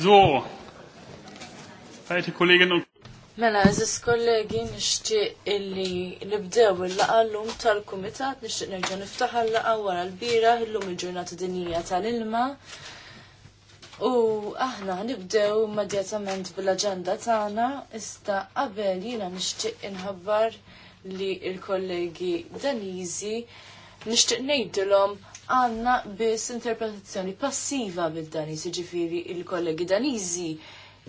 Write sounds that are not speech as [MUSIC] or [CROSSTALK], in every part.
So, għajti Kolleginnen und Mela, eżis kollegi nishti illi nibdew il-laqa l-lum tal-komitat, nishti nerġa niftaħ l-laqa wara l-bira, l-lum il-ġurnata dinija tal-ilma. U aħna nibdew immedjatament bil-agenda tagħna, iżda qabel jiena nixtieq inħabbar li l-kollegi Daniżi nixtieq ngħidilhom għandna biss interpretazzjoni passiva bil-Danis, jiġifieri il-kollegi Daniżi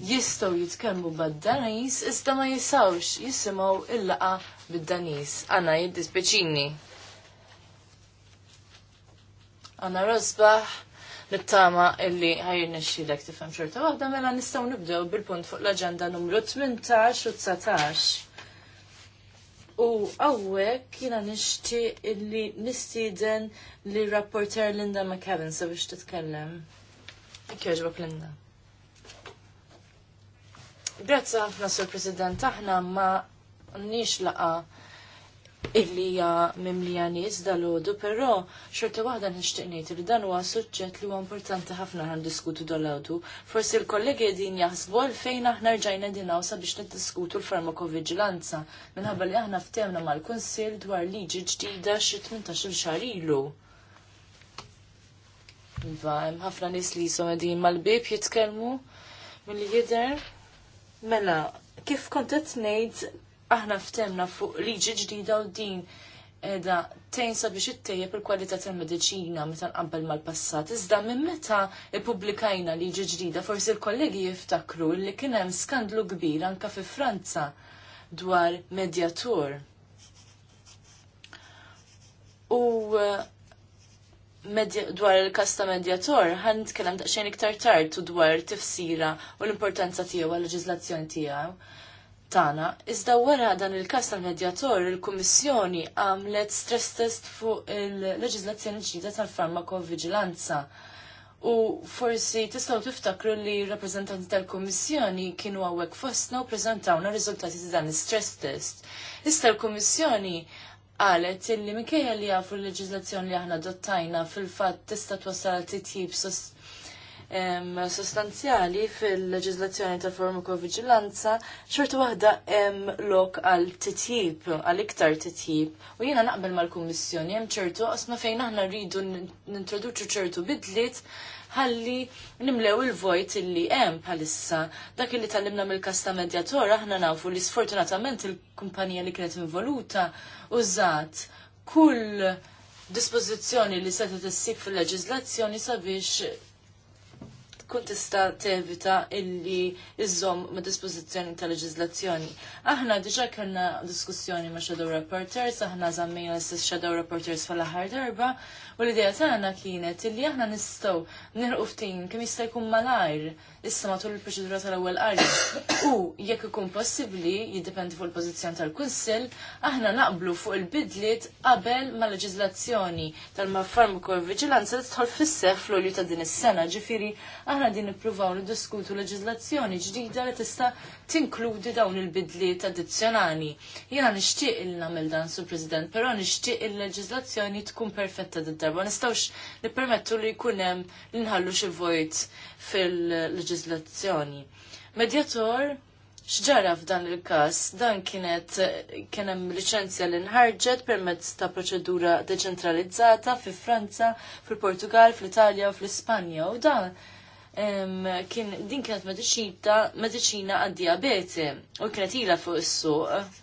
jistgħu jitkellmu bad-Danis iżda ma jisawx jisimaw il-laqa bid-Danis. jiddis jiddispeċini. Għanna rozbaħ nittama illi ħajrna xilek tifhem xorta waħda mela nistgħu nibdew bil-punt fuq l-aġenda numru 18 u 19. U għawek jina nishti illi nistiden li rapporter Linda McKevin sabiex titkellem. Ikkjoġbok Linda. Grazzi ħafna, Sur President, aħna ma nix laqa illi ja mimlija nies dal ħodu però xorta waħda nixtieq ngħid li dan huwa suġġett li huwa importanti ħafna ħan diskutu dal ħodu Forsi l-kollegi din jaħsbu fejn aħna rġajna dinaw sabiex niddiskutu l-farmakovigilanza minħabba li aħna ftemna mal-Kunsill dwar liġi ġdida xi 18-il xahar ilu. Iva, hemm ħafna nis li jisom qegħdin mal-bib jitkellmu milli jidher. Mela, kif kontet qed ngħid aħna ftemna fuq liġi ġdida u din edha tejn sabiex ittejjeb il-kwalità tal-mediċina meta nqabbel mal-passat. Iżda minn meta ippubblikajna liġi ġdida forsi l-kollegi jiftakru li kien hemm skandlu kbir anke fi Franza dwar medjatur. U eh, dwar il kasta ta' medjator, ħan nitkellem daqsxejn iktar tard dwar tifsira u l-importanza tiegħu għal leġiżlazzjoni tiegħu. Tana, Iżda wara dan il-każ tal-medjator, il-Kummissjoni għamlet stress test fuq il leġizlazzjoni ġdida tal-farmakovigilanza. U forsi tistgħu tiftakru li rappreżentanti tal-Kummissjoni kienu hawnhekk fostna u preżentawna riżultati ta' dan il stress test. Issa l-Kummissjoni qalet illi minkejja li jafu l leġizlazzjoni li aħna dottajna fil-fatt tista' twassal titjib sost sostanzjali fil-leġizlazzjoni ta' farmakovigilanza xorta waħda hemm lok għal titjib, għal iktar titjib. U jiena naqbel mal-Kummissjoni hemm ċertu qasma fejn aħna rridu nintroduċu ċertu bidliet ħalli nimlew il-vojt illi hemm bħalissa. Dak illi tallimna mill-kasta medjator aħna nafu li sfortunatament il-kumpanija li kienet involuta użat kull dispożizzjoni li seta tissib fil leġizlazzjoni sabiex kun tista' tevita illi iżomm ma' dispożizzjoni ta' leġizlazzjoni. Aħna diġà kellna diskussjoni ma' Shadow Reporters, aħna żammejna l-istess Shadow Reporters fl-aħħar darba, u l-idea tagħna kienet illi aħna nistgħu nirqu ftin kemm jista' jkun malajr issa matul il-proċedura tal-ewwel qari. [COUGHS] U jekk ikun possibbli, jiddependi fuq il pożizzjon tal-Kunsill, aħna naqblu fuq il-bidliet qabel ma' leġiżlazzjoni tal-farmakovigilanza li tħol fis-seħ fl-olju ta' din is-sena, ġifieri aħna din nippruvaw niddiskutu leġiżlazzjoni ġdida li tista' tinkludi dawn il-bidliet addizzjonali. Jena nixtieq il nagħmel dan sur President, però nixtieq il-leġiżlazzjoni tkun perfetta d-darba. Nistgħux nippermettu li jkun hemm li nħallu xi vojt fil-leġiżlazzjoni. Medjator Xġara f'dan il-kas, dan kienet kien hemm liċenzja li nħarġet permezz ta' proċedura deċentralizzata fi Franza, fil-Portugal, fl-Italja u fl-Ispanja u dan kien din kienet mediċina għad-diabete u kienet ila fuq is-suq.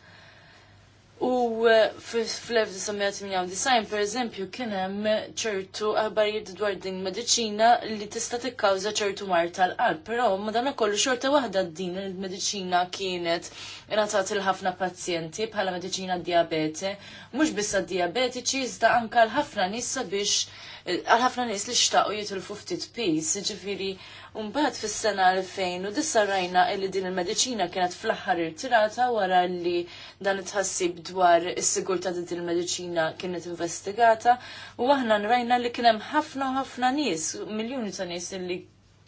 U eh, fl-1998, per eżempju, kien hemm ċertu għabarijiet dwar din mediċina li tista' tikkawża ċertu mar tal-qalb, però madankollu xorta waħda din il-mediċina kienet ingħatat il ħafna pazjenti bħala mediċina diabete, mhux biss diabetiċi iżda anke l ħafna nies sabiex eh, għal ħafna nies li xtaqgħu jitilfu ftit pis, ġifieri Umbat fis-sena 2009 rajna illi din il-medicina kienet fl-aħħar irtirata wara li dan it-ħassib dwar is-sigurtà ta' din il-medicina kienet investigata u aħna rajna li kien hemm ħafna ħafna nies, miljuni ta' nies illi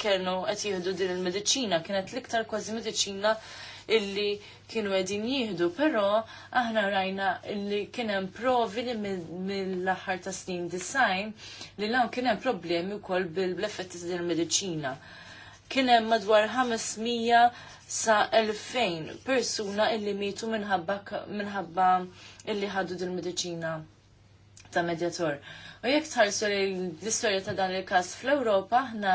kienu qed jieħdu din il-mediċina kienet l-iktar kważi mediċina illi kienu għedin jihdu, pero aħna rajna illi kienem provi li mill-axar ta' snin design li law kienem problemi u koll bil-effetti tal-medicina. Kienem madwar 500 sa 2000 persuna illi mitu minħabba illi ħaddu dil-medicina ta' medjator. U jekk tħarsu l-istorja ta' dan il-kas fl-Ewropa, ħna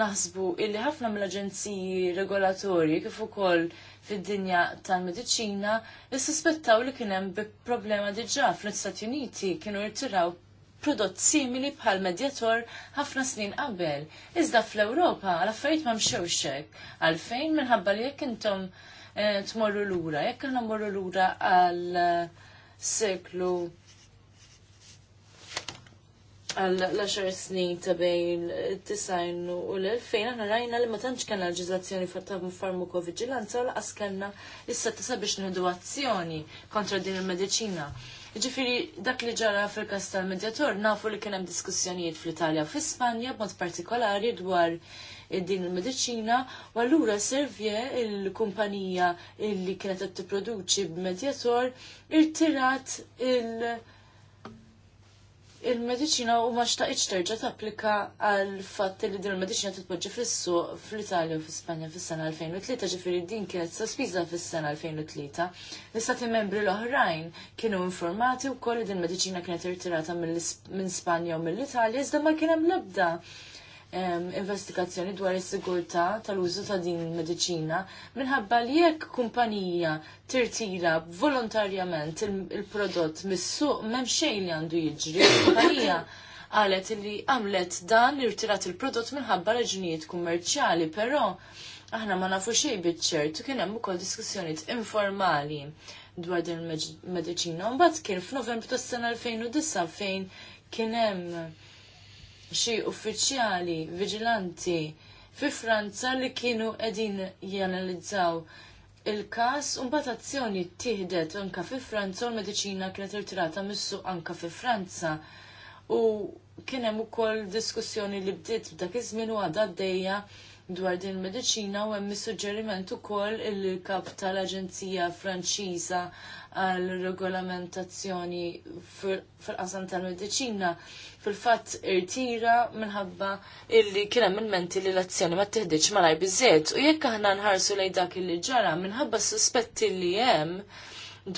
naħsbu illi ħafna mill-aġenziji regolatorji kif ukoll fid-dinja tal-mediċina jissuspettaw li kien hemm problema diġa fl-Istati Uniti kienu jirtiraw prodott simili bħal medjator ħafna snin qabel. Iżda fl-Ewropa l-affarijiet ma mxewx hekk. Għalfejn minħabba li jekk intom eh, tmorru lura, jekk aħna l lura għal eh, seklu għal l-10 snin ta' bejn t-tisajn u l-2000 aħna rajna li ma tantx kellna leġiżlazzjoni ta' farmakovigilanza u laqas kellna issa tisa biex nieħdu azzjoni kontra din il medicina Ġifiri, dak li ġara fil stal tal-medjator, nafu li kienem diskussjonijiet fl-Italja u fl-Ispanja, b'mod partikolari dwar din il-medicina, u allura servje il-kumpanija li kienet qed tipproduċi b'medjator irtirat il-, medicina il-medicina u ma xtaqiċ terġa' tapplika għal fatt li din il-medicina titpoġġi fissu fl-Italja u fl Spanja fis-sena 2003, ġifiri din kienet sospiża fis-sena 2003. L-istati membri l-oħrajn kienu informati wkoll li din il-medicina kienet irtirata minn Spanja u mill-Italja iżda ma kien hemm l-ebda investigazzjoni dwar is-sigurtà tal-użu ta' din il-mediċina minħabba li jekk kumpanija tirtira volontarjament il-prodott mis-suq m'hemm xejn li għandu jiġri. [COUGHS] Kumpanija qalet li għamlet dan li rtirat il-prodott minħabba raġunijiet kummerċjali, però aħna ma nafu xejn biċ-ċertu kien hemm ukoll diskussjonijiet informali dwar din il-mediċina. Mbagħad kien f'Novembru tas-sena 2009 fejn kien hemm xi uffiċjali viġilanti fi Franza li kienu qegħdin janalizzaw il-każ u mbagħad azzjoni ttieħdet anke fi Franza u l-mediċina kienet irtirata missu anke fi Franza. U kien hemm ukoll diskussjoni li bdiet b'dak iż-żmien u għadha għaddejja dwar din il-mediċina u hemm suġġeriment ukoll il-kap tal-Aġenzija Franċiża għal regolamentazzjoni fil-qasam tal-mediċina fil-fatt irtira minħabba illi kien hemm il-menti li l-azzjoni ma tiħdiġ malaj biżejt u jekk aħna nħarsu lejn dak illi ġara minħabba s-suspetti li hemm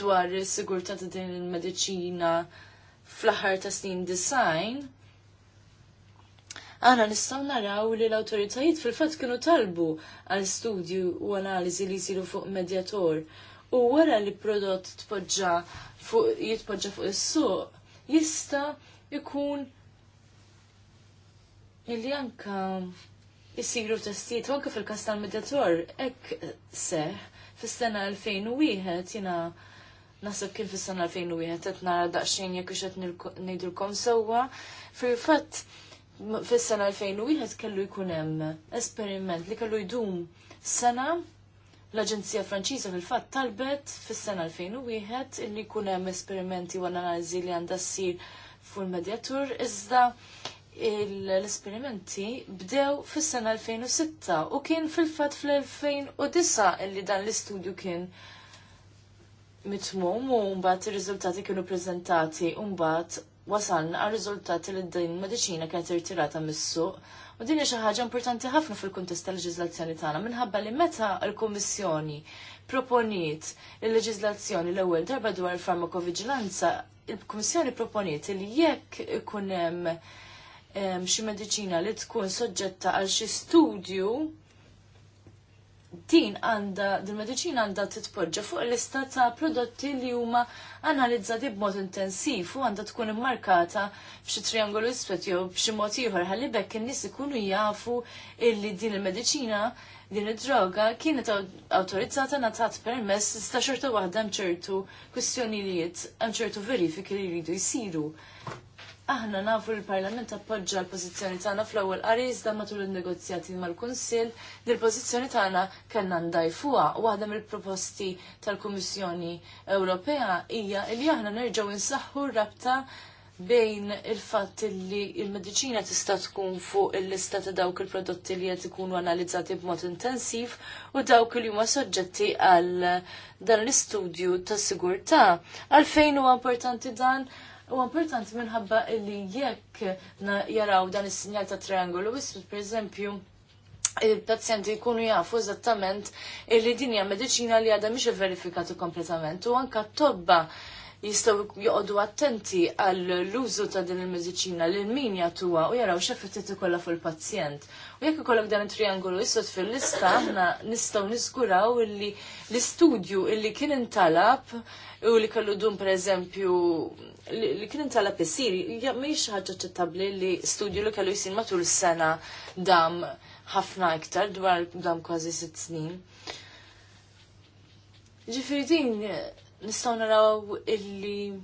dwar is-sigurtà ta' din il-mediċina fl-aħħar ta' snin design aħna nistgħu naraw li l-awtoritajiet fil-fatt kienu talbu għal studju u analiżi li jsiru fuq medjator. U wara li prodott tpoġġa fuq jitpoġġa fuq is-suq jista' jkun illi anka jisiru testijiet anke fil-każ tal-medjator hekk seħ fis-sena 2001 jiena Nasab kien fis-sena 2001 qed nara daqsxejn jekk ix qed ngħidulkom sewwa. Fil-fatt fis-sena 2001 kellu jkun hemm esperiment li kellu jdum sena l-Aġenzija Franċiża fil-fatt talbet fis-sena 2001 illi jkun hemm esperimenti u analiżi li għandha ssir fuq il-medjatur iżda l-esperimenti bdew fis-sena 2006 u kien fil-fatt fl-2009 illi dan l-istudju kien mitmum u mbagħad ir-riżultati kienu preżentati u mbagħad wasalna għal rizultat li din mediċina kienet irtirata mis-suq. U din hija xi ħaġa importanti ħafna fil-kuntest tal leġizlazzjoni tagħna minħabba li meta l-Kummissjoni proponiet il leġizlazzjoni l-ewwel darba dwar il-farmakovigilanza, il-Kummissjoni proponiet li jekk ikun hemm xi medicina li tkun soġġetta għal xi studju din għanda, din medicina għanda titpoġġa fuq l-lista ta' prodotti li huma analizzati b'mod intensiv u għanda tkun immarkata b'xi triangolu isfet jew b'xi mod ieħor ħalli bekk in-nies ikunu jafu illi din il-mediċina din id-droga kienet awtorizzata natat permess sta' xorta waħda mċertu kwistjonijiet hemm ċertu verifiki li jridu jsiru. Aħna nafu l-Parlament appoġġa l-pożizzjoni tagħna fl-ewwel qari iżda matul in-negozjati mal-Kunsill li l-pożizzjoni tagħna kellna ndaj fuqha waħda mill-proposti tal-Kummissjoni Ewropea hija li aħna nerġgħu insaħħu r-rabta bejn il-fatt li il-medicina tista' tkun fuq il-lista ta' dawk il-prodotti li qed ikunu analizzati b'mod intensiv u dawk li huma soġġetti għal dan l-istudju ta' sigurtà. Għalfejn huwa importanti dan? U importanti minħabba li jekk jaraw dan is-sinjal ta' triangolu isfel, per eżempju, il pazjenti jkunu jafu eżattament li din hija mediċina li għadha mhix verifikatu kompletament u anka tobba jistgħu joqogħdu attenti għal l-użu ta' din il-mediċina li min jagħtuha u jaraw x'effetti ikollha fuq il U jekk ikollok dan it-triangolu isod fil-lista, aħna nistgħu niżguraw li l-istudju illi kien intalab u li kellu dun pereżempju li kien intala Pissiri mhijiex ħaġa ċettabbli li studju li kellu jsir matul sena dam ħafna iktar dwar dam kważi sitt snin. Ġifieri din nistgħu naraw illi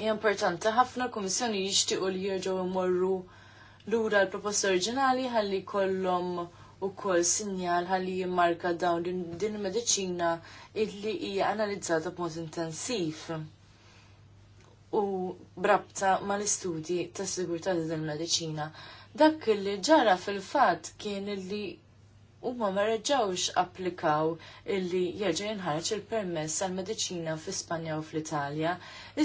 hija importanti ħafna kummissjoni jixtiequ li jerġgħu jmorru lura l-proposta oriġinali ħalli kollhom ukoll sinjal ħalli jimmarka dawn din il-mediċina illi hija analizzata b'mod intensiv u brabta mal-istudji tas sigurtà din il-mediċina. Dak li ġara fil-fatt kien illi u ma reġgħux applikaw illi jerġa' jinħarġ il-permess għal mediċina fi Spanja u fl-Italja.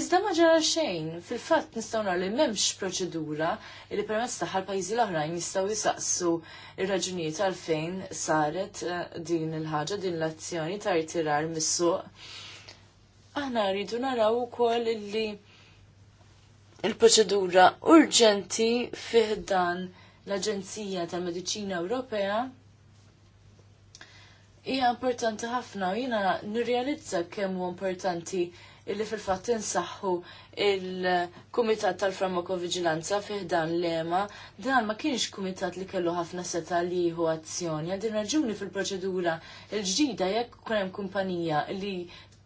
Iżda ma ġara xejn, fil-fatt nistgħu li m'hemmx proċedura li permezz taħal l-pajjiżi l-oħrajn jistgħu jisaqsu il raġunijiet għalfejn saret eh, din il-ħaġa din l-azzjoni ta' ritirar mis-suq. Aħna rridu naraw ukoll illi il-proċedura urġenti fih dan l-Aġenzija tal-Mediċina Ewropea hija importanti ħafna u jiena nirrealizza kemm u importanti illi fil-fatt insaħħu il-Kumitat tal-Farmakovigilanza fih dan l-ema, dan ma kienx kumitat li kellu ħafna seta li jieħu azzjoni. Għadin raġuni fil-proċedura il-ġdida jekk kunem kumpanija li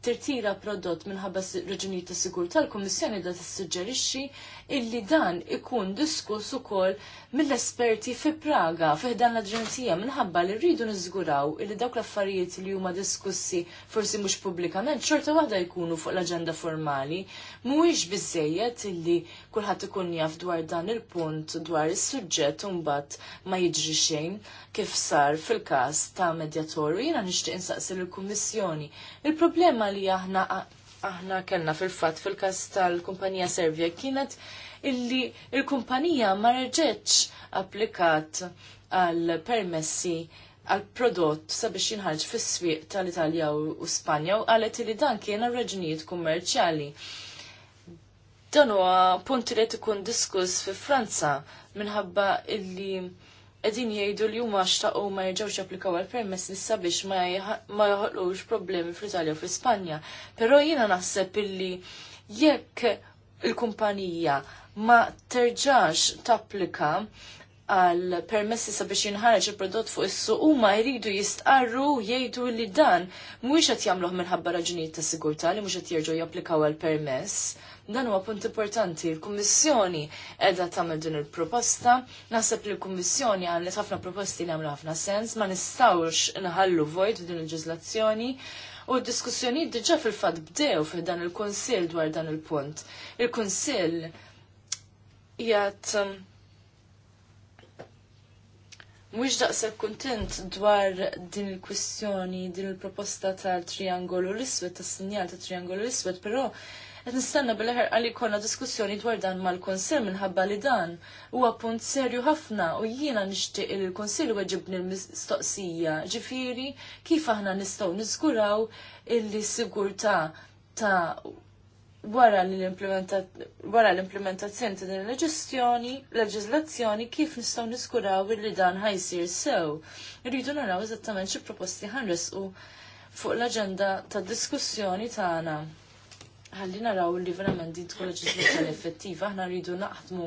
tirtira prodott minħabba s-reġunijiet ta' sigur tal-Kummissjoni da tissuġġerixxi illi dan ikun diskuss ukoll mill-esperti fi Praga dan l-Aġenzija minħabba li rridu niżguraw illi dawk l-affarijiet li huma diskussi forsi mhux pubblikament xorta waħda jkunu fuq l-aġenda formali mhuwiex biżejjed illi kulħadd ikun jaf dwar dan il-punt dwar is-suġġett u mbagħad ma jiġri xejn kif sar fil-każ ta' medjatoru jiena nixtieq insaqsi il-Kummissjoni. Il-problema li aħna aħna kellna fil-fatt fil-każ tal-kumpanija Servja kienet illi il-kumpanija ma reġeċ applikat għal permessi għal prodott sabiex jinħarġ fis-swieq tal-Italja u Spanja u qalet li dan kien raġunijiet kummerċjali. Dan huwa punt li qed ikun diskuss fi Franza minħabba illi edin jgħidu li huma xtaqgħu ma jerġgħux japplikaw għall-permess li sabiex ma joħolqux problemi fl-Italja u fl-Ispanja. Però jiena naħseb illi jekk il-kumpanija ma terġax tapplika għal permessi sabiex jinħarġ il-prodott fuq is-suq huma jridu jistqarru jgħidu li dan mhuwiex qed jagħmluh minħabba raġunijiet ta' sigurtà li mhux qed jerġgħu japplikaw għal permess. Dan huwa punt importanti. Il-Kummissjoni qiegħda tagħmel din il-proposta. Naħseb li l-Kummissjoni għandet ħafna proposti li għamlu ħafna sens, ma nistgħux inħallu vojt din il-ġiżlazzjoni. U d-diskussjoni diġa fil-fat bdew fi dan il-Kunsill dwar dan il-punt. Il-Kunsill jgħat um, Mux daqshekk kontent dwar din il-kwistjoni, din il-proposta tal-triangolu l iswet tas-sinjal ta' triangolu l iswet però qed nistanna bil ħer għalli jkollna diskussjoni dwar dan mal konsil minħabba li dan huwa punt serju ħafna u jiena nixtieq il u weġibni l-mistoqsija, ġifieri kif aħna nistgħu niżguraw li sigurtà ta' wara l-implementazzjoni ta' din il-leġistjoni, leġizlazzjoni, kif nistgħu niskuraw li dan ħajsir sew. Rridu naraw eżattament xi proposti u fuq l-aġenda ta' diskussjoni tagħna. Ħalli naraw li verament din tkun leġizlazzjoni effettiva, aħna rridu naqdmu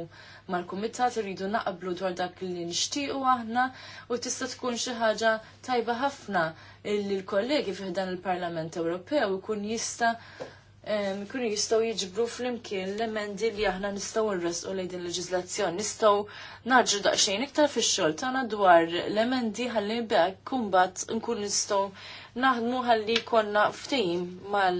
mal-kumitat, rridu naqblu dwar dak li nixtiequ aħna u tista' tkun xi ħaġa tajba ħafna li l-kollegi fih dan il-Parlament Ewropew ikun jista' kunu jistaw jiġbru fl-imkien l-emendi li aħna nistaw nresqu lejn din leġizlazzjoni, nistaw naġru daqsxejn iktar fix-xogħol tagħna dwar l-emendi ħalli bekk kumbat nkun nistaw naħdmu ħalli konna ftim mal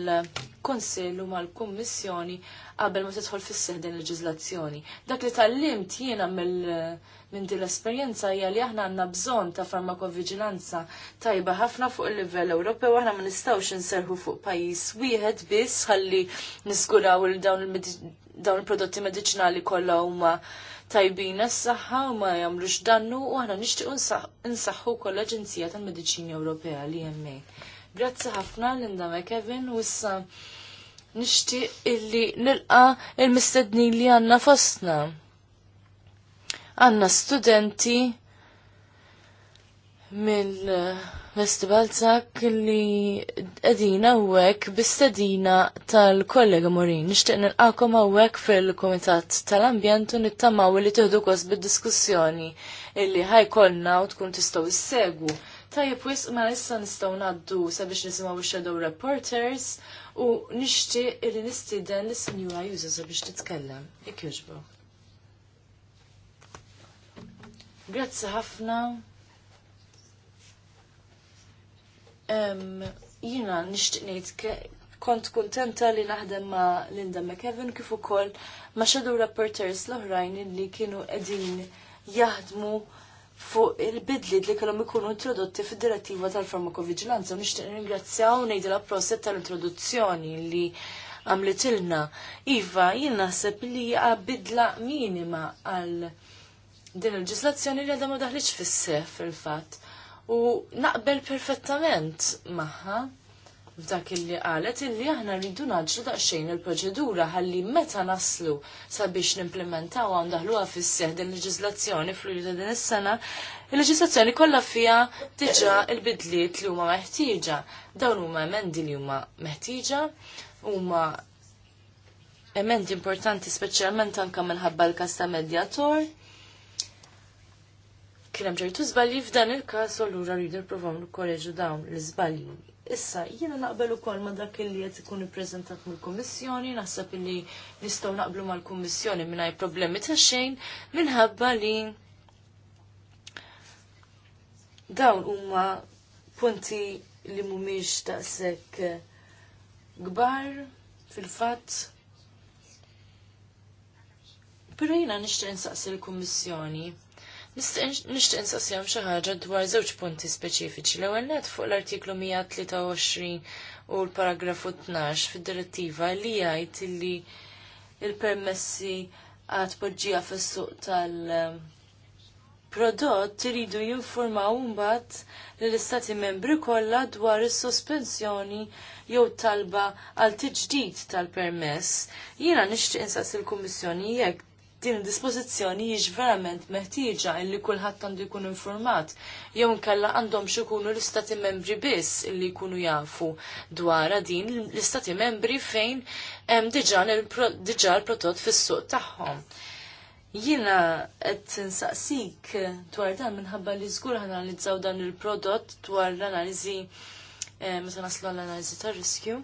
konsillu mal-Kummissjoni qabel ma tidħol fis-seħ din leġiżlazzjoni. Dak li tallimt jiena minn din l-esperjenza hija li aħna għandna bżonn ta' farmakovigilanza tajba ħafna fuq il-livell Ewropew aħna ma nistgħux inserħu fuq pajjiż wieħed biss ħalli niskuraw il dawn il-prodotti mediċinali kollha huma tajbina s-saħħa u ma jagħmlux dannu u aħna nixtiequ nsaħħu wkoll l-Aġenzija tal-Mediċini Ewropea li hemm. Grazzi ħafna Linda McKevin u issa nixtieq illi nilqa il-mistedni li għandna fostna. Għandna studenti mill Festival sak li edina għek bistedina tal-kollega Morin. Nishtiq nilqakom għek fil-Komitat tal-Ambjent u nittamaw li tuħdu kos bid-diskussjoni illi ħajkolna u tkun tistgħu issegwu. Tajjeb wis ma issa nistgħu ngħaddu sabiex nisimgħu shadow reporters u nixtieq li nistieden lis-Sinjura Juża sabiex titkellem. Ikjuġbu. Grazzi ħafna. Jina nishtiq ngħid kont kuntenta li naħdem ma' Linda McKevin kif ukoll ma' xadu Rapporters l-oħrajn li kienu qegħdin jaħdmu fuq il-bidliet li kellhom ikunu introdotti fid-direttiva tal-farmakovigilanza u nixtieq ringrazzjaw la proset tal-introduzzjoni li għamlitilna. Iva, jien naħseb li hija bidla minima għal din il-ġislazzjoni li għadha ma daħliċ fis-sef fil-fatt u naqbel perfettament maħħa f'dak illi qalet illi aħna rridu naġlu daqsxejn il-proċedura ħalli meta naslu sabiex nimplementaw għam daħluha fis-seħ din leġiżlazzjoni fl-ulju ta' din is-sena, il-leġiżlazzjoni kollha fiha diġà il-bidliet li huma meħtieġa. Dawn huma emendi li huma meħtieġa huma emendi importanti speċjalment anke minħabba l kasta ta' medjator kien hemm ċertu żbalji f'dan il-każ allura rridu nippruvaw nikkoreġu dawn l-iżbalji. Issa, jiena naqbel ukoll ma dak li qed ikun ippreżentat mill-Kummissjoni, naħseb li nistgħu naqblu mal-Kummissjoni mingħajr problemi ta' xejn minħabba li dawn huma punti li mhumiex taqsek kbar fil-fatt. Pero jiena nixtieq saqsi l-Kummissjoni Nixtieq insaqsihom xi ħaġa dwar żewġ punti speċifiċi. L-ewwel net fuq l-artiklu 123 u l-paragrafu 12 fid-direttiva li jgħid li il-permessi għad poġġija fis-suq tal- prodott iridu jinformaw mbagħad lill-istati membri kollha dwar is-sospensjoni jew talba għal tiġdid tal-permess. Jiena nixtieq insaqs il-Kummissjoni jekk din id-dispożizzjoni hiex verament meħtieġa illi kulħadd għandu jkun informat jew inkella għandhom xi jkunu l-istati membri biss illi jkunu jafu dwar din l-istati membri fejn hemm diġà l-prodott fis-suq tagħhom. Jina qed tinsaqsik dwar dan minħabba li żgur analizzaw dan il-prodott dwar l-analiżi eh, meta naslu l-analiżi tar-riskju.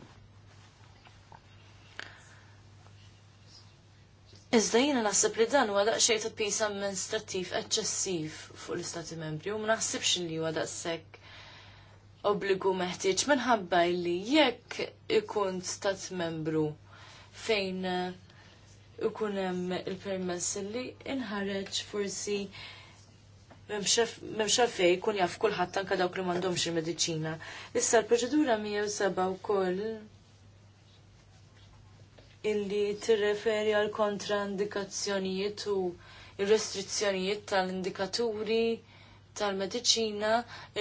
Iżda jina naħseb li dan huwa daqsxejn ta' pis amministrattiv eċċessiv fuq l-Istati Membri u ma naħsibx li huwa daqshekk obbligu meħtieġ minħabba li jekk ikun stat membru fejn eh, ikun hemm il-permess li inħareġ forsi m'hemmx fej ikun jaf kulħadd anke dawk li m'għandhomx il-mediċina. Issa l-proċedura 107 wkoll illi tirreferi għal kontraindikazzjonijiet u il-restrizzjonijiet tal-indikaturi tal-medicina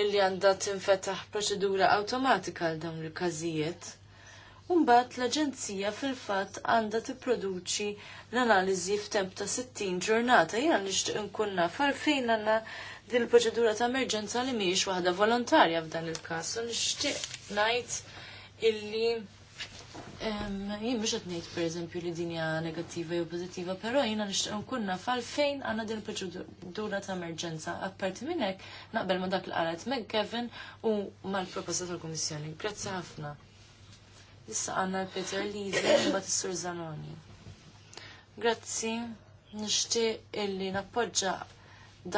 illi għandha tinfetaħ proċedura awtomatika għal dawn il-każijiet. Umbat l-Aġenzija fil-fatt għandha tipproduċi l-analiżi f'temp ta' 60 ġurnata. Jiena nixtieq nkun naf għalfejn għandna din il-proċedura ta' emerġenza li mhijiex waħda volontarja f'dan il-każ. Nixtieq ngħid illi jien biex qed ngħid pereżempju li dinja negativa negattiva jew pozitiva, però jiena nixtieq nkun fal-fejn għanna din il-proċedura ta' emerġenza. Apparti minn hekk naqbel ma' dak li qalet Kevin u mal-proposta tal-Kummissjoni. Grazzi ħafna. Issa għandna l-Peter Lizi mbagħad is-Sur Zanoni. Grazzi, nixtieq illi nappoġġa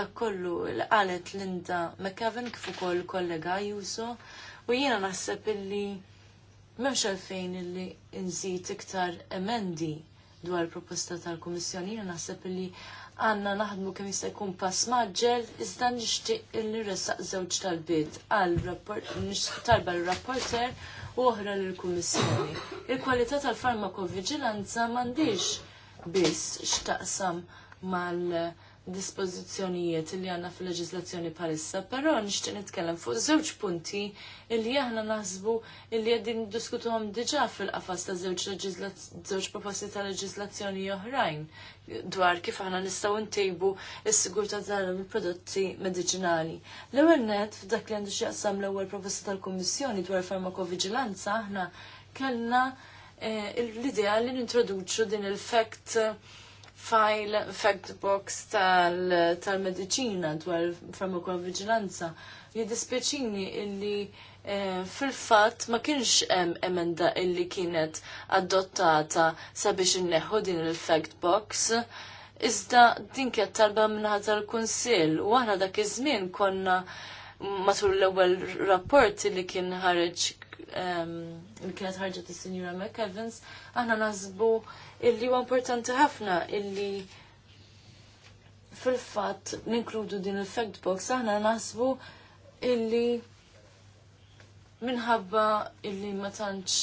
dak kollu li qalet Linda McKevin kif ukoll kollega Juso u jiena naħseb illi Memx għalfejn illi nżid iktar emendi dwar proposta tal-Kummissjoni, jena naħseb illi għanna naħdmu kemm jista' jkun pass maġġel, iżda nixtieq illi ressaq żewġ tal-bid għal talba l-rapporter u oħra l-Kummissjoni. Il-kwalità tal-farmakovigilanza m'għandix biss x'taqsam mal- dispożizzjonijiet li għanna fil-leġislazzjoni palissa, però nixtieq nitkellem fuq żewġ punti li aħna naħsbu li qegħdin diskutuhom diġà fil-qafas ta' żewġ proposti ta' leġislazzjoni oħrajn dwar kif aħna nistgħu ntejbu s-sigurtà tal-prodotti mediċinali. L-ewwel net f'dak li għandu jaqsam l-ewwel proposta tal-Kummissjoni dwar farmakovigilanza aħna kellna eh, l-idea li nintroduċu din il fekt file fact box tal-medicina tal dwar farmakovigilanza. Jidispieċini illi eh, fil-fat ma kienx emenda illi kienet adottata sabiex inneħu din il-fact box. Iżda din kienet talba minnaħa tal-Kunsill u aħna dak iż-żmien konna matul l-ewwel rapport li kien ħareġ ehm, li kienet ħarġet is-Sinjura McEvans, aħna naħsbu illi huwa importanti ħafna illi fil-fatt ninkludu din il-fact box aħna naħsbu illi minħabba illi ma tantx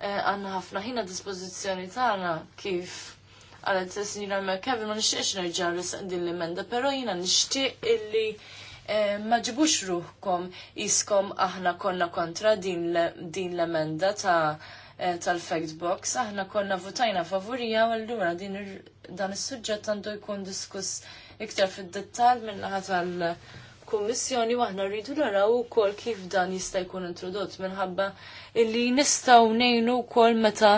eh, għandna ħafna ħina dispożizzjoni tagħna kif għalet s-sinjura Kevin ma nixtieqx nerġa' risaq din l-emenda, però jiena nixtieq illi eh, ma ġibux ruħkom iskom aħna konna kontra din l-emenda ta' Eh, tal-fact box, aħna konna votajna favorija u allura din dan is-suġġett għandu jkun diskuss iktar fid-dettall minn naħa tal-Kummissjoni u aħna rridu naraw ukoll kif dan jista' jkun introdott minħabba illi nistgħu ngħinu wkoll meta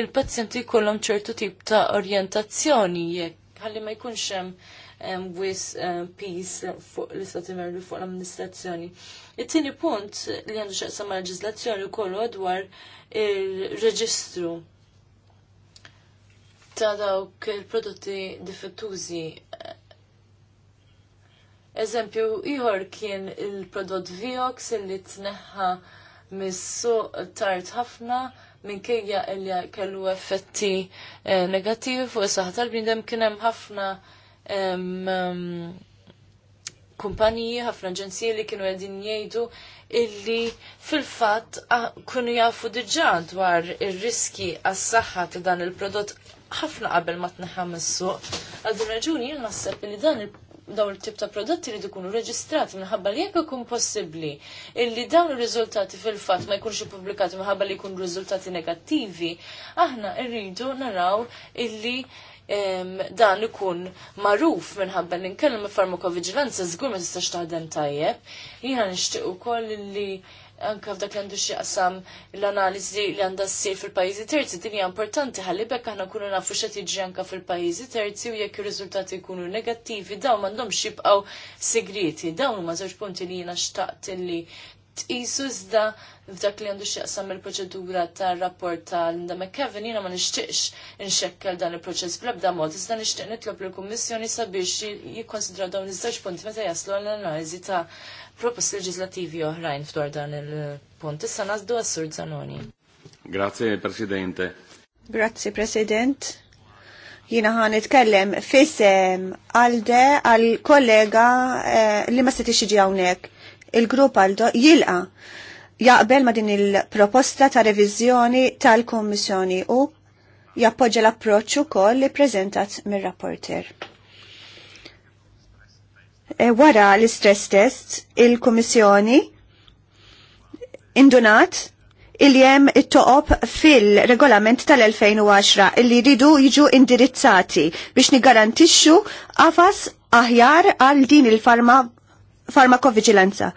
il-pazjenti jkollhom ċertu tip ta' orjentazzjoni jekk ħalli ma jkunx hemm wis peace fuq l-istati membri fuq l-amministrazzjoni. It-tieni punt li għandu xaqsa ma' leġislazzjoni kollu għadwar il-reġistru ta' dawk il-prodotti difettużi Eżempju, iħor kien il-prodott Viox illi tneħħa missu suq tard ħafna minkejja illi kellu effetti eh, negativi fuq is-saħħa tal-bniedem kien hemm ħafna kumpaniji, ħafna aġenziji li kienu għedin jgħidu illi fil-fat kunu jafu diġa dwar il-riski għas-saħħa ta' dan il-prodott ħafna qabel ma tneħħam is-suq. Għal din raġuni jien naħseb li dan dawn il-tip ta' prodotti li dikunu reġistrati minħabba li jekk ikun possibbli illi dawn ir-riżultati fil-fatt ma jkunx ippubblikati minħabba li jkunu riżultati negattivi, aħna rridu naraw illi dan ikun maruf minħabba li nkellem il-farmakovigilanza żgur ma tistax taħdem tajjeb. Jiena nixtieq ukoll li anke f'dak li għandu xi qasam l-analiżi li għandha ssir fil-pajjiżi terzi din hija importanti ħalli bekk aħna nkunu nafu x'qed jiġri anke fil-pajjiżi terzi u jekk ir-riżultati jkunu negattivi dawn m'għandhomx jibqgħu segreti. Dawn huma żewġ punti li jiena xtaqt li tqisu iżda f'dak li għandu x'jaqsam il-proċedura tar-rapport tal-Linda McKevin jiena ma nixtieqx inxekkel dan il-proċess bl-ebda mod, iżda nixtieq nitlob lill-Kummissjoni sabiex jikkonsidra dawn iż-żewġ punti meta jaslu għall-analiżi ta' proposti leġislativi oħrajn dwar dan il-punt. Issa nażdu għas-Sur Zanoni. Grazie, Presidente. Grazie, President jina ħan itkellem fissem għalde għal kollega eh, li ma setix iġi għawnek il-grupp għaldo jilqa jaqbel ma din il-proposta ta' reviżjoni tal-Kommissjoni u jappoġġa l-approċċ ukoll li preżentat mir-rapporter. E, wara l-istress test, il-Kommissjoni indunat il-jem it-toqob fil-regolament tal-2010 illi ridu jiġu indirizzati biex nigarantixxu għafas aħjar għal din il-farma farmakovigilanza.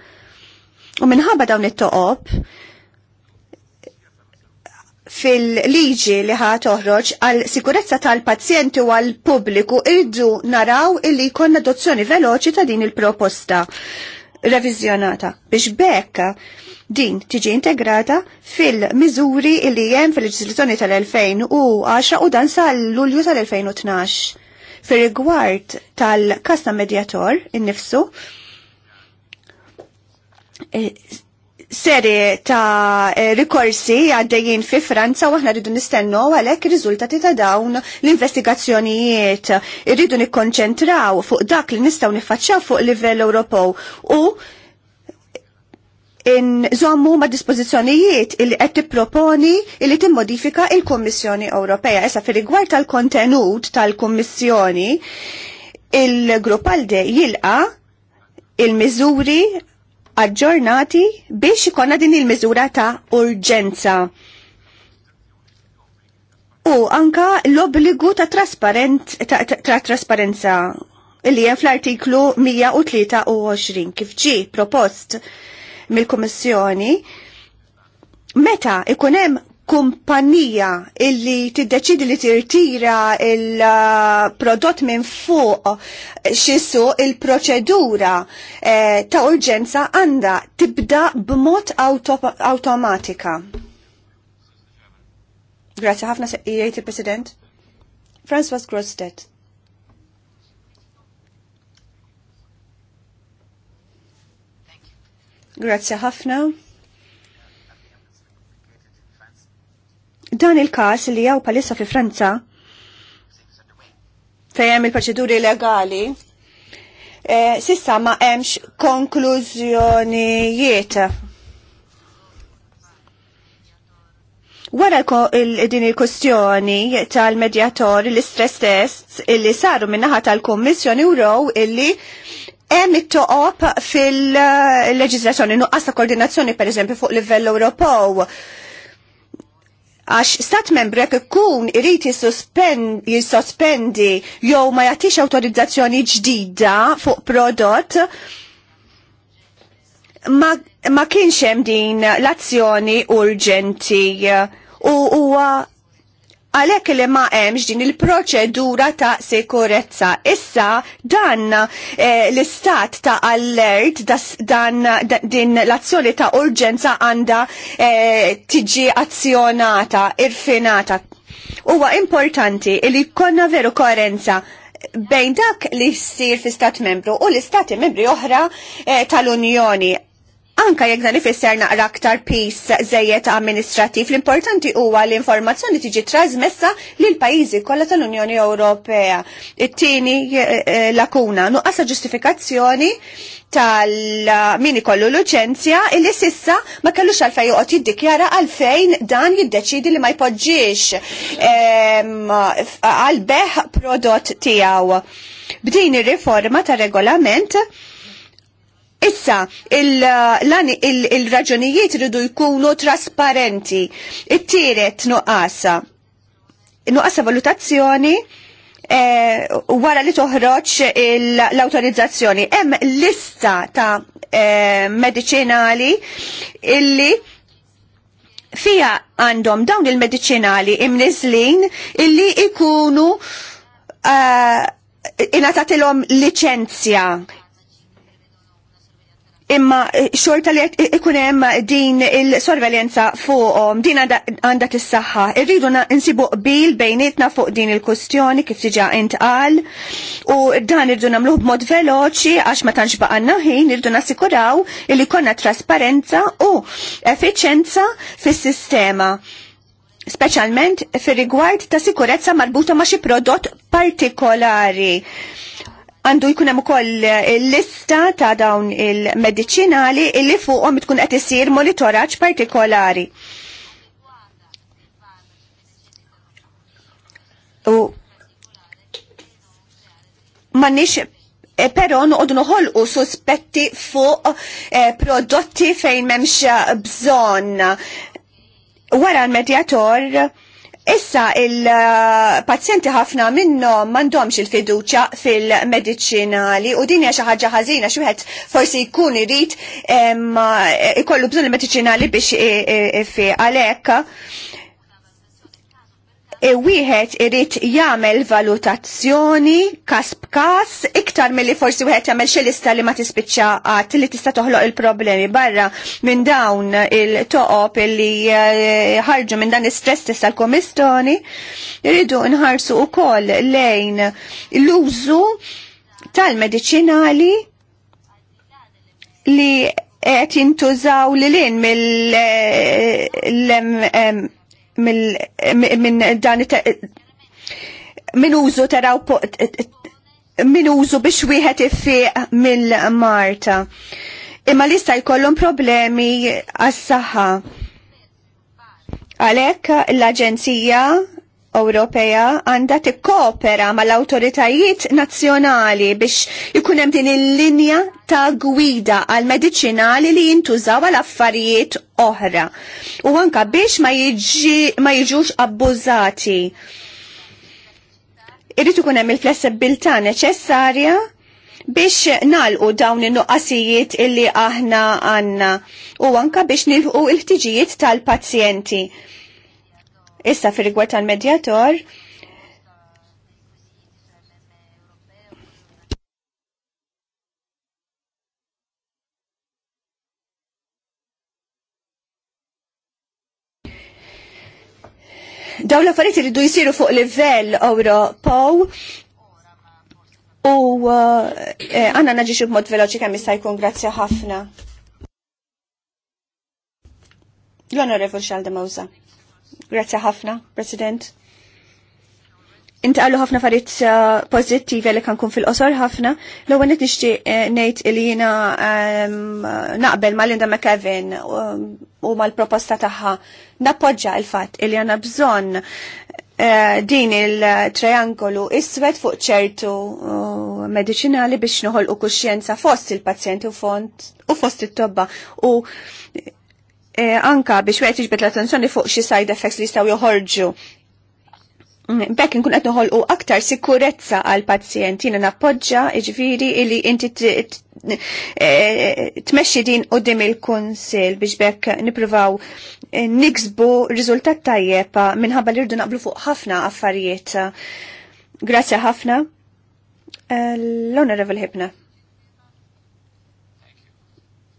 U minħabba dawn it-toqob fil-liġi li ħa toħroġ għal sikurezza tal-pazjenti u għal pubbliku iddu naraw illi jkun adozzjoni veloċi ta' din il-proposta revizjonata biex bekka din tiġi integrata fil-miżuri li jem fil-leġislazzjoni tal-2010 u dan sal-Lulju tal-2012. Fil-rigward tal-kasta in innifsu, Eh, seri ta' eh, rikorsi għaddejjin fi Franza u aħna rridu nistennu għalhekk ir-riżultati ta' dawn l-investigazzjonijiet. rridu nikkonċentraw fuq dak li nistgħu niffaċċaw fuq livell Ewropew u in zommu ma dispozizjonijiet il qed tipproponi li timmodifika il-Kommissjoni Ewropea. Issa fir rigward tal-kontenut tal-Kommissjoni, il-grupp għalde jilqa il-miżuri aġġornati biex ikonna din il-miżura ta' urġenza. U anka l-obbligu ta' trasparenza li jen fl-artiklu 123 kif ġi propost mill kummissjoni meta ikunem kumpanija illi tiddeċidi li tirtira il-prodott minn fuq xissu il-proċedura eh, ta' urġenza għanda tibda b'mod automatika. Grazie ħafna jgħid il-President. François Grostet. Grazie ħafna. Dan il-kas li jaw palissa fi Franza fejem il-proċeduri legali e, sissa ma hemmx konklużjonijiet. Wara din il-kustjoni tal-medjator l-stress tests illi saru minnaħa tal-Kommissjoni uraw illi hemm it-toqob fil eh, leġizlazzjoni nuqqas ta' koordinazzjoni per eżempju fuq livell Ewropew għax stat jekk ikun irid jissospendi jew ma jagħtix awtorizzazzjoni ġdida fuq prodott ma, ma kienx hemm din l-azzjoni urġenti u huwa għalek li ma hemmx din il-proċedura ta' sikurezza. Issa dan eh, l-istat ta' allert das, dan da, din l-azzjoni ta' urġenza għanda eh, tiġi azzjonata, irfinata. Huwa importanti li konna veru koerenza bejn dak li s-sir fi stat membru u l-istati membri oħra eh, tal-Unjoni Anka jekk dan ifisser naqra aktar pis żejjed amministrativ, l-importanti huwa l informazzjoni tiġi trasmessa lil pajjiżi kollha tal-Unjoni Ewropea. It-tieni eh, eh, lakuna nuqqasa ġustifikazzjoni tal-min ikollu l-uċenzja illi sissa ma kellux għalfej joqgħod jiddikjara għalfejn dan jiddeċidi li ma jpoġġiex ehm, għal beħ prodott tiegħu. B'din ir-riforma ta' regolament Issa, il-raġunijiet il, il ridu jkunu trasparenti. it nuqasa, nuqqasa. Nuqqasa valutazzjoni eh, wara li toħroġ l-autorizzazzjoni. Hemm lista ta' eh, medicinali illi fija għandhom dawn il-medicinali imnizlin illi ikunu uh, eh, inatatilom licenzja imma eh, xorta li eh, ikun hemm din il-sorveljenza fuqhom din għandha saxħa Irridu nsibu qbil bejnietna fuq din il-kustjoni kif diġà intqal u dan irridu nagħmluh b'mod veloċi għax ma tantx baqanna ħin irridu nassikuraw li konna trasparenza u effiċenza fis-sistema speċjalment fir rigward ta' sikurezza marbuta ma' xi prodott partikolari għandu jkun hemm ukoll eh, lista ta' dawn il-mediċinali illi fuqhom tkun qed isir monitoraġġ partikolari. U m'għandniex eh, però noqogħdu noħolqu suspetti fuq eh, prodotti fejn m'hemmx bżonn. Wara l-medjator Issa il-pazjenti ħafna minnhom m'għandhomx il-fiduċja fil-mediċinali u din hija xi ħaġa ħażina xi wieħed forsi jkun irid eh, ikollu bżonn il-mediċinali biex fi għalhekk E wieħed irid jagħmel valutazzjoni kas b'kas iktar milli forsi wieħed jagħmel xi lista li ma tispiċċa qatt li tista' toħloq il-problemi barra minn dawn il-toqob illi eh, ħarġu minn dan is-stress test l-komistoni irridu nħarsu wkoll lejn l-użu tal-mediċinali li qed jintużaw lil mill eh, minn dan minn użu taraw minn użu biex wieħed ifiq mill-Marta. Imma lista jkollhom problemi għas-saħħa. Għalhekk l-Aġenzija Ewropea għandha tikkopera mal-awtoritajiet nazzjonali biex ikun hemm din il-linja ta' gwida għal mediċinali li jintużaw għal affarijiet oħra. U anka biex ma, jiġi, ma jiġux abbużati. Irrid ikun hemm il-flessibilità neċessarja biex nalqu dawn in-nuqqasijiet illi aħna għandna u anka biex nilħu il-ħtiġijiet tal-pazjenti. l il ħtiġijiet tal pazjenti Issa fir rigward tal-medjator, daw l-affarijiet iridu jisiru fuq livell Ewropew u eh, eh, għanna naġiġu b'mod veloċi kemm jista' jkun grazzja ħafna. L-Onorevol Xalda Mawza. Grazie ħafna, President. Inti għallu ħafna farit uh, pozittivi li kankun fil-qosor ħafna. L-għu għanet nishti uh, nejt li jina um, naqbel ma Linda McKevin um, u l proposta taħħa. Nappoġġa il-fat li għana bżon uh, din il-triangolu iswed fuq ċertu uh, medicinali biex nħol u kuxjenza fost il-pazjenti u, u fost it-tobba. U Eh, anka biex wieħed jiġbed l-attenzjoni fuq xi side effects li jistgħu joħorġu. Mm, bekk nkun qed noħolqu aktar sikurezza għal pazjent jiena nappoġġa iġviri li inti eh, tmexxi din qudiem il-kunsill biex bekk nippruvaw eh, niksbu riżultat tajjeb minħabba li rridu naqblu fuq ħafna affarijiet. Grazzi ħafna. L-Honorable Hibna.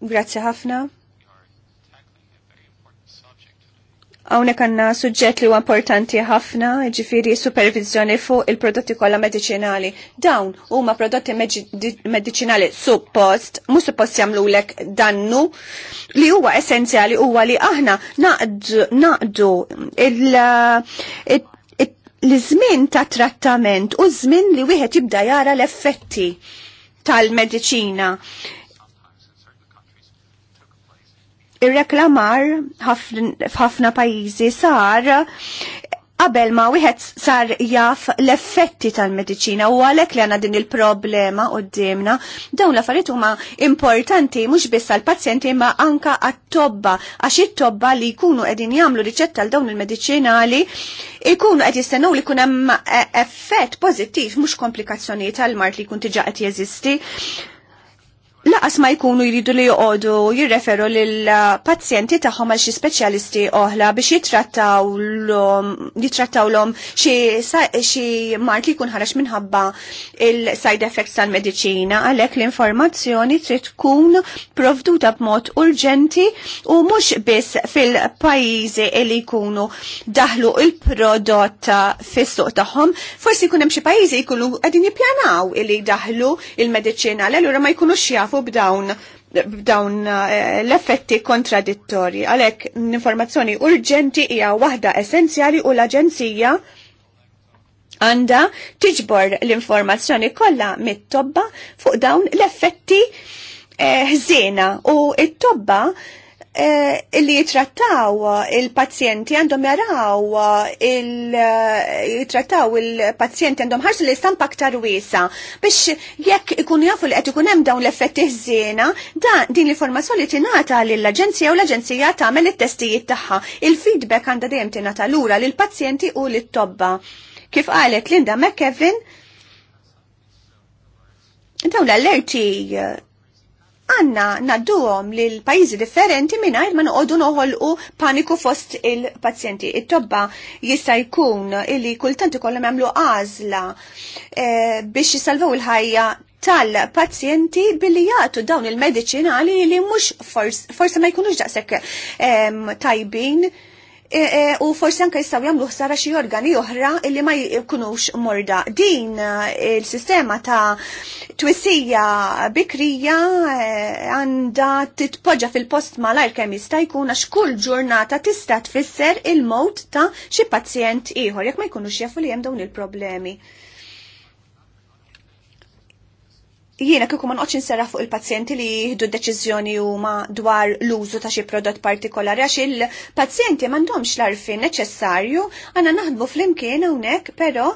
Grazzi ħafna. Hawnhekk għandna suġġett li huwa importanti ħafna, ġifieri supervizjoni fuq il-prodotti kollha medicinali. Dawn huma prodotti medicinali suppost, mhux suppost lek dannu li huwa essenzjali huwa li aħna naqdu l-żmien ta' trattament u żmien li wieħed jibda jara l-effetti tal-mediċina Ir-reklamar f'ħafna pajjiżi sar qabel ma wieħed sar jaf l-effetti tal-mediċina u għalhekk li għandna din il-problema qudiemna dawn l-affarijiet huma importanti mhux biss għall-pazjenti imma anka għat-tobba għax it-tobba li jkunu qegħdin jagħmlu riċetta għal dawn il-mediċinali jkunu qed jistennew li jkun hemm effett pożittiv mhux komplikazzjonijiet għall mart li jkun diġà qed jeżisti laqas ma jkunu jridu li joqodu jirreferu lill-pazjenti tagħhom għal xi speċjalisti oħla biex jitrattaw l-om xi mark li jkun ħarax minħabba il-side effects tal-mediċina għalhekk l-informazzjoni trid tkun provduta b'mod urġenti u mhux biss fil-pajjiżi li jkunu daħlu il-prodott fis-suq tagħhom. Forsi jkun hemm xi pajjiżi jkunu qegħdin jippjanaw li jdaħlu il-mediċina l ma jkunux jaf nafu b'dawn b'dawn eh, l-effetti kontradittorji. Għalhekk l-informazzjoni urġenti hija waħda essenzjali u l-Aġenzija għanda tiġbor l-informazzjoni kollha mit-tobba fuq dawn l-effetti eh, ħżiena u it-tobba Eh, illi jitrattaw il-pazjenti għandhom jaraw il-jitrattaw eh, il-pazjenti għandhom ħarsu li stamp aktar wiesa biex jekk ikun jafu li qed ikun hemm dawn l-effetti ħżiena din l-informazzjoni tingħata lill-aġenzija u l-aġenzija tagħmel it-testijiet tagħha. Il-feedback għandha dejjem tingħata lura lill-pazjenti u lit-tobba. Kif qalet Linda McKevin, dawn l-allerti għanna nadduhom l pajjiżi differenti mingħajr ma noqogħdu noħolqu paniku fost il-pazjenti. It-tobba jista' jkun illi kultant ikollhom jagħmlu għażla eh, biex jisalvaw il-ħajja tal-pazjenti billi jgħatu dawn il-medicinali li mhux forse ma jkunux daqshekk ehm, tajbin E, e, u forsi anke jistgħu jagħmlu ħsara xi organi oħra illi ma jkunux morda. Din e, il-sistema ta' twissija bikrija għandha titpoġġa fil-post malajr kemm jista' jkun għax kull ġurnata tista' tfisser il-mod ta' xi pazjent ieħor jekk ma jkunux jafu li hemm dawn il-problemi. jiena kieku ma noqgħodx inserraħ fuq il-pazjenti li jieħdu deċiżjoni huma dwar l-użu ta' xi prodott partikolari għax il-pazjenti m'għandhomx l-arfin neċessarju, għandna naħdmu flimkien hawnhekk, però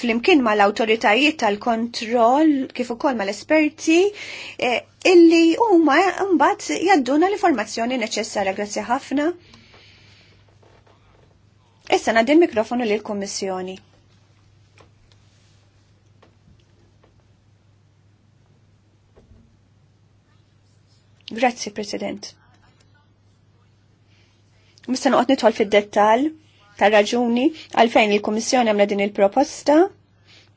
flimkien ma l-autoritajiet tal-kontroll kif ukoll ma l-esperti eh, illi huma mbagħad jadduna l-informazzjoni neċessarja grazzi ħafna. Issa nagħdi l-mikrofonu lill-Kummissjoni. Grazzi, President. Mista noqgħod nidħol fid-dettall ta' raġuni għalfejn il-Kummissjoni għamla din il-proposta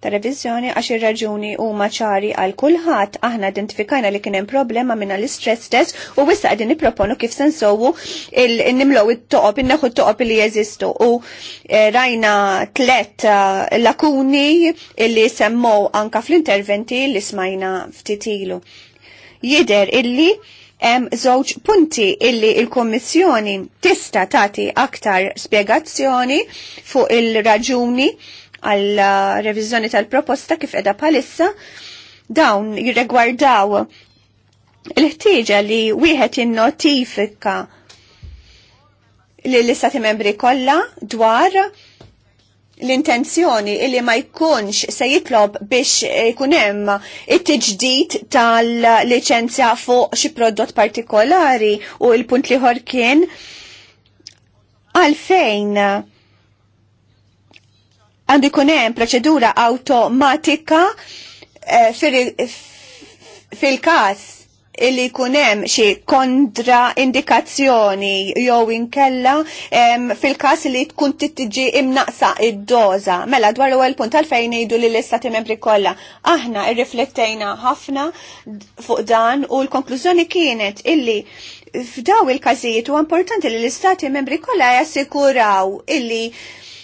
ta' revizjoni għax ir-raġuni huma ċari għal kulħadd aħna identifikajna li kien hemm problema minna l-istress test u wissa qegħdin nipproponu kif se il nimlow il toqob inneħu t-toqob li jeżistu u eh, rajna tlet eh, lakuni li semmow anka fl-interventi li smajna ftitilu. Jider illi hemm żewġ punti illi il-Kommissjoni tista' tagħti aktar spjegazzjoni fuq il-raġuni għal reviżjoni tal-proposta kif qiegħda bħalissa dawn jirregwardaw il-ħtieġa li wieħed innotifika lill-istati membri kollha dwar l-intenzjoni illi ma jkunx se jitlob biex eh, jkunem hemm it-tiġdid tal-liċenzja fuq xi prodott partikolari u l-punt liħor kien għalfejn għandu jkun hemm proċedura awtomatika eh, fil-każ illi kunem xi kontra indikazzjoni jew inkella fil kas li tkun tittiġi imnaqsa id doza Mela dwar u għal punt għalfejn ngħidu li l-istati membri kollha. Aħna rriflettejna ħafna fuq dan u l-konklużjoni kienet illi f'daw il-każijiet huwa importanti li l-istati membri kollha jassikuraw illi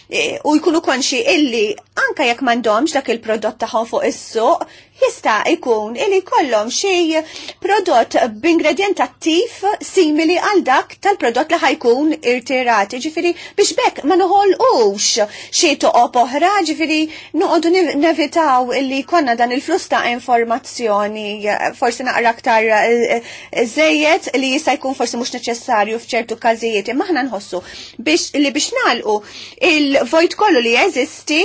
e, u jkunu konxi illi anka jekk m'għandhomx dak il-prodott tagħhom fuq is-suq, jista' jkun illi kollom xej prodott b'ingredient attiv simili għal dak tal-prodott li ħajkun irtirat. Ġifiri, biex bekk ma ux xej toqob oħra, ġifieri noqogħdu nevitaw illi konna dan il-flus ta' informazzjoni forsi naqra aktar żejjed eh, eh, li jista' jkun forsi mhux neċessarju f'ċertu kazijiet, imma aħna nħossu biex li biex nagħlqu il-vojt kollu li jeżisti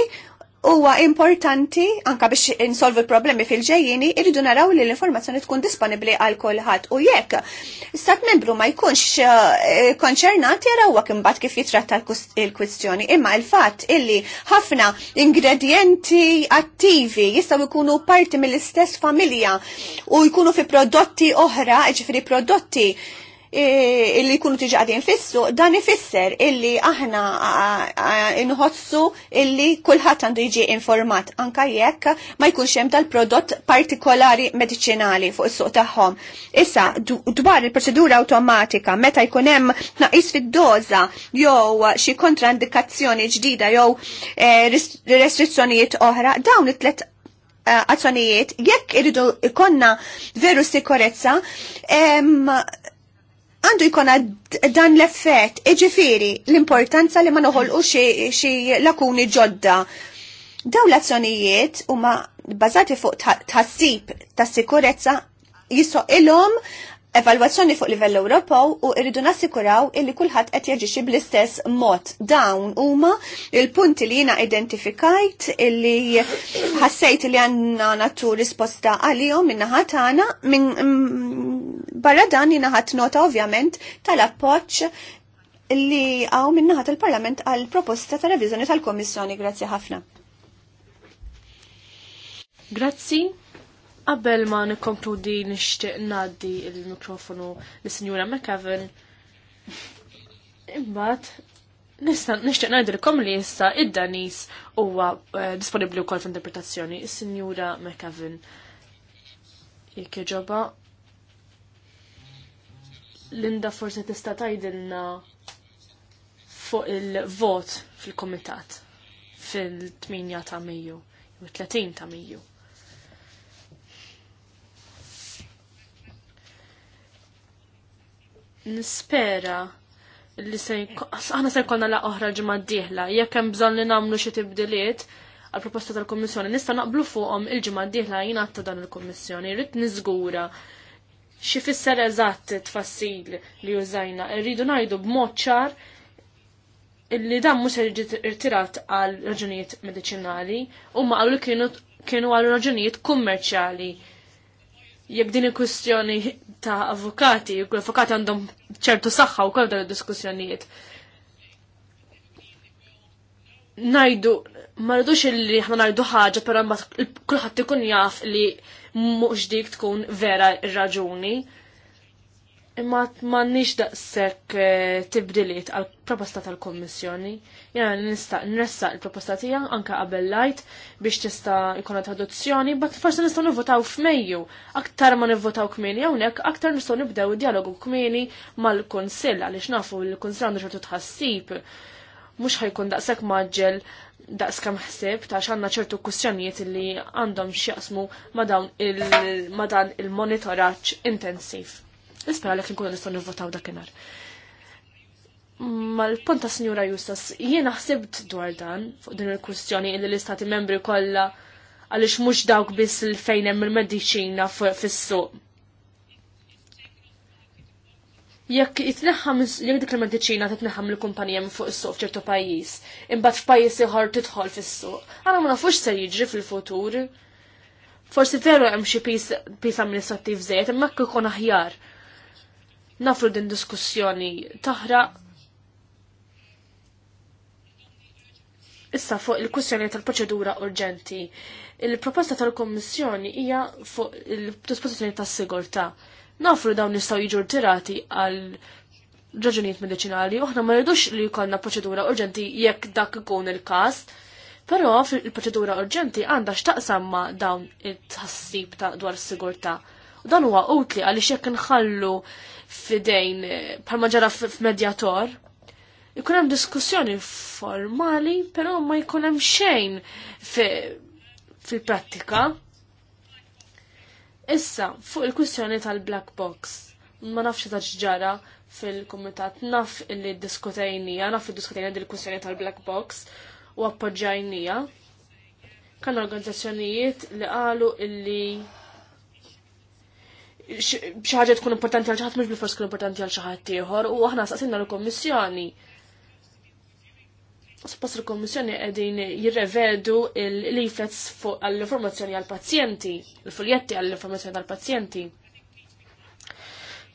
huwa importanti anka biex insolvu problemi fil-ġejjini irridu naraw li l-informazzjoni tkun disponibbli għal kulħadd u jekk stat membru ma jkunx eh, konċernat jarawha imbagħad kif jitratta l-kwistjoni imma l-fatt illi ħafna ingredienti attivi jistgħu jkunu parti mill-istess familja u jkunu fi prodotti oħra, ġifieri prodotti E, illi kunu tiġi għadin fissu, dan ifisser illi aħna inħossu illi kullħat għandu jiġi informat, anka jekk ma jkunx hemm tal prodott partikolari medicinali fuq is-suq tagħhom. Issa dwar il-proċedura awtomatika meta jkun hemm naqis fid-doża jew xi kontraindikazzjoni ġdida jew e, restrizzjonijiet oħra, dawn it-tlet e, azzjonijiet jekk iridu ikonna veru sikurezza għandu jkun dan l-effett, iġifiri l-importanza li ma noħolqu xi lakuni ġodda. Daw l-azzjonijiet huma bbażati fuq tħassib tas sikurezza jisoqilhom evalwazzjoni fuq livell Ewropew u irridu nassikuraw illi kulħadd qed jaġixxi bl-istess mod. Dawn huma il-punti li jiena identifikajt illi ħassejt li għandna natur risposta għalihom min-naħa tagħna Barra dan jina nota ovvjament tal-appoġġ li għaw minnaħat il-Parlament għal proposta ta' revizjoni tal-Komissjoni. Grazzi ħafna. Grazzi. Qabel ma nikkonkludi nixtieq ngħaddi il-mikrofonu lis-Sinjura McAvin. Imbagħad nixtieq ngħidilkom li issa id-Danis huwa eh, disponibbli wkoll f'interpretazzjoni. Is-Sinjura McAvin jekk ġoba. Linda forse tista' tgħidilna fuq il-vot fil-komitat fil-8 ta' Mejju, u 30 ta' Mejju. Nispera li se aħna se jkollna la oħra ġimgħa d-dieħla, jekk hemm bżonn li nagħmlu xi tibdiliet għal proposta tal-Kummissjoni, nista' naqblu fuqhom il-ġimgħa d-dieħla jingħatta dan il-Kummissjoni, rrid niżgura xifisser eżatt tfassil li użajna. Rridu najdu b'mod ċar illi dan mhux se irtirat għal raġunijiet mediċinali u ma għallu kienu għal raġunijiet kummerċjali. Jekk din il-kwistjoni ta' avukati, l-avukati għandhom ċertu saħħa u kol dan id-diskussjonijiet. Najdu, ma rridux illi ħna najdu ħaġa, però kulħadd ikun jaf li mhux dik tkun vera raġuni. Imma m'għandniex daqshekk eh, tibdiliet għal proposta tal-Kommissjoni. Jena nista' nressaq il-proposta tiegħek anke qabel lajt biex tista' ikonat traduzzjoni, bat forsi nistgħu nivvotaw f'Mejju. Aktar ma nivvotaw kmieni hawnhekk, aktar nistgħu nibdew dialogu kmieni mal-Kunsill għaliex nafu l-Kunsill għandu xorta tħassib mux ħajkun daqsek maġġel daqs kam ħsib ta' xanna ċertu kustjonijiet li għandhom xjaqsmu ma' dan il-monitoraċ intensiv. Ispera li kinkun nistgħu nivvotaw dakinhar. Mal-punt ta' Sinjura Justas, jien ħsibt dwar dan fuq din il-kustjoni li l-istati membri kollha għaliex mhux dawk biss l fejn hemm il-mediċina fis-suq jekk jitneħħam jekk dik il-mediċina titneħħam il-kumpanija minn fuq is-suq f'ċertu pajjiż, imbagħad f'pajjiż ieħor tidħol fis-suq. għal ma nafux se jiġri fil-futur. Forsi veru hemm xi pis amministrattiv żejt, imma jekk ikun aħjar. Nafru din diskussjoni taħra. Issa fuq il-kwistjoni tal-proċedura urġenti. Il-proposta tal-Kommissjoni hija fuq il disposizjoni tas-sigurtà. Ta Nafru dawn nistaw jiġu tirati għal raġunijiet medicinali, uħna ma rridux li jkollna proċedura urġenti jekk dak ikun il-każ, però il-proċedura urġenti għandha x'taqsam ma' dawn it-tħassib ta' dwar s-sigurtà. U dan huwa utli għaliex jekk nħallu f'idejn bħalma ġara f'medjator, ikun hemm diskussjoni formali, però ma jkun hemm xejn fil-prattika. Issa, fuq il-kwistjoni tal-black box, ma nafx ta' ġara fil-komitat, naf illi diskutajnija, naf il-diskutajnija dil-kwistjoni tal-black box u appoġġajnija. Kan organizzazzjonijiet li qalu illi xi tkun importanti għal xi ħadd mhux bil-fors tkun importanti għal xi ħadd u aħna saqsilna l-Kummissjoni Suppost il-Kommissjoni qegħdin jirrevedu l leaflets għall-informazzjoni għall-pazjenti, il-fuljetti għall-informazzjoni għall-pazjenti.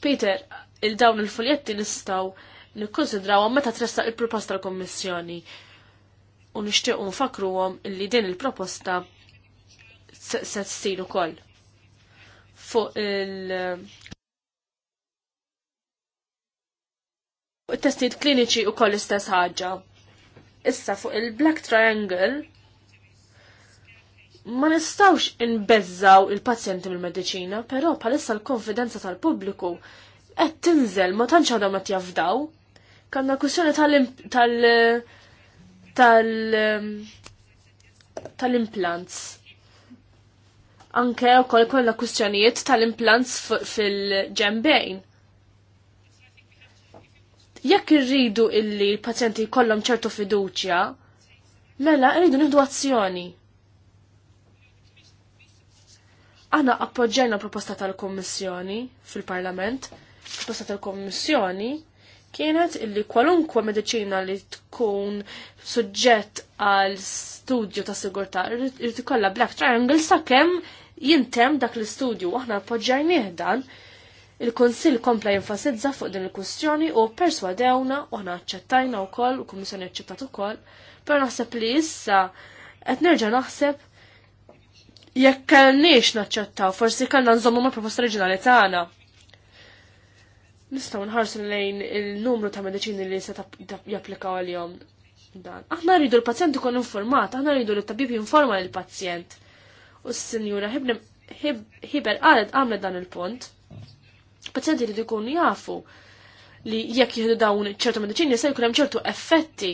Peter, il-dawn il-fuljetti nistaw nikkonsidraw meta tressa il-proposta l-Kommissjoni u nixtiequ nfakruhom li din il-proposta se tsir ukoll. Fuq il- Testijiet kliniċi u koll istess ħaġa. Issa fuq il-Black Triangle ma nistawx inbezzaw il-pazjenti mill-medicina, però palissa l-konfidenza tal-pubbliku qed tinżel ma tantx għadhom qed jafdaw. Kanna kwistjoni tal tal tal-implants. Anke wkoll kollha kwistjonijiet tal-implants fil-ġembejn jekk irridu illi l-pazjenti jkollhom ċertu fiduċja, mela irridu nifdu azzjoni. Għana appoġġajna proposta tal-Kommissjoni fil-Parlament, proposta tal-Kommissjoni kienet illi kwalunkwe medicina li tkun suġġett għal studju ta' sigurtà irrid ikollha Black Triangle sakemm jintem dak l-istudju aħna appoġġajnieh dan Il-Konsil kompla jinfasizza fuq din il-kustjoni u perswadewna u ħna ċettajna u koll u komissjoni ċettat u koll, pero naħseb li issa qed nerġa' naħseb jekk kellniex naċċettaw, forsi kellna nżommu ma' proposta oriġinali tagħna. Nistgħu nħarsu lejn il-numru ta' mediċini li se japplikaw għalihom dan. Aħna rridu l-pazjent ikun informat, aħna rridu li tabib jinforma l-pazjent. U s-sinjura Hiber qalet għamlet dan il-punt. Pazjenti li jkunu jafu li jekk jieħdu dawn ċertu mediċini se jkun hemm ċertu effetti.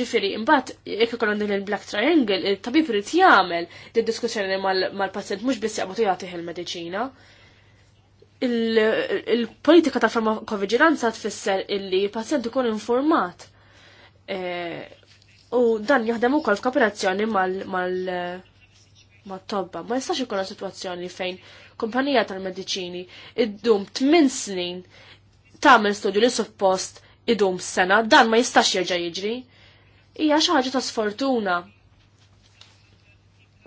Ġifieri, imbagħad jekk ikun din il-Black Triangle, il-tabib irid jagħmel din diskussjoni mal-pazjent mhux biss jaqbad jagħtih il-mediċina. Il-politika ta' farmakovigilanza tfisser illi il-pazjent ikun informat. Eh, u dan jaħdem ukoll f'kooperazzjoni mal-, mal, mal ma tobba. Ma jistax ikolla situazzjoni fejn kumpanija tal-mediċini id-dum 8 snin tagħmel studju li suppost idum sena, dan ma jistax jerġa' jiġri. Hija xi ħaġa ta' sfortuna.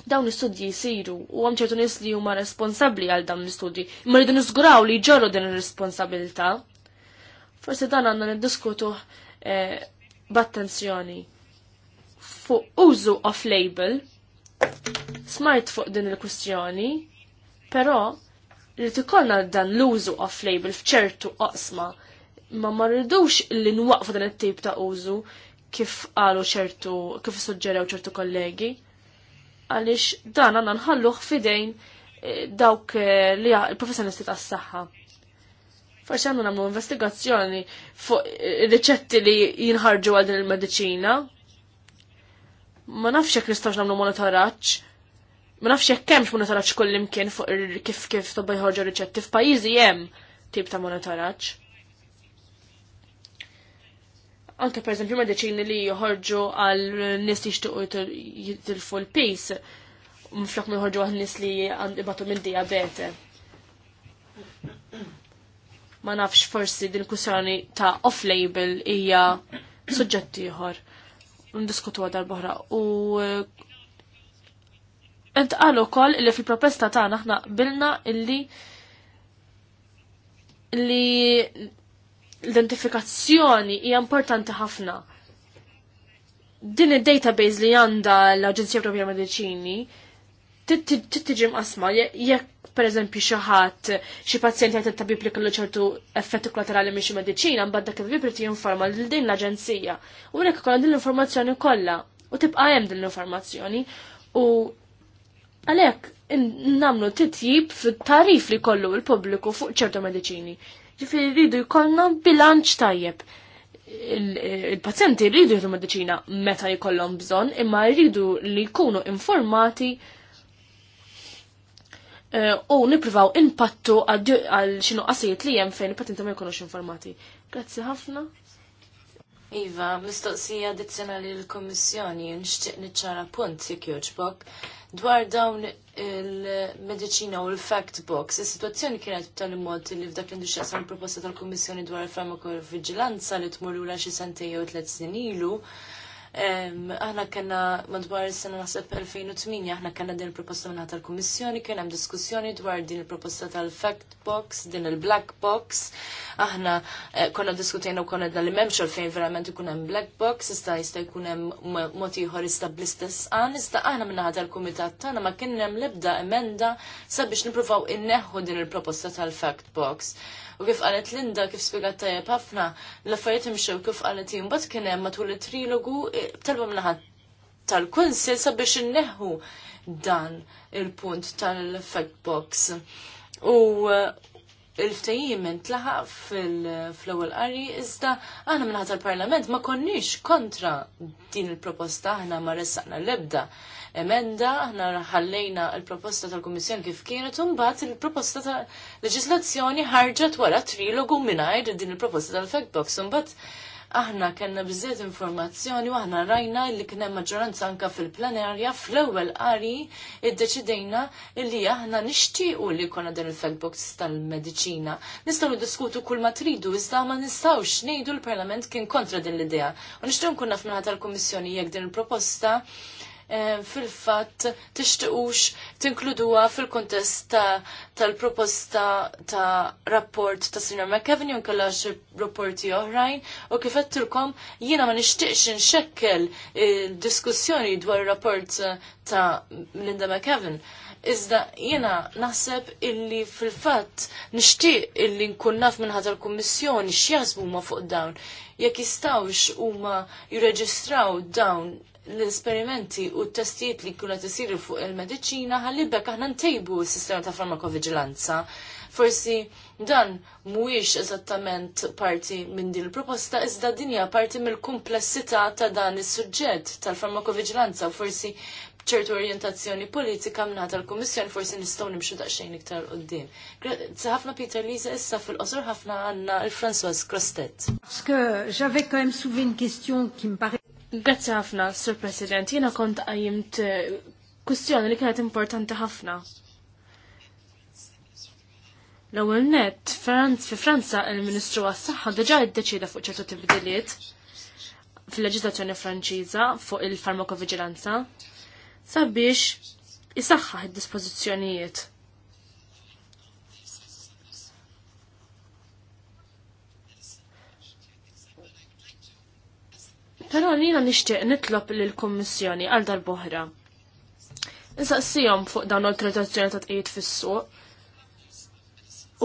Dawn l-istudji jsiru u hemm ċertu nies li huma responsabbli għal dawn l-istudji, imma rridu niżguraw li jġorru din ir-responsabilità. Forsi dan għandna niddiskutu eh, b'attenzjoni fuq użu off-label smart fuq din il kustjoni però li tikonna dan l-użu off-label fċertu qasma ma marridux li nwaqfu dan it-tip ta' użu kif għalu ċertu, kif suġġeraw ċertu kollegi. Għaliex dan għandna nħalluh fidejn eh, dawk eh, li il-professjonisti s-saxħa. Forsi għandna nagħmlu investigazzjoni fuq eh, riċetti li jinħarġu għal din il-mediċina. Ma nafx nistax nistgħux nagħmlu ma nafx jekk hemmx monitoraġġ kullimkien fuq kif kif tobba jħorġu riċetti f'pajjiżi hemm tip ta' monitoraġġ. Anke pereżempju mediċini li joħorġu għal nis li jixtiequ jitilfu l-pis mflok ma jħorġu għal nies li jibatu minn diabete. Ma nafx forsi din kusjoni ta' off-label hija suġġetti ieħor ndiskutu għadar boħra u Entqalu kol li fil-proposta ta' naħna bilna illi li l-identifikazzjoni hija importanti ħafna. Din id-database li għanda l-Aġenzija Ewropea Mediċini tittiġim asma, jekk per eżempju ħadd xi pazjenti għet tabib li kellu ċertu effetti kollaterali minn xi mediċina, mbagħad dak il-vibri jinforma lil din l-aġenzija. U hekk kollha din l-informazzjoni kollha u tibqa' hemm din l-informazzjoni u Għalek, namlu titjib fit-tarif li kollu il-pubbliku fuq ċertu mediċini. Ġifiri rridu jkollna bilanċ tajjeb. Il-pazjenti rridu jħdu mediċina meta jkollhom bżonn, imma rridu li jkunu informati eh, u nipruvaw impattu għal xinu qasijiet li jem fejn il-pazjenti ma jkunux informati. Grazzi ħafna. Iva, mistoqsija addizzjonali l-Kommissjoni nixtieq niċċara punt jekk jogħġbok. dwar dawn il-medicina u l-fact box. Is-sitwazzjoni kienet tal-mod li f'dak l-industrija sa' proposta tal kummissjoni dwar il-farmakovigilanza li tmur lura xi sentejn jew tliet snin ilu aħna kena madwar sena naħseb 2008, aħna kena din il-proposta minna tal kummissjoni kien hemm diskussjoni dwar din il-proposta tal-Fact Box, din il-Black Box, aħna eh, konna diskutejna u konna li memx fejn verament ikun hemm Black Box, iżda jista' jkun hemm mod ieħor iżda bl-istess qan, iżda aħna minna tal-Kumitat tagħna ma kien hemm l-ebda emenda sabiex nippruvaw inneħħu din il-proposta tal-Fact Box u kif qalet Linda kif spjegat tajjeb ħafna l-affarijiet imxew kif qalet jien bad kien hemm matul it-trilogu eh, talba naħat tal-kunsil sabiex inneħħu dan il-punt tal-fact box. U eh, il-ftajim intlaħaq fil-ewwel qari iżda aħna minħat tal-Parlament ma konniex kontra din il-proposta aħna ma ressaqna l-ebda emenda, aħna ħallejna l-proposta tal-Kummissjoni kif kienet, u mbagħad il-proposta ta' leġislazzjoni ħarġet wara trilogu mingħajr din il-proposta tal box. Mbagħad aħna kellna bżiet informazzjoni u aħna rajna li kien hemm maġġoranza anke fil-plenarja fl-ewwel qari iddeċidejna li aħna nixtiequ li jkollna din il box tal-mediċina. Nistgħu niddiskutu kull ma tridu iżda ma nistgħux ngħidu l-Parlament kien kontra din l-idea. U nixtieq nkun naf tal-Kummissjoni jekk din il-proposta Eh, fil-fatt tixtiqux tinkluduha fil-kontest tal-proposta ta' rapport ta' Sinjor McKevin jonkella xi rapporti oħrajn u kif qedtilkom jiena ma nixtieqx inxekkel eh, diskussjoni dwar rapport eh, ta' Linda McKevin. Iżda jena naħseb illi fil-fatt nixtieq illi nkun naf minn ħatar kummissjoni x'jaħsbu huma fuq dawn jekk jistawx huma jirreġistraw dawn l-esperimenti u t-testijiet li kuna t-siru fuq il-medicina ħallibek aħna ntejbu s-sistema ta' farmakovigilanza. Forsi dan mhuwiex eżattament parti minn din il-proposta, iżda dinja hija parti mill-kumplessità ta' dan is-suġġett tal-farmakovigilanza u forsi ċertu orientazzjoni politika mnaħat tal-Komissjoni forsi nistgħu nimxu daqsxejn iktar qudiem. Grazzi ħafna Peter Lisa issa fil-qosor ħafna għandna il-François Crostet. Parce que j'avais quand même soulevé une question qui me paraît Grazzi ħafna, Sur President. Jiena kont għajimt eh, kwistjoni li kienet importanti ħafna. L-ewwel nett, fi Franza il-Ministru għas-Saħħa diġà iddeċida fuq ċertu tibdiliet fil-leġislazzjoni Franċiża fuq il-farmakovigilanza sabiex isaħħaħ id-dispożizzjonijiet Pero nina nishtiq nitlob l-Kommissjoni għal dal-boħra. Nsaqsijom fuq dawn l-autorizzazzjoni ta' tqiet fis-suq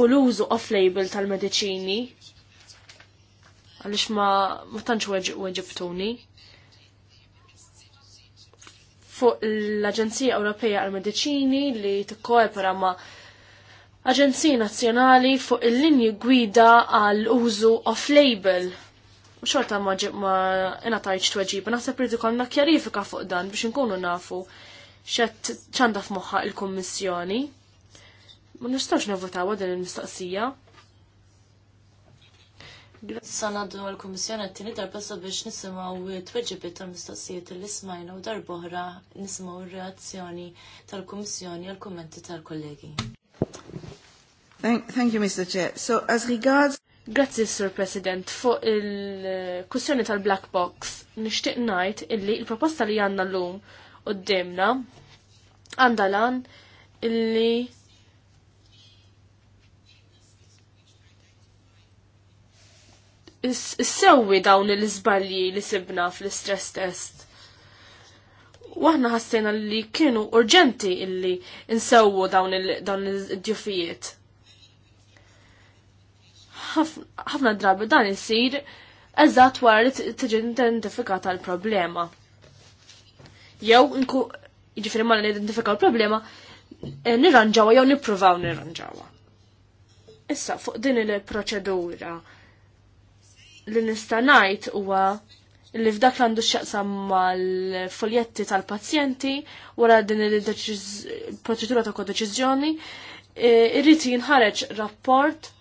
u l-użu off-label tal-mediċini għalix ma ma tantx weġibtuni. Fuq l-Aġenzija Ewropea għal-Mediċini li tikkoopera ma' Aġenziji Nazzjonali fuq il-linji gwida għal użu off-label u xorta ma inatajċ tweġiba, naħseb rridu konna kjarifika fuq dan biex nkunu nafu xed ċanda f'moħħa il-kommissjoni. Ma nistax nevotaw din il-mistaqsija. Sanaddu għal-Kommissjoni għattini darba biex nisimaw t-weġibit tal-mistoqsijiet li smajna u darboħra nisimaw reazzjoni tal-Kommissjoni għal-kommenti tal-kollegi. Thank, you, Mr. Chair. So, as regards... Grazzi, Sir President, fuq il-kussjoni tal-Black Box, nishtiq najt illi il-proposta li għanna l-lum u d-demna għandalan lan illi is sewi dawn il-izbalji li sibna fl-stress test. Waħna ħassejna li kienu urġenti illi insewwu dawn il-ġufijiet ħafna drabi dan jisir eżatt wara li tiġi identifikata l-problema. Jew nku jiġifieri ma nidentifikaw l-problema, eh, nirranġawa jew nippruvaw nirranġawha. Issa fuq din il-proċedura li nista' ngħid huwa li f'dak l għandu x'jaqsam mal-foljetti tal-pazjenti wara din il-proċedura ta' kodeċiżjoni eh, irrid jinħareġ rapport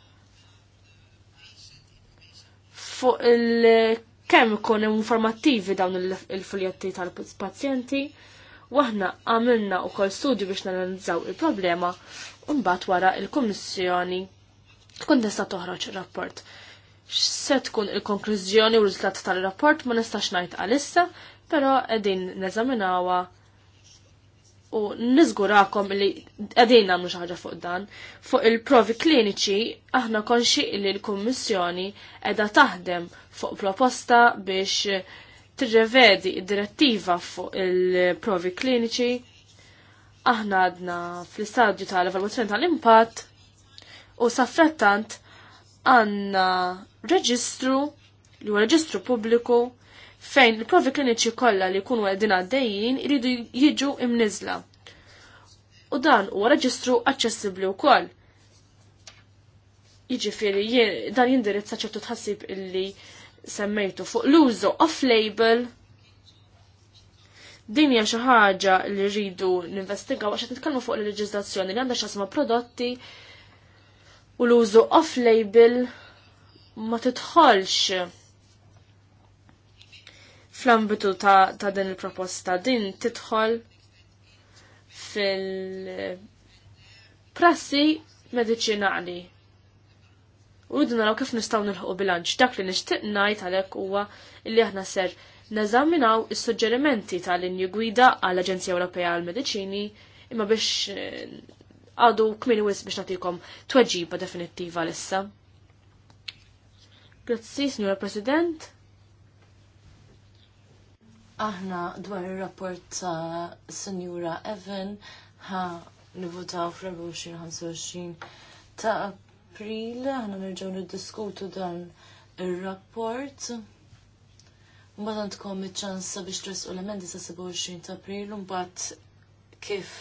fuq il- kemm ikun informattivi dawn il-fuljetti tal-pazjenti, waħna għamilna u kol studju biex nanalizzaw il-problema, mbagħad wara il kummissjoni tkun tista' toħroġ rapport. Se tkun il-konklużjoni u l-riżultat tal-rapport ma nistax ngħid għalissa, però qegħdin neżaminawha u nizgurakom li għadin namlu xaħġa fuq dan, fuq il-provi kliniċi aħna konxi li l-Kommissjoni edha taħdem fuq proposta biex tirrevedi id-direttiva fuq il-provi kliniċi. Aħna għadna fl-istadju tal-evaluazzjoni tal-impatt u saffrettant għanna reġistru li huwa reġistru pubbliku fejn il-provi kliniċi kollha li jkunu għedin għaddejjin iridu jiġu imnizla. U dan huwa reġistru aċċessibbli wkoll. Jiġifieri dan jindirizza ċertu tħassib illi semmejtu fuq l-użu off-label din hija xi ħaġa li rridu ninvestigaw għax qed nitkellmu fuq il-leġiżlazzjoni li għandha x'asma prodotti u l-użu off-label ma titħolx fl-ambitu ta', ta din il-proposta. Din tidħol fil-prassi medicinali. U naraw kif nistgħu nilħu bilanċ. Dak li nixtieq ngħid għalhekk huwa li aħna ser neżaminaw is-suġġerimenti tal inju gwida għall-Aġenzija Ewropea għall-Mediċini imma biex eh, għadu kmini wis biex nagħtikom tweġiba definittiva lissa. Grazzi, Signora President. Aħna dwar ir-rapport ta' Senjura Evan ħa nivutaw fl-24-25 ta' April, aħna nerġgħu niddiskutu dan ir-rapport. Mbagħad għandkom iċ-ċans sabiex u l-emendi sa' 27 ta' April u kif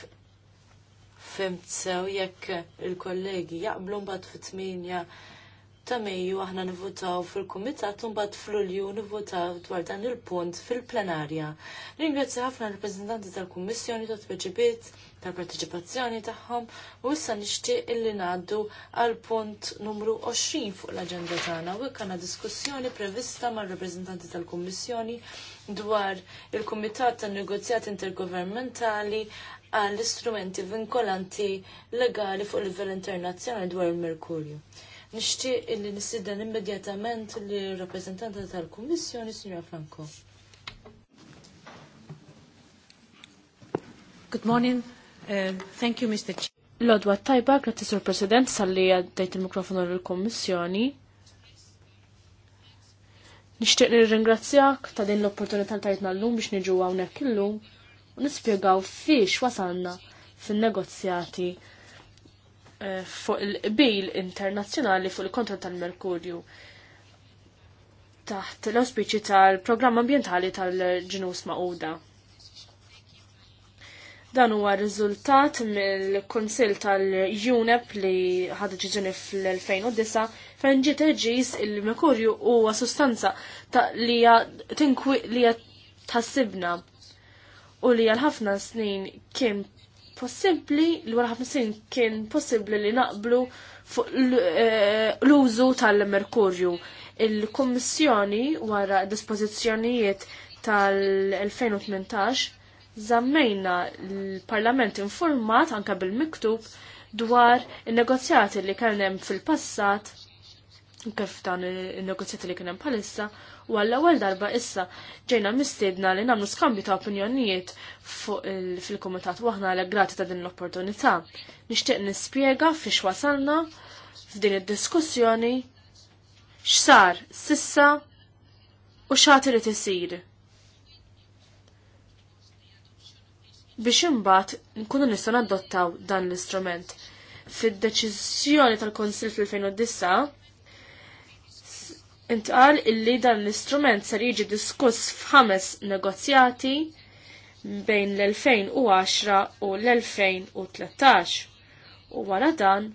fimt sew jekk il-kollegi jaqblu mbagħad fit-8 ta' Mejju aħna nivvotaw fil-Kumitat mbagħad fl-Ulju nivvotaw dwar dan il-punt fil-plenarja. Ringrazzja ħafna rappreżentanti tal-Kummissjoni ta' tweġibiet tal-parteċipazzjoni tagħhom u issa nixtieq illi ngħaddu għal punt numru 20 fuq l-aġenda tagħna u hekk diskussjoni prevista mar-rappreżentanti tal-Kummissjoni dwar il-Kumitat tan-Negozjat Intergovernmentali għall istrumenti vinkolanti legali fuq livell internazzjonali dwar il-Merkurju. Nixtieq illi nissidan immedjatament li rappreżentanta tal-Kummissjoni signora Franco. Good morning. Uh, thank you, Mr. Chair. Lodwa tajba, grazie sur President, salli għaddejt il-mikrofonu l-Kommissjoni. Nishtiq li ringrazzjak ta' din l-opportunità tajtna l-lum biex niġu għawnek il-lum u nispiegaw fiex wasalna fin-negozjati Eh, fuq il-qbil internazzjonali fuq il kontra tal-merkurju taħt l ospiċi tal-programm ambientali tal-ġinus Mauda. Dan huwa riżultat mill-Kunsill tal-UNEP li ħad deċiżjoni fl-2009 fejn ġiet irġis il-merkurju huwa sustanza li hija tħassibna u li għal ħafna snin kien possibbli li wara ħafna sin kien possibbli li naqblu fuq eh, l-użu tal-merkurju. Il-Kommissjoni wara dispożizzjonijiet tal-2018 zammejna l-Parlament informat anka bil-miktub dwar il-negozjati li kellem fil-passat kif dan il-negozjati li kien hemm bħalissa u għall-ewwel darba issa ġejna mistiedna li nagħmlu skambju ta' opinjonijiet fil-kumitat waħna għal grati ta' din l-opportunità. Nixtieq nispjega fiex wasalna f'din id-diskussjoni x'sar sissa u x'għad irid tisir. biex imbagħad nkunu nistgħu nadottaw dan l-istrument. Fid-deċiżjoni tal-Konsil fil-2009 intqal illi dan l-istrument ser jiġi diskuss f'ħames negozjati bejn l-2010 u l-2013. U wara dan,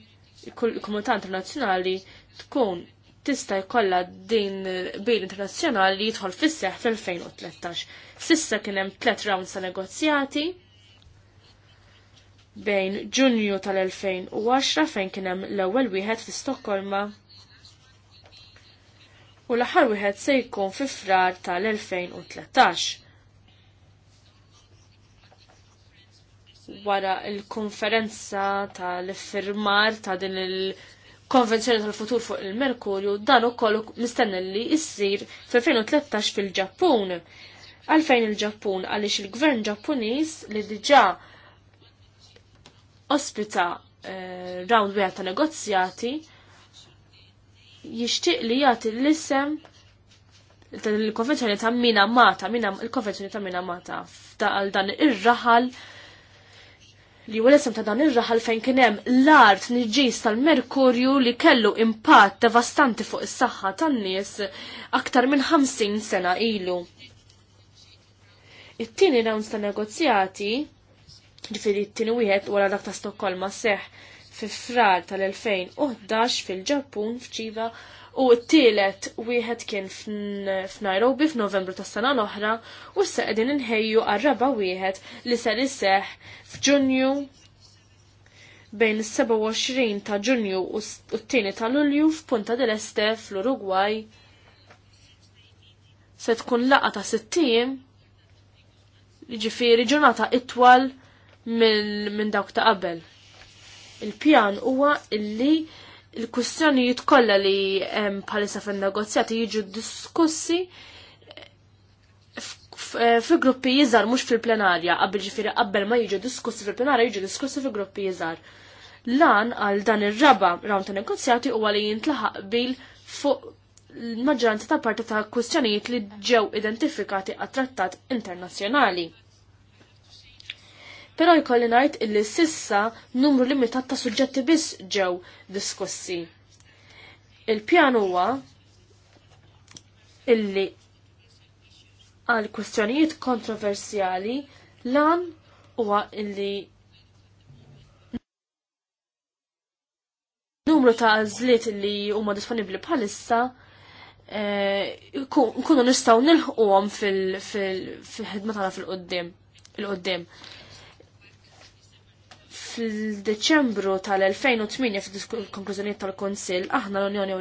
il-Komunità Internazzjonali tkun tista' jkollha din bil internazzjonali jidħol fis-seħ fl-2013. Sissa kien hemm tliet rounds sa' negozjati bejn Ġunju tal-2010 fejn kien hemm l-ewwel wieħed fi Stokkolma u l-aħħar wieħed se jkun fi frar tal-2013. Wara l-konferenza tal-firmar ta' din il-konvenzjoni tal-futur fuq il-Merkurju dan ukoll mistenni li issir fil-2013 fil-Ġappun. Għalfejn il-Ġappun għaliex il-gvern Ġappuniż li diġà ospita eh, round wieħed ta' negozjati jixtieq li jagħti l-isem il-konvenzjoni ta' mina mata, mina il-konvenzjoni ta' mina mata għal dan ir-raħal li u l-isem ta' dan ir-raħal fejn kien hemm l-art niġġis tal-merkurju li kellu impatt devastanti fuq is-saħħa tan-nies aktar minn 50 sena ilu. It-tieni rawns ta' negozjati ġifiri t-tieni wieħed wara dak ta' Stokkolma seħ fi frar tal-2011 fil-Ġappun f'Ċiva u t-tielet wieħed kien f'Nairobi f'Novembru tas-sena l-oħra u issa qegħdin inħejju għarraba wieħed li ser iseħħ f'Ġunju bejn is-27 ta' Ġunju u t-tieni ta' Lulju f'Punta del Este fl-Urugwaj se tkun laqa ta' sittijiem ġifiri ġurnata itwal minn dawk ta' qabel. Il-pjan huwa illi il kussjoni kollha li hemm bħalissa fin-negozjati jiġu diskussi eh, fi gruppi jizar mux fil-plenarja, qabel ġifiri qabel ma jiġu diskussi fil-plenarja jiġu diskussi fi gruppi jizar. Lan għal dan ir-raba rawn ta' negozjati huwa li jintlaħaq bil fuq l-maġġoranza ta' parti ta' kwistjonijiet li ġew identifikati għat trattat internazzjonali. Però jkolli ngħid illi sissa numru limitat ta' suġġetti biss ġew diskussi. Il-pjan huwa illi għal kwistjonijiet kontroversjali lan huwa illi numru ta' żliet li huma disponibbli bħalissa eh, nkunu nistgħu nilħquhom fil-ħidma tagħna fil-qudiem. Il-qudiem. fil ħidma tagħna fil qudiem il qudiem fil-Deċembru tal-2008 fil-konklużjoniet tal-Konsil aħna l-Unjoni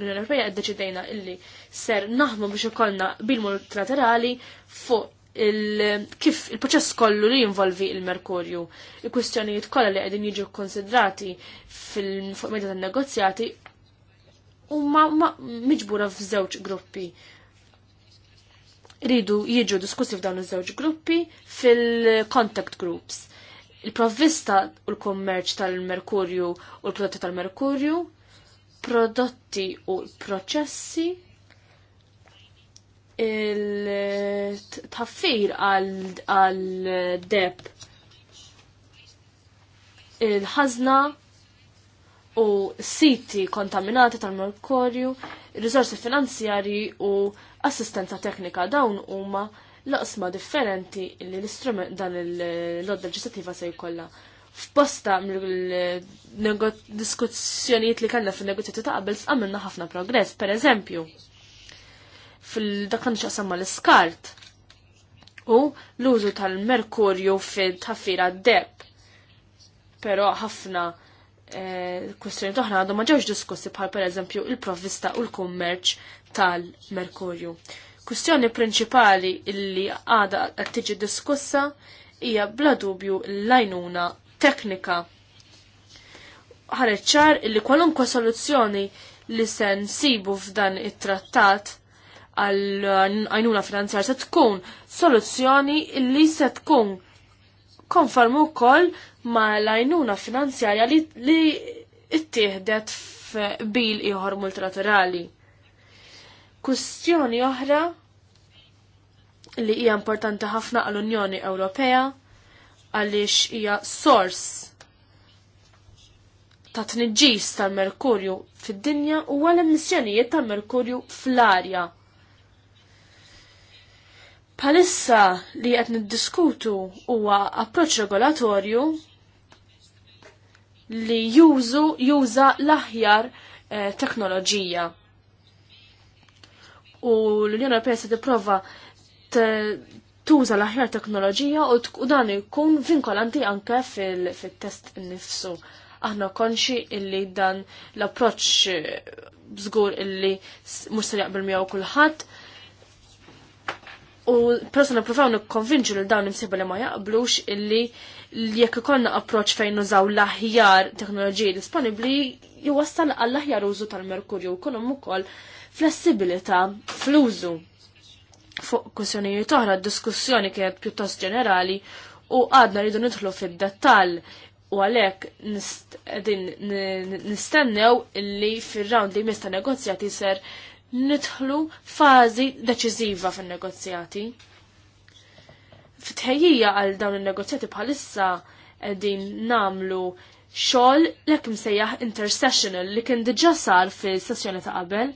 Ewropea ddeċidejna illi ser naħmu biex ikollna bil-multilaterali fuq il kif il-proċess kollu li jinvolvi il-Merkurju. Il-kwistjonijiet kollha li qegħdin jiġu konsidrati fuq medja tan-negozjati huma miġbura f'żewġ gruppi. Ridu jiġu diskussi f'dawn iż-żewġ gruppi fil-contact groups il-provvista u l-kommerċ tal-merkurju u l-prodotti tal-merkurju, prodotti u l-proċessi, il-taffir għal-deb, il-ħazna u siti kontaminati tal-merkurju, il-rizorsi finanzjari u assistenza teknika dawn huma ma laqsma differenti li l-istrument dan l lodda leġislativa se jkollha. F'posta mill-diskussjonijiet li kellna fin-negozjati ta' qabel għamilna ħafna progress, per eżempju. Fil-dakan xaqsamma l-iskart u l-użu tal-merkurju fil-tafira d-deb. Pero ħafna eh, kwestjoni toħna għadhom ma ġewx diskussi bħal per eżempju il-provvista u l-kummerċ tal-merkurju. Il-kustjoni prinċipali illi għada qed tiġi diskussa hija bla dubju l-lajnuna teknika. Ħareċ ċar illi kwalunkwe soluzzjoni li se nsibu f'dan it-trattat għal għajnuna finanzjar se tkun soluzzjoni illi se tkun konfermu kol ma l-għajnuna finanzjarja li, li ittieħdet f'bil ieħor multilaterali. Kustjoni oħra li hija importanti ħafna għall-Unjoni Ewropea għaliex hija sors ta' tniġġis tal-merkurju fid-dinja u għal-emissjonijiet tal-merkurju fl-arja. Palissa li qed niddiskutu huwa approċċ regolatorju li jużu juża l-aħjar eh, teknoloġija. U l-Unjoni Ewropea se tipprova Eh, tuża l-aħjar teknoloġija u dan ikun vinkolanti anke fil-test nifsu. Aħna konxi illi dan l-approċ bżgur eh, illi mux se jaqbel miegħu kulħadd. U persona provaw nikkonvinġu li dawn imsiba li ma jaqblux illi jekk ikollna approċ fejn nużaw l-aħjar teknoloġiji disponibbli jwassal għall-aħjar użu tal-merkurju kun ukoll flessibilità fl-użu fuq kwestjonijiet oħra d-diskussjoni kienet pjuttost ġenerali u għadna rridu nidħlu fid-dettall u għalek nistennew illi fil-round li mista negozjati ser nidħlu fazi deċiżiva fin-negozjati. Fitħejjija għal dawn il-negozjati bħalissa din namlu xogħol l ekim sejjaħ intersessional li kien diġà sar fil sessjoni ta' qabel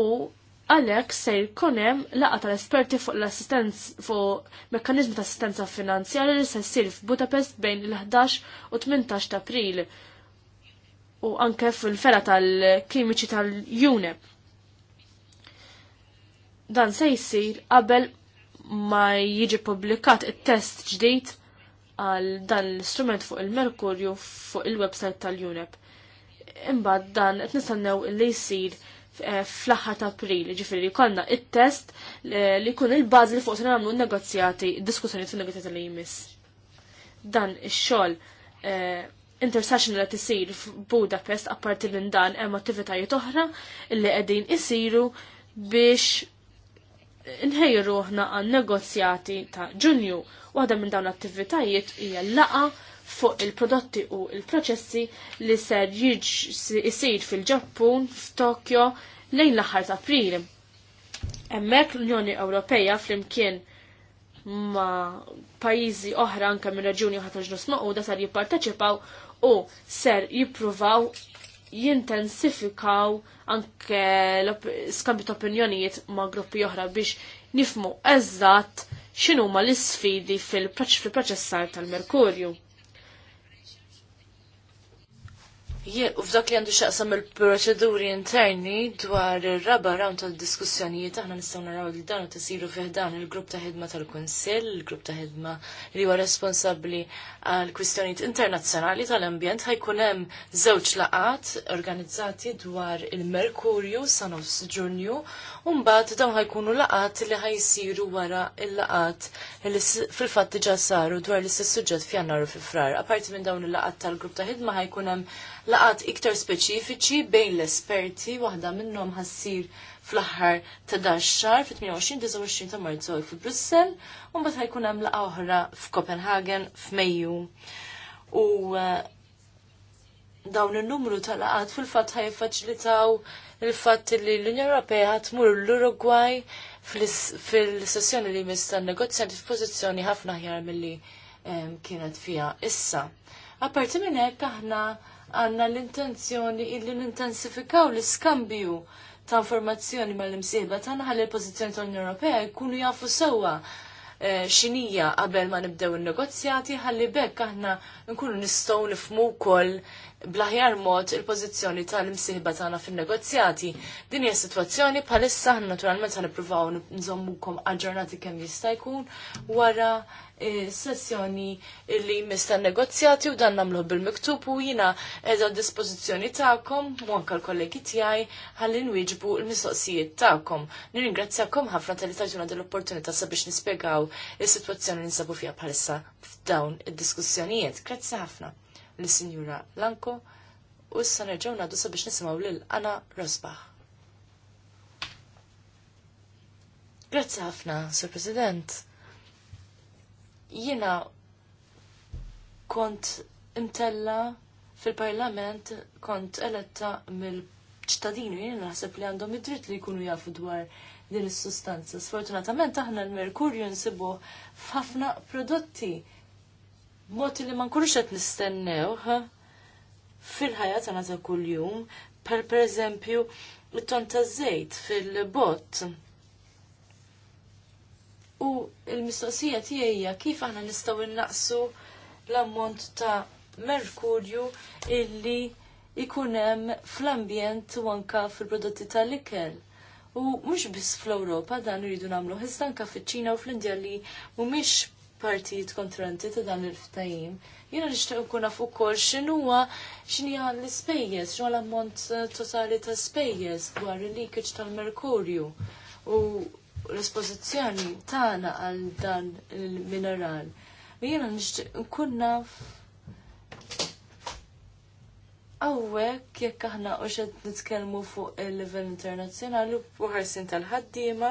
u Għalhekk se jkun hemm tal-esperti fuq l-assistenz fuq mekkaniżmu ta' assistenza finanzjarja li se ssir f'Budapest bejn il-11 u 18 ta' April u anke fil-fera tal-kimiċi tal-UNEP. Dan se jsir qabel ma jiġi publikat it-test ġdid għal dan l-istrument fuq il-Merkurju fuq il-website tal-UNEP. Imbagħad dan qed nistennew li jsir Eh, fl-aħħar ta' April, ġifieri konna il test eh, li jkun il-bażi li fuq se negozjati, diskussjonijiet fin negozjati li jmiss. Dan ix-xogħol eh, intersessional li f f'Budapest apparti minn dan hemm attivitajiet oħra li qegħdin isiru biex nħejru ruħna għan negozjati ta' Ġunju. Waħda minn dawn l-attivitajiet hija laqa' fuq il-prodotti u il-proċessi li ser jisir fil-Ġappun, f'Tokyo, lejn l-aħħar ta' April. Hemmhekk l-Unjoni Ewropea flimkien ma' pajjiżi oħra anke minn raġuni oħra ta' ġnus maquda sar jipparteċipaw u ser jippruvaw jintensifikaw anke skambju ta' opinjonijiet ma' gruppi oħra biex nifmu eżatt x'inhuma l-isfidi fil-proċessar tal-Merkurju. U F'dak li għandu xaqsam il-proċeduri interni dwar il-raba rawn tal-diskussjonijiet, aħna nistaw naraw li dan fih fiħdan il-grupp ta' ħidma tal-Kunsill, il-grupp ta' ħidma li huwa responsabbli għal kwistjonijiet internazzjonali tal-ambjent ħajkun hemm żewġ laqat organizzati dwar il-Merkurju Sanos nofs Ġunju, u mbagħad dawn ħajkunu laqat li ħajsiru wara il-laqat li fil-fatt diġà saru dwar l-istess suġġett f'Jannar u fi frar. Aparti minn dawn il-laqat tal-grupp ta' ħidma ħajkun hemm laqat iktar speċifiċi bejn l-esperti, waħda minnhom ħassir fl-aħħar ta' daċċar fit-28-29 ta' Marzu fi Brussell, u bat ħajkun hemm laqgħa oħra f'Kopenhagen f'Mejju. U eh, dawn in-numru ta' laqat fil-fatt ħajfaċilitaw il-fatt li l-Unjoni Ewropea tmur l-Uruguay fil-sessjoni li mista negozjanti f'pożizzjoni ħafna ħjar milli eh, kienet fija issa. Apparti minn hekk aħna għanna l-intenzjoni illi nintensifikaw l-iskambju ta' informazzjoni mal-imsieba tagħna ħalli l-pożizzjoni tal-Unjoni Ewropea jkunu jafu sewwa eh, xinija qabel ma nibdew il negozjati ħalli bekk aħna nkunu nistgħu nifhmu wkoll blaħjar mod il-pozizjoni tal-imsiħba tagħna fin-negozjati. Din hija sitwazzjoni bħalissa aħna naturalment ħan nippruvaw nżommukom aġġornati kemm jista' jkun wara eh, sessjoni li mista negozjati u dan nagħmluh bil-miktub u jiena qiegħda dispożizzjoni tagħkom u anke l-kollegi tiegħi ħalli nwieġbu l-mistoqsijiet tagħkom. Nirringrazzjakom ħafna tal-li tajtuna dell-opportunità sabiex nispjegaw is-sitwazzjoni li nsabu fiha bħalissa f'dawn id-diskussjonijiet. Grazzi ħafna l-Sinjura Lanko u issa nerġgħu ngħadu sabiex nisimgħu lil Anna Rosbach. Grazzi ħafna, Sur President. Jiena kont imtella fil-parlament kont eletta mill-ċittadini jien naħseb li għandhom id-dritt li jkunu jafu dwar din is-sustanza. Sfortunatament aħna l-merkurju nsibu f'ħafna prodotti mod li ma nkunux qed nistennew fil-ħajja tagħna ta' kuljum, per pereżempju it-ton ta' żejt fil-bott. U l-mistoqsija tiegħi kif aħna nistgħu innaqsu l-ammont ta' merkurju illi ikun hemm fl-ambjent u anka fil-prodotti tal-ikel. U mhux biss fl-Ewropa dan iridu nagħmlu, iżda anke fiċ-Ċina u fl-Indja li mhumiex partijiet kontranti ta' dan il-ftajim. Jena nishtiq nkun naf ukoll x'inhuwa x'inhi l-ispejjeż, x'inhu l-ammont eh, totali ta' spejjeż dwar il-leakage tal-merkurju u l-espożizzjoni tagħna għal dan il-mineral. Jena nixtieq nkun Għawek, jekk aħna u xed nitkelmu fuq il-level internazzjonali u ħarsin tal-ħaddima,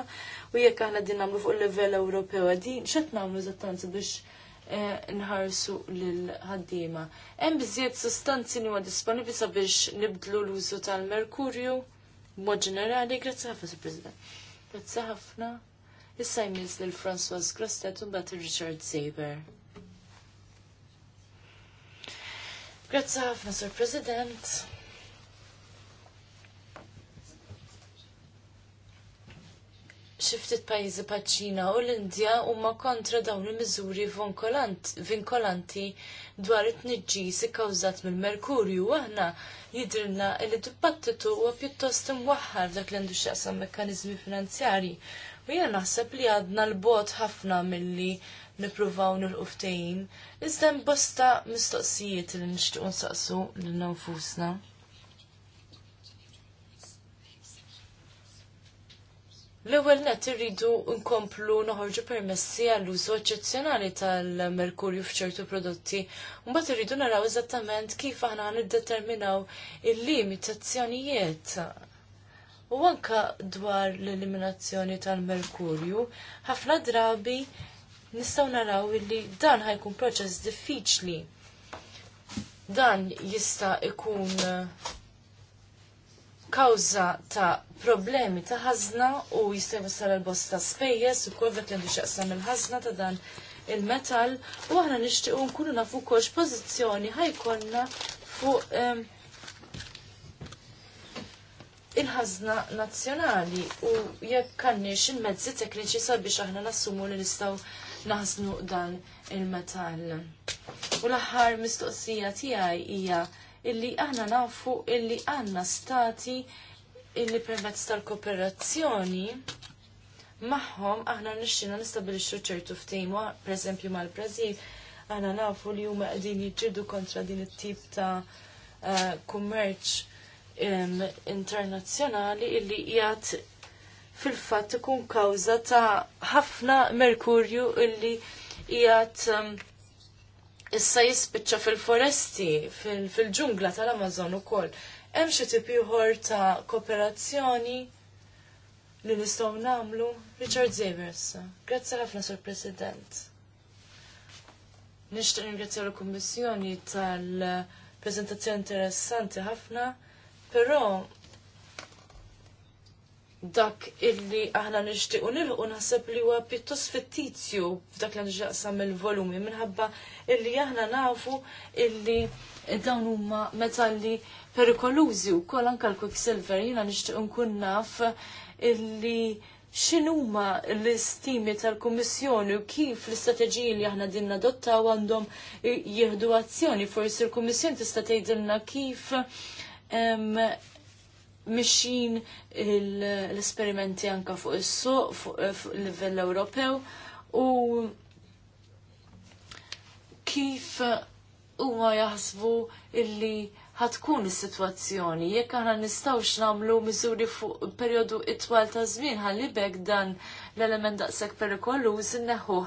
u jekk aħna din namlu fuq il-level Ewropew għadin, xed namlu zattant biex eh, nħarsu l-ħaddima. Hemm biżjed sostanzi li huwa disponibli sabiex nibdlu l-użu tal-merkurju b'mod ġenerali, grazzi ħafna Sir President. Grazzi ħafna. Issa jmiss lil François Grostet u il Richard Saber. Grazzi ħafna, Sur President. xiftit pajizi paċ-Ċina u l-Indja huma kontra dawn il-miżuri vinkolanti dwar it-tniġġis ikkawżat mill-merkurju aħna jidrilna li dibattitu huwa pjuttost imwaħħar dak li għandu x'aqsam mekkaniżmi finanzjarji. U jiena naħseb li għadna l-bot ħafna milli nippruvaw nilqu ftehim, iżda basta mistoqsijiet li nixtiequ nsaqsu lil nfusna. L-ewwel nett irridu nkomplu noħorġu permessi għall użu eċċezzjonali tal-merkurju f'ċertu prodotti. Mbagħad irridu naraw eżattament kif aħna niddeterminaw il-limitazzjonijiet. U anka dwar l-eliminazzjoni tal-merkurju, ħafna drabi nistaw naraw illi dan ħajkun proċess diffiċli. Dan jista' ikun eh, kawza ta' problemi ta' ħazna u jista' jwassal il-bosta spejjeż u dak li għandu x'jaqsam il ħazna ta' dan il-metal u aħna nixtiequ nkunu nafu kox pożizzjoni ħajkonna fuq um, il-ħazna nazzjonali u jekk għandniex il-mezzi tekniċi sabiex aħna nassumu li nistgħu naħsnu dan il-metall. U l-aħħar mistoqsija tiegħi hija illi aħna nafu illi għandna stati illi permezz tal-kooperazzjoni magħhom aħna nixxina nistabilixxu ċertu ftehim, pereżempju mal-Brażil, aħna nafu li huma qegħdin jiġġieldu kontra din it-tip ta' eh, kummerċ internazzjonali illi jgħat fil-fatt ikun kawża ta' ħafna merkurju illi jgħat um, issa jispiċċa fil-foresti, fil-ġungla tal-Amazon ukoll. Hemm xi tip ieħor ta' kooperazzjoni li nistgħu nagħmlu Richard Zavers. Grazzi ħafna sur President. Nishtu ringrazzja l-Kummissjoni tal- prezentazzjoni interessanti ħafna, però dak illi aħna nixtiequ nilħu naħseb li huwa pjuttost fittizju f'dak li nġaqsam il-volumi minħabba illi aħna nafu illi dawn huma metalli perikolużi wkoll anke l-quicksilver jiena nixtieq nkun naf illi x'inhuma l-istimi tal-Kummissjoni u kif l-istrateġiji li aħna din nadottaw għandhom jieħdu azzjoni forsi l-Kummissjoni tista' tgħidilna kif mixin l-esperimenti anka fuq is-suq fuq il eh, livell Ewropew u kif eh, huma jaħsbu illi ħatkun is-sitwazzjoni jekk aħna nistgħux nagħmlu miżuri fuq perjodu itwal ta' żmien ħallibek dan l-element daqshekk perikoluż inneħħuh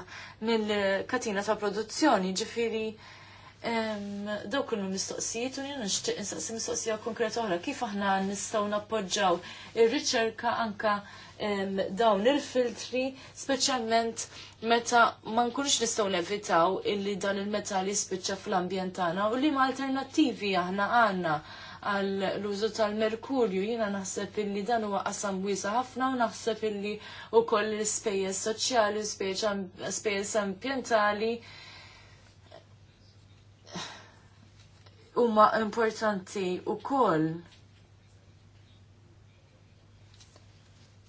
mill-katina ta' produzzjoni ġifieri Dawk kienu mistoqsijiet u jien nixtieq nistaqsi mistoqsija konkreta oħra kif aħna nistgħu nappoġġaw ir-riċerka anka dawn il-filtri speċjalment meta ma nkunx nistgħu nevitaw illi dan il-metal jispiċċa fl-ambjent tagħna u li ma alternattivi aħna għandna għal l-użu tal-merkurju jina naħseb illi dan huwa qasam wiesa ħafna u naħseb illi wkoll l-ispejjeż soċjali, l-ispejjeż ambjentali huma importanti wkoll.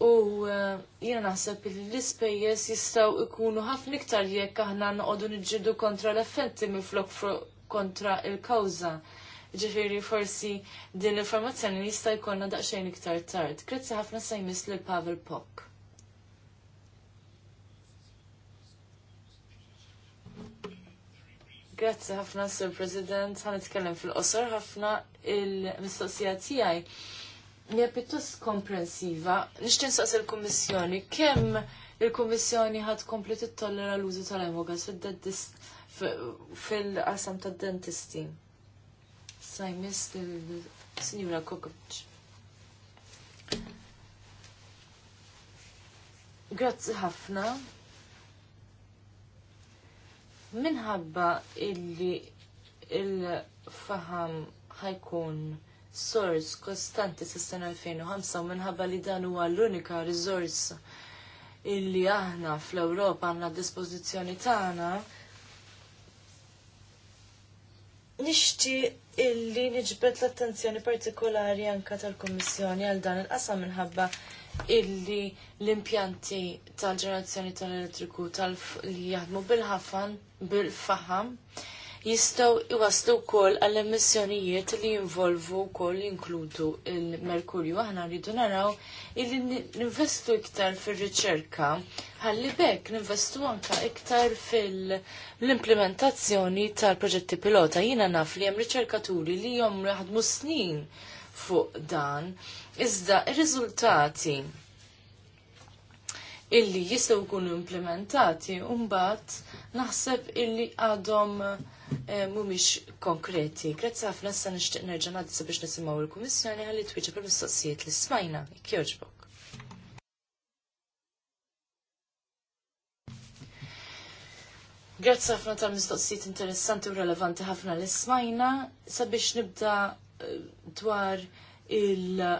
U eh, jiena naħseb li l-ispejjeż jistgħu jkunu ħafna iktar jekk aħna nqogħdu niġġieldu kontra l-effetti miflok kontra il-kawża. Ġifiri forsi din l-informazzjoni jista' jkollna daqsxejn iktar tard. Grazzi ħafna sejmis lil Pavel Pock. Grazzi ħafna, Sur President, ħan itkellem fil-qosor ħafna il-mistoqsija tiegħi. Mija pittus komprensiva. Nixtieq nsaqs il-Kummissjoni kemm il-Kummissjoni ħad kompli tollera l-użu tal-emogas fil-qasam tad-dentisti. Sajmis il-Sinjura Kokovic. Grazzi ħafna minħabba illi il-faham ħajkun sors kostanti s-sena 2005 minħabba li dan huwa l-unika rizors illi aħna fl-Ewropa għandna dispożizzjoni tagħna nixti illi niġbed l-attenzjoni partikolari anka tal-Kummissjoni għal dan il-qasam minħabba illi l-impjanti tal-ġenerazzjoni tal-elettriku tal-li jaħdmu bil-ħafan, bil-faham, jistaw iwaslu kol għall-emissjonijiet li jinvolvu kol jinkludu il-merkurju. Aħna rridu naraw illi ninvestu iktar fil-riċerka, ħalli bekk ninvestu anka iktar fil-implementazzjoni tal-proġetti pilota. Jina naf li jem riċerkaturi li jom raħdmu snin fuq dan, iżda ir-riżultati illi jistgħu jkunu implementati mbagħad naħseb illi għadhom eh, mhumiex konkreti. Grazzi ħafna issa nixtieq nerġa' ngħaddi sabiex nisimgħu il-Kummissjoni ħalli twieġeb il-mistoqsijiet li smajna. Jekk Grazzi ħafna tal-mistoqsijiet interessanti u relevanti ħafna li smajna. Sabiex nibda dwar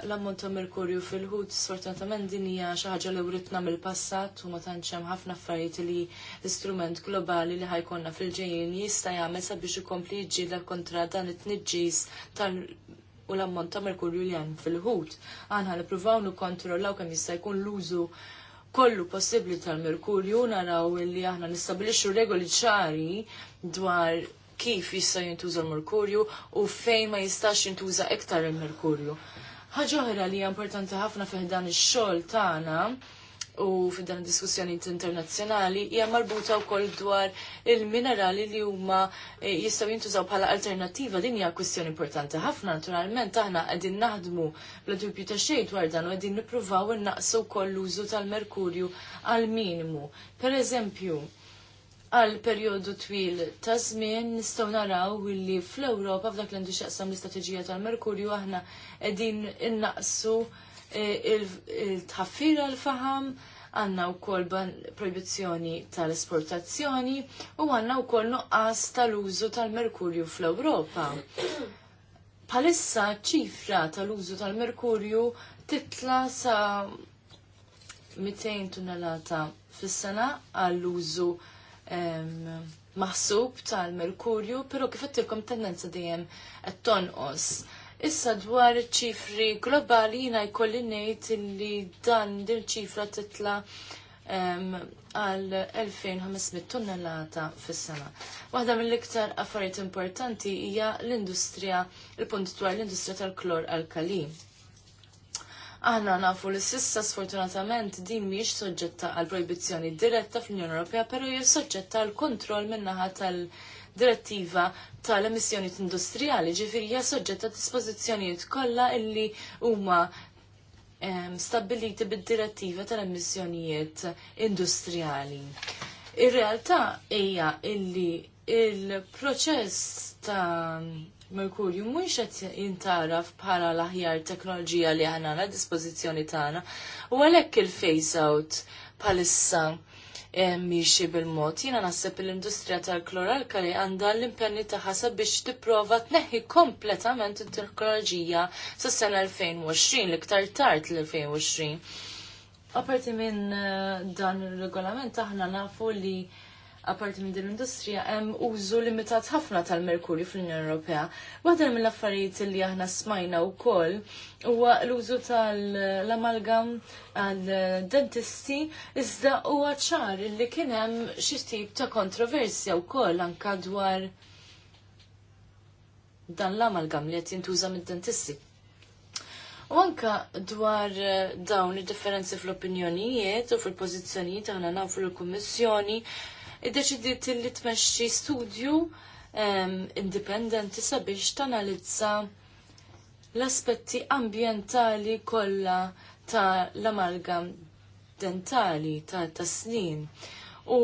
l-ammont ta' merkurju fil-ħut sfortunatament din hija xi ħaġa li writna mill-passat u ma tantx hemm ħafna affarijiet li l-istrument globali li ħajkonna fil-ġejjin jista' jagħmel sabiex ikompli jġiela kontra dan it-tniġġis tal u l-ammont ta' merkurju li hemm fil-ħut. Aħna nippruvaw nikkontrollaw kemm jista' jkun l-użu kollu possibbli tal-merkurju naraw li aħna nistabilixxu regoli ċari dwar kif jista' jintuża l-merkurju u fejn ma jistax jintuża iktar il-merkurju. Ħaġa oħra li hija importanti ħafna fih dan ix-xogħol tagħna u fid-dan diskussjoni internazzjonali hija marbuta wkoll dwar il-minerali li huma e, jistgħu jintużaw bħala alternattiva din hija kwistjoni importanti ħafna naturalment aħna qegħdin naħdmu bla dubju ta' xejn dwar dan u qegħdin nippruvaw innaqsu wkoll l-użu tal-merkurju għal minimu. Pereżempju, għal perjodu twil ta' żmien nistgħu naraw li fl-Ewropa f'dak li għandu x'aqsam l-istrateġija tal-Merkurju aħna qegħdin innaqsu eh, il-tħaffira l-faham għanna u kol proibizjoni tal-esportazzjoni u għanna u kol nuqqas tal-użu tal-merkurju fl-Europa. Palissa ċifra tal-użu tal-merkurju titla sa 200 tonnellata fis-sena għall-użu maħsub tal-merkurju, pero kif għattilkom tendenza dejjem qed tonqos. Issa dwar ċifri globali jina jkolli ngħid li dan din ċifra titla għal 2500 tonnellata fis-sena. Waħda mill-iktar affarijiet importanti hija l-industrija, il-punt dwar l-industrija tal-klor alkali. Aħna nafu li sissa sfortunatament din mhijiex soġġetta għal proibizzjoni diretta fl-Unjoni Ewropea, però hija soġġetta għal kontroll min-naħa tal-direttiva tal-emissjonijiet industrijali, ġifieri hija soġġetta dispożizzjonijiet kollha illi huma ehm, stabiliti bid-direttiva tal-emissjonijiet industrijali. Ir-realtà hija illi il-proċess ta' merkurju mhux qed jintaraf bħala l-aħjar teknoloġija li aħna għandna dispożizzjoni tagħna. U għalhekk il face out bħalissa eh, miexi bil-mod. Jiena naħseb l-industrija tal-kloralkali għandha l-impenni taħħa biex tipprova tneħħi kompletament it-teknoloġija sas-sena 2020, l-iktar tard l-2020. Apparti minn eh, dan ir regolament aħna nafu li apparti minn din l-industrija, hemm użu limitat ħafna tal-merkurju fl-Unjoni Ewropea. Waħda mill-affarijiet li aħna smajna wkoll huwa l-użu tal-amalgam għal-dentisti iżda huwa ċar li kien hemm xi tip ta' kontroversja wkoll anke dwar dan l-amalgam li qed jintuża mid-dentisti. U anka dwar eh, dawn id-differenzi fl-opinjonijiet u fil-pożizzjonijiet aħna nafu l-Kummissjoni iddeċidiet li tmexxi studju indipendenti sabiex tanalizza l-aspetti ambjentali kollha ta' l-amalgam dentali ta' tas-snin. U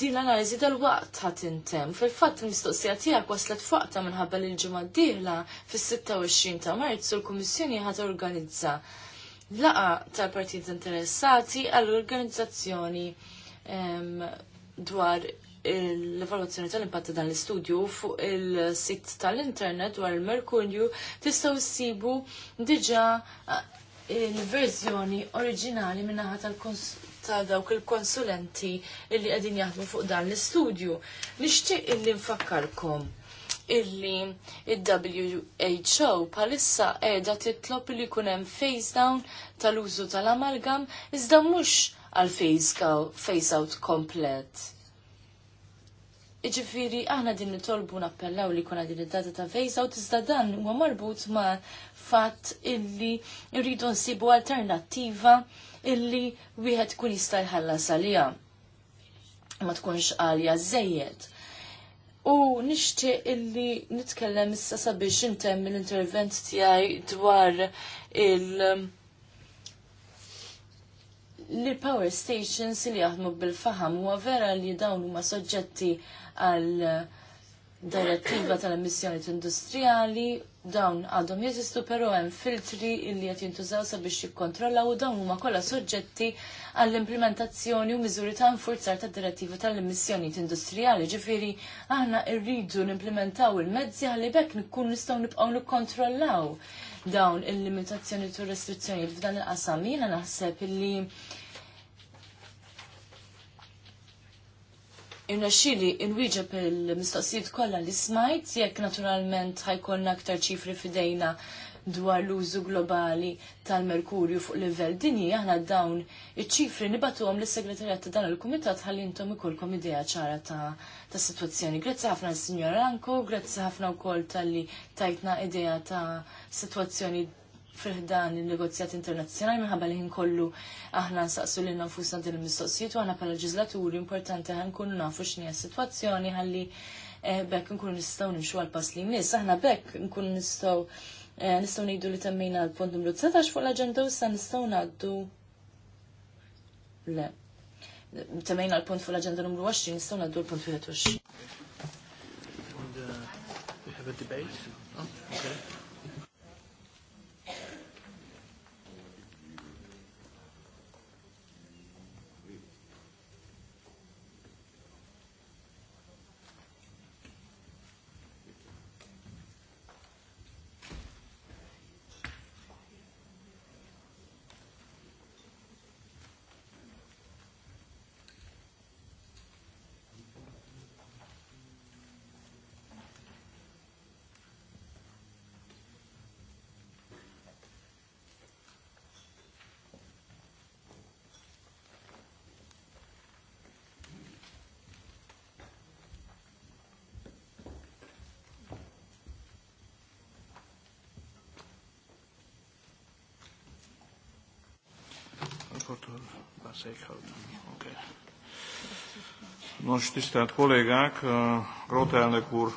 din l-analizi tal-waqt ħat intem. Fil-fatt il-mistoqsija tiegħek waslet fuqta minħabba l ġimgħa d-dieħla fis-26 ta' Marzu l-Kummissjoni ħat organizza laqa tal-partijiet interessati għall-organizzazzjoni dwar l-evaluazzjoni tal-impatt ta' dan l-istudju fuq il-sit tal-internet dwar il-Merkurju tistgħu ssibu diġà il-verżjoni oriġinali minnaħa ta' dawk il-konsulenti illi qegħdin jaħdmu fuq dan l-istudju. Nixtieq illi nfakkarkom illi il-WHO palissa qiegħda titlob li jkun hemm face down tal-użu tal-amalgam iżda mhux għal face out komplet. Iġifiri, aħna din nitolbu nappellaw li kuna din id-data ta' face out, iżda dan huwa marbut ma' fatt illi rridu nsibu alternattiva illi wieħed kun jista' jħallas għalija. Ma tkunx għalja żejjed. U nixtieq illi nitkellem issa sabiex intemm l-intervent tiegħi dwar il- li power stations li jaħdmu bil-faham huwa vera li dawn huma soġġetti għal direttiva tal-emissjoni industrijali dawn għadhom jeżistu però hemm filtri li qed jintużaw sabiex jikkontrollaw u dawn huma kollha soġġetti għall-implementazzjoni u miżuri ta' nfurzar tad direttiva tal-emissjonijiet industrijali. Ġifieri aħna rridu nimplementaw il-mezzi ħalli bekk nkun nistgħu nibqgħu nikkontrollaw dawn il-limitazzjoni u restrizzjonijiet f'dan il-qasam. Jiena naħseb illi irnaxxili inwieġeb il-mistoqsijiet kollha li smajt jekk naturalment ħajkollna aktar ċifri fidejna dwar l-użu globali tal-merkurju fuq livell dinji aħna dawn iċ-ċifri nibatuhom lis-segretarjat ta' dan il-kumitat ħalli intom ikolkom idea ċara ta' ta' sitwazzjoni. Grazzi ħafna signor Anko, grazzi ħafna wkoll tal-li tajtna idea ta' sitwazzjoni fiħdan il-negozjat internazzjonali minħabba li kollu aħna nsaqsu li nfusna din il-mistoqsijiet u aħna pala ġizlaturi importanti ħan kunu nafu s situazzjoni ħalli eh, bekk nkunu nistgħu nimxu għal pass li jmiss. Aħna bekk nkunu nistgħu eh, nistgħu ngħidu li temmejna l-punt numru 19 fuq l-aġenda u sa nistgħu ngħaddu le. Temmejna l-punt fuq l-aġenda numru 20 nistgħu ngħaddu l-punt 21. Uh, okay. raportőr beszélhetünk. Okay. Nos, tisztelt kollégák, Gróta elnök úr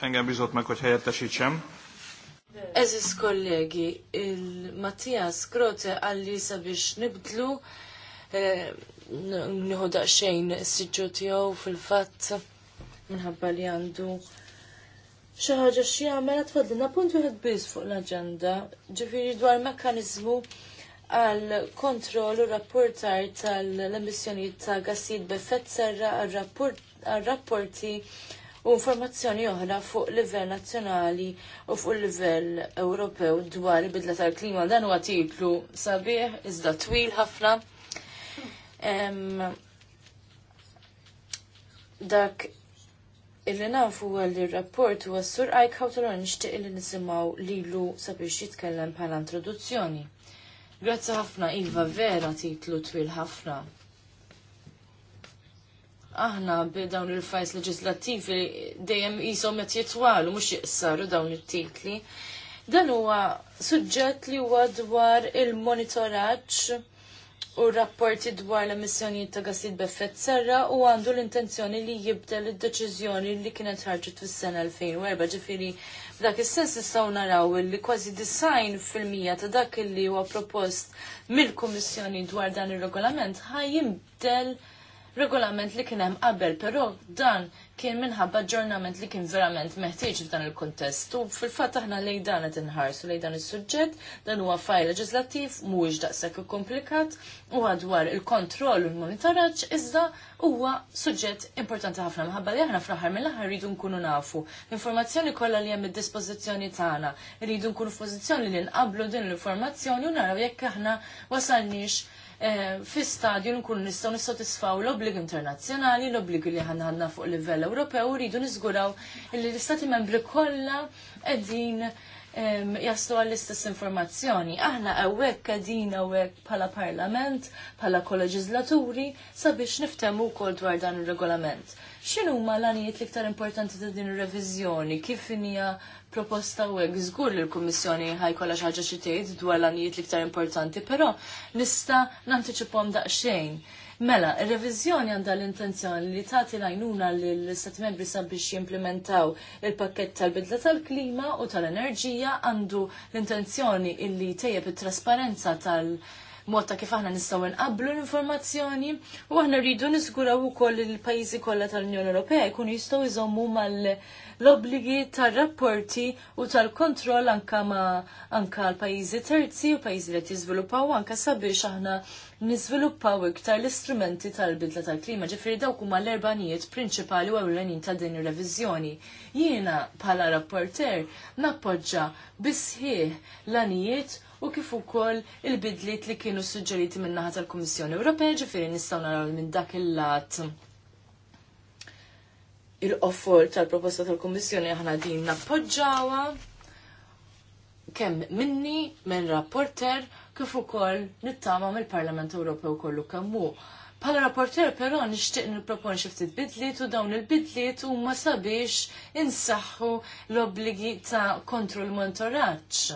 engem bizott meg, hogy helyettesítsem. Eżis kollegi, il Matthias Grote Alisa sabiex nibdlu, eh, nħu daqxejn s-sġu tijow fil-fat minħabba li għandu xaħġa xie għamela t-fadlina punt uħed biz fuq l-agenda, ġifiri dwar mekanizmu għal kontrol u rapportar tal-emissjonijiet ta' gassijiet b'effett serra għal rapporti u informazzjoni oħra fuq livell nazzjonali u fuq livell Ewropew dwar il-bidla tal-klima. Dan huwa għatiklu sabiħ, iżda twil ħafna. Dak illi nafu għalli rapport u għassur għajk ħawtu l-għan nishtiq illi nisimaw lilu sabiex jitkellem bħala introduzzjoni. Grazzi ħafna, Iva, vera titlu twil ħafna. Aħna b'dawn il-fajs leġislattivi dejjem jisom qed jitwalu mhux jiqsaru dawn it-titli. Dan huwa suġġett li huwa dwar il-monitoraġġ u rapporti dwar l-emissjonijiet ta' gasid b'effett serra u għandu l-intenzjoni li jibdel id-deċiżjoni li kienet ħarġet fis-sena 2004 ġifieri F'dak is-sens nistgħu naraw li kważi design fil-mija ta' dak li huwa propost mill-Kummissjoni dwar dan ir-regolament ħajjimdel regolament li kien hemm qabel, però dan kien minħabba ġurnament li kien verament meħtieġ f'dan il-kontest. U fil-fatt aħna lej dan qed inħarsu lej dan is-suġġett, dan huwa fajl leġislattiv mhuwiex daqshekk ikkomplikat u għadwar il-kontroll u l-monitoraġġ iżda huwa suġġett importanti ħafna minħabba li aħna fl-aħħar mill-aħħar rridu nkunu nafu. L-informazzjoni kollha li hemm id-dispożizzjoni tagħna, rridu nkunu f'pożizzjoni li nqablu din l-informazzjoni u naraw jekk aħna wasalniex Eh, fi stadju nkunu nistgħu nissodisfaw l-obbligi internazzjonali, l-obbligi li ħanna fuq livell Ewropew u rridu niżguraw li l-Istati membri kollha qegħdin jaslu għall-istess informazzjoni. Aħna għawek għadin għawek pala parlament, pala kolleġizlaturi, sabiex niftemu kol dwar dan il-regolament. ċinu ma l-għanijiet liktar importanti ta' din il-revizjoni? Kif inija proposta u għek zgur li l ħaj kolla xaġa xitejt dwar l-għanijiet liktar importanti, pero nista nantiċipom daqxejn. Mela, ir revizjoni għandha l-intenzjoni li tagħti l-għajnuna lill-Istat Membri sabiex jimplementaw il-pakket tal-bidla tal-klima u tal-enerġija għandu l-intenzjoni illi tejjeb it-trasparenza tal-, -tal motta kif aħna nistgħu nqablu l-informazzjoni u aħna rridu nisguraw ukoll il-pajjiżi kollha tal-Unjoni Ewropea jkunu jistgħu jżommu mal-obbligi tar-rapporti u tal-kontroll anka ma anka l-pajjiżi terzi u pajjiżi li jiżviluppaw anka sabiex aħna niżviluppaw iktar l-istrumenti tal-bidla tal-klima, ġifieri dawk huma l-erbanijiet prinċipali u ewlenin ta' din ir-reviżjoni. Jiena bħala rapporter nappoġġa bisħieħ l-anijiet u kif ukoll il-bidliet li kienu suġġeriti min-naħa tal-Kummissjoni Ewropea ġifieri nistgħu naraw minn dak il-lat il-offer tal-proposta tal-Kummissjoni aħna din nappoġġawha kemm minni minn rapporter kif ukoll nittama mill-Parlament Ewropew kollu kemm hu. Pala rapporter però nixtieq nipproponi xi ftit bidliet u dawn il-bidliet huma sabiex insaħħu l-obbligi ta' kontrol monitoraġġ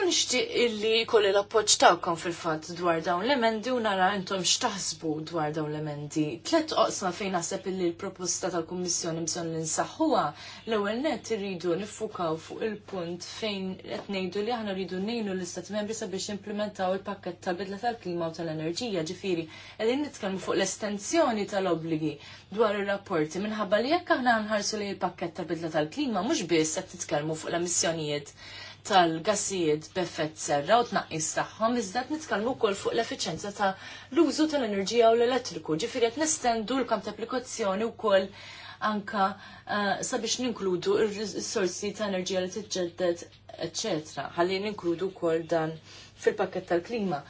U nixtieq illi jkolli l appoċ tawkom fil-fatt dwar dawn l-emendi u nara intom x'taħsbu dwar dawn l-emendi. Tlet oqsma fejn naħseb illi l-proposta tal-Kummissjoni bżonn l-insaħuwa l-ewwel nett irridu nifukaw fuq il-punt fejn qed ngħidu li aħna rridu ngħinu l-Istat Membri sabiex implementaw il-pakkett tal-bidla tal-klima u tal-enerġija ġifieri qegħdin nitkellmu fuq l-estensjoni tal-obbligi dwar ir-rapporti minħabba li jekk aħna nħarsu li l-pakket ta' bidla tal-klima mhux biss qed titkellmu fuq l-emissjonijiet tal-gassijiet b'effett serra u tnaqqis tagħhom iżda qed nitkellmu wkoll fuq l-effiċenza ta' l-użu tal-enerġija u l-elettriku. Ġifieri qed nestendu l-kamp ta' applikazzjoni wkoll anka eh, sabiex ninkludu r-sorsi ta' enerġija li tiġġedded, eċċetra. Ħalli ninkludu wkoll dan fil-pakket tal-klima.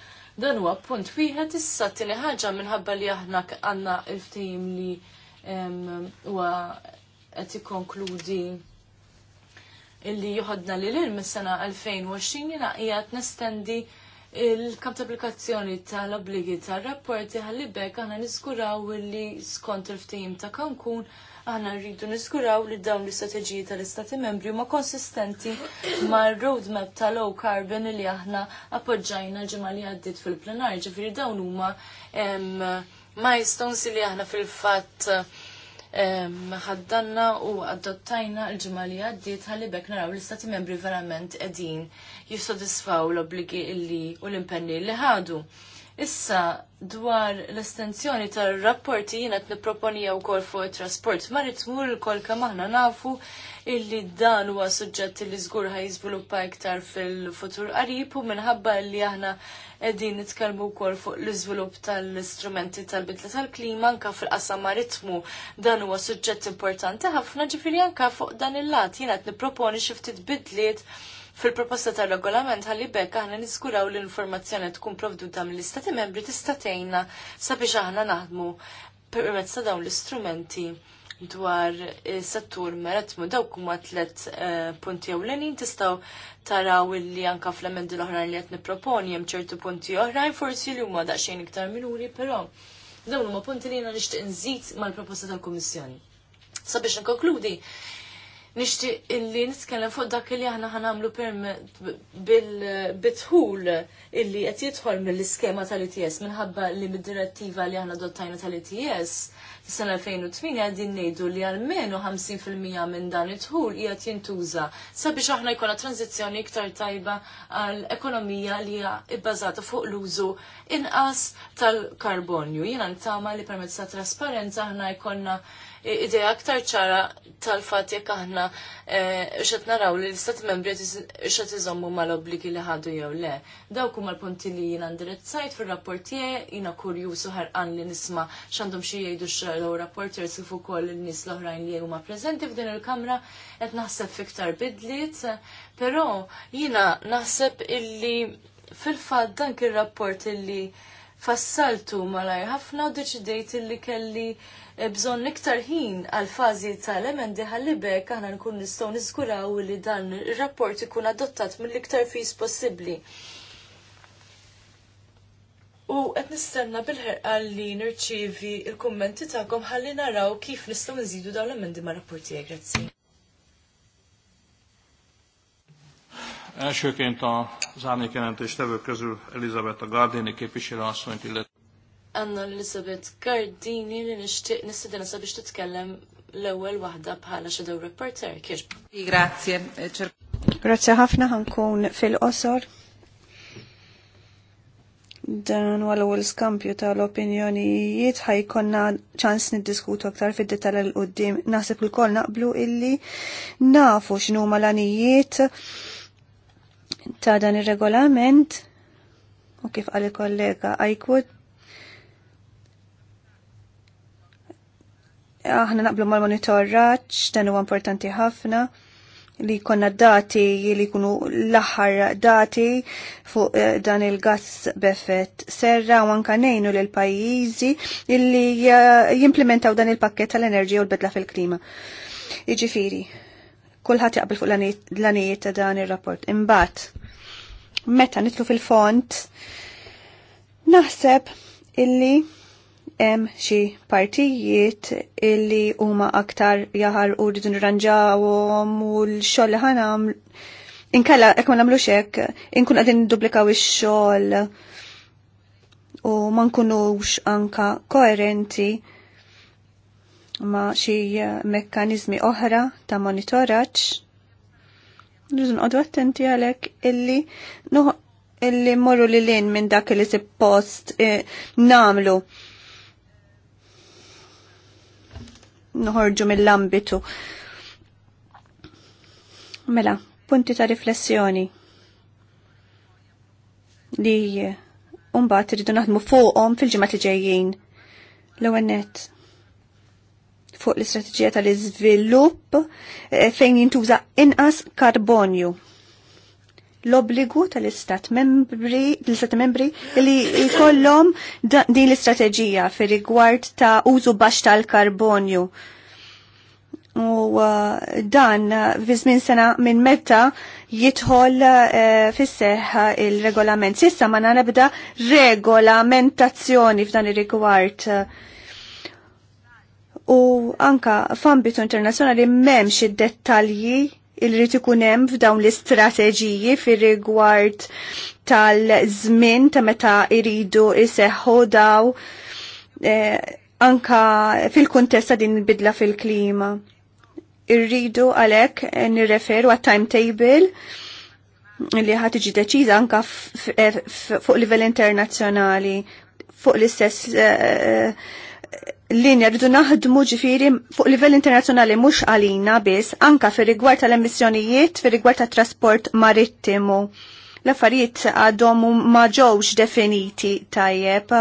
Dan huwa punt wieħed issa tieni ħaġa minħabba li aħna għandna il-ftehim li huwa qed ikkonkludi illi joħodna li l-il mis-sena 2020 jina qiegħed nestendi il-kamp tal-obligi tal-rapporti ħalli bekk aħna niskuraw illi skont il-ftehim ta' Cancun aħna rridu niskuraw li dawn l-istrateġiji tal-Istati membri ma konsistenti ma' roadmap ta' low carbon li aħna appoġġajna ġimgħa li għaddiet fil-plenar, ġifieri dawn huma milestones li aħna fil-fatt ħaddanna u adottajna l-ġimgħa li għaddiet ħallibek naraw l-istati membri verament qegħdin jissodisfaw l-obbligi illi u l-impenni li ħadu. Issa dwar l-estensjoni tar-rapporti jiena qed u wkoll fuq it-trasport ma rid l kol kemm aħna nafu illi dan huwa suġġett li żgur ħajżviluppa iktar fil-futur qarib u minħabba li aħna qegħdin nitkellmu wkoll fuq l-iżvilupp tal-istrumenti tal-bidla tal-klima anke fil-qasam maritmu dan huwa suġġett importanti ħafna ġifieri anka fuq dan il-lat jiena qed nipproponi xi ftit bidliet fil-proposta tal-regolament ħalli bekk aħna niskuraw l-informazzjoni tkun provduta mill-istati membri tista' tgħinna sabiex aħna naħdmu permezz ta' dawn l-istrumenti dwar settur meretmu dawk huma tliet eh, punti ewlenin tistgħu taraw li anka fl-emendi l oħrajn li qed nipproponi hemm ċertu punti oħrajn forsi li huma daqsxejn iktar minuri però dawn huma punti li jiena nixtieq nżid mal-proposta tal-Kummissjoni. Sabiex nikkonkludi, nixtieq illi nitkellem fuq dak li aħna ħanamlu bil-bitħul illi qed jidħol mill-iskema tal-ITS minħabba li mid-direttiva li aħna dottajna tal-ITS fis-sena 2008 qegħdin ngħidu li għalmenu 50% minn dan it-tħul qiegħed jintuża sabiex aħna jkolla tranzizjoni iktar tajba għal ekonomija li hija bbażata fuq l-użu inqas tal-karbonju. Jiena ntama li permezz ta' trasparenza aħna jkollna idea aktar ċara tal-fat jekk aħna eh, xat naraw li l-istat membri xat iżommu mal-obbligi li ħadu jew le. Dawk huma l-punti li jina ndirizzajt fir-rapport tiegħi jiena kurjusu ħarqan li nisma' x'għandhom xi jgħidu x u rapporters kif ukoll in-nies l-oħrajn li huma preżenti f'din il-kamra qed naħseb fiktar bidliet, però jiena naħseb illi fil-fatt dan ir-rapport illi fassaltu malaj ħafna u deċidejt illi kelli bżonn iktar ħin għal fażi tal-emendi ħallibek aħna nkun nistgħu niżguraw li dan ir-rapport ikun adottat mill-iktar fis possibbli. U qed nistenna bil-ħerqa li nirċievi l kummenti tagħkom ħalli naraw kif nistgħu nżidu dawn l-emendi ma' rapporti grazzi. Elsőként a zárnék jelentéstevők közül Elizabeth a Gárdéni képviselő asszonyt illet. Anna Elizabeth Gardini li nishtiq nistidina sabiex titkellem l-ewwel waħda bħala xedew reporter kirb. Grazie. Eh, Grazie ħafna ħankun fil-qosor. Dan wara l skampju tal-opinjonijiet ħajkonna ċans niddiskutu aktar fid-detal l qudiem Naħseb ukoll naqblu illi nafu x'numa l-anijiet ta' dan ir-regolament u kif għal kollega Ajkut aħna naqblu mal monitor raċ, dan huwa importanti ħafna li konna dati li kunu l-aħħar dati fuq eh, dan il-gas befet serra u anka nejnu l pajjiżi illi eh, jimplementaw dan il-pakket tal-enerġija u l-bedla fil-klima. Iġifiri, kullħat jaqbel fuq l-anijiet ta' dan il-rapport. Imbat, meta nitlu fil-font, naħseb illi hemm xi partijiet illi huma aktar jaħar u rridu nirranġawhom u l-xogħol li ħana inkella jekk ma nagħmlux hekk inkun qegħdin niddublikaw ix-xogħol u ma nkunux anka koerenti ma xi mekkaniżmi oħra ta' monitoraġġ. Rridu nqogħdu attenti għalhekk illi illi morru li lin minn dak li suppost eh, namlu Nħorġu mill-ambitu. Mela, punti ta' riflessjoni li umbat rridu naħdmu fuqhom fil ġimgħa li ġejjin. L-ewwel nett fuq l-istrateġija tal-iżvilupp eh, fejn jintuża inqas karbonju l-obbligu tal-istat membri, l-istat membri li jkollhom din l-istrateġija fi rigward ta' użu baxx tal-karbonju. U uh, dan uh, fi żmien sena minn meta jidħol uh, fisseħ il-regolament. Sissa ma nabda regolamentazzjoni f'dan ir-rigward u anka f'ambitu internazzjonali memx id-dettalji il-rit ikunem f'dawn l-istrateġiji fir rigward tal-żmien ta' meta iridu iseħħu daw eh, anka fil-kuntesta din bidla fil-klima. Irridu għalek eh, nirreferu għat timetable li ħat iġi deċiża anka fuq livell internazzjonali fuq l-istess eh, eh linja rridu naħdmu ġifiri fuq livell internazzjonali mhux għalina biss anka fir rigward tal-emissjonijiet fir rigward tat-trasport marittimu. L-affarijiet għadhom ma ġewx definiti tajjeb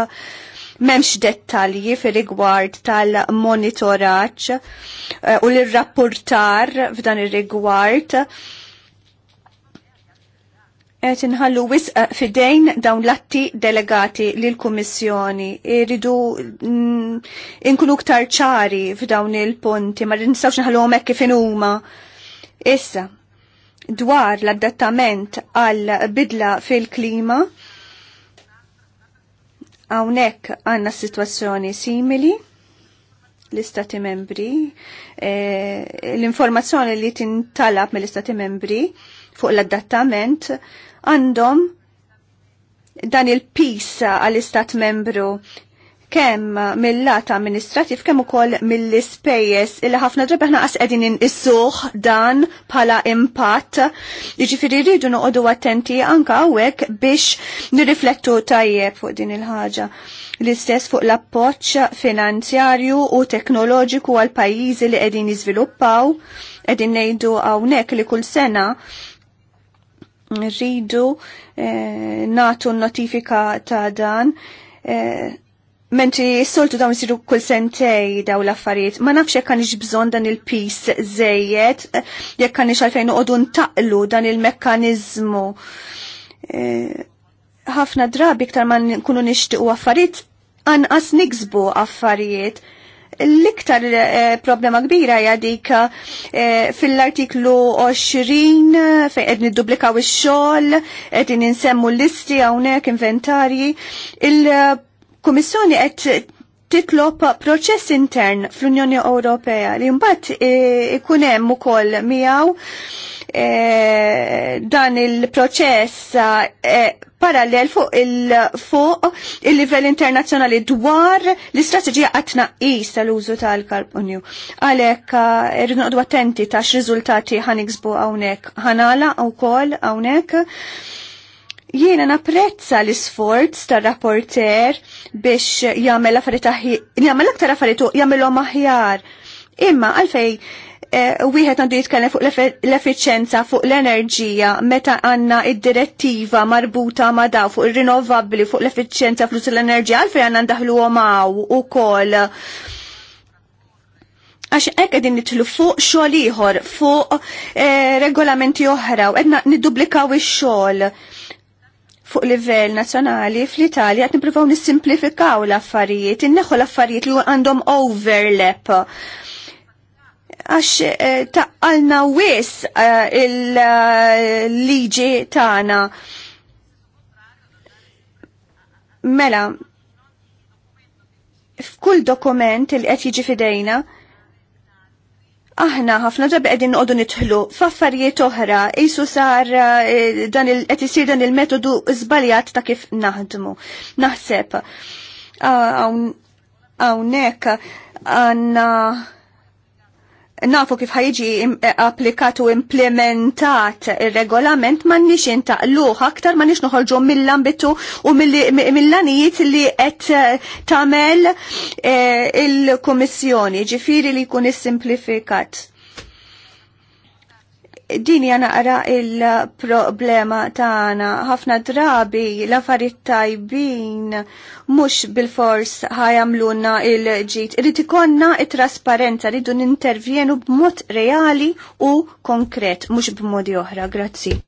memx dettalji fir rigward tal-monitoraġġ eh, u l-rapportar f'dan ir-rigward qed inħallu wisq eh, fidejn dawn l-atti delegati lil kummissjoni Iridu mm, inkunu ktar ċari f'dawn il-punti, ma nistgħux nħalluhom hekk kif huma. Issa, dwar l-adattament għal bidla fil-klima, għawnek għanna situazzjoni simili l-istati membri, eh, l-informazzjoni li tintalab mill-istati membri fuq l-adattament għandhom dan il-pis għall-istat membru kemm mill-lat amministrativ kemm ukoll mill-ispejjeż illi ħafna drabi aħna qas qegħdin inqisuh dan bħala impatt. Jiġifieri rridu noqogħdu attenti anke hawnhekk biex nirriflettu tajjeb fuq din il-ħaġa. L-istess fuq l-appoġġ finanzjarju u teknoloġiku għal pajjiżi li qegħdin jiżviluppaw, qegħdin ngħidu hawnhekk li kull sena rridu eh, natu notifika ta' dan. Eh, Menti soltu dawn isiru kull sentej daw l-affarijiet, ma nafx jekk kanix bżon dan il-pis zejjed, eh, jekk kanix għalfejn għodun ntaqlu dan il-mekkanizmu. Eh, ħafna eh, drabi iktar ma nkunu nixtiqu affarijiet, anqas niksbu affarijiet. L-iktar eh, problema kbira hija dik eh, fil-artiklu 20 fejn qed niddublikaw ix-xogħol, qed insemmu listi hawnhekk inventarji. Il-Kummissjoni eh, qed titlob proċess intern fl-Unjoni Ewropea li mbagħad e, ikun hemm ukoll miegħu e, dan il-proċess e, parallel fuq il-fuq il-livell internazzjonali dwar l-istrateġija għatnaqis tal-użu tal-karbonju. Għalek, irnoqdu attenti ta' x-rizultati ħaniksbu għawnek ħanala wkoll kol għawnek. Jiena napprezza l-isforz tar-rapporter biex jagħmel affarijiet jagħmel aktar affarijiet jagħmelhom aħjar. Imma għalfej eh, wieħed għandu jitkellem fuq l effiċjenza fuq l-enerġija, meta għandna id-direttiva marbuta ma' daw fuq ir-rinovabbli fuq l-effiċenza flus l-enerġija, għalfej għandna ndaħlu għomaw u kol. Għax ek għedin nitlu fuq xol fuq eh, regolamenti oħra, u għedna niddublikaw ix-xol fuq livell nazzjonali fl-Italja qed nippruvaw nissimplifikaw l-affarijiet, inneħħu l-affarijiet li għandhom overlap għax eh, taqalna wis eh, il-liġi tagħna. Mela, f'kull dokument li qed jiġi fidejna, Aħna ħafna ġabi qegħdin noqogħdu nidħlu f'affarijiet oħra jisu sar eh, dan il isir dan il-metodu żbaljat ta' kif naħdmu. Naħseb hawnhekk għandna nafu kif ħajġi eh, applikat u implementat il-regolament ma nix intaqluħ aktar ma nix noħorġu mill-ambitu u mill-lanijiet li qed eh, tamel eh, il-Komissjoni ġifiri li jkun is-simplifikat. Dini għana għara il-problema tagħna ħafna drabi l-affarijiet tajbin mhux bil-fors ħajamluna il-ġit. Irid ikonna il trasparenza ridu nintervjenu b'mod reali u konkret mhux b'modi oħra. Grazzi.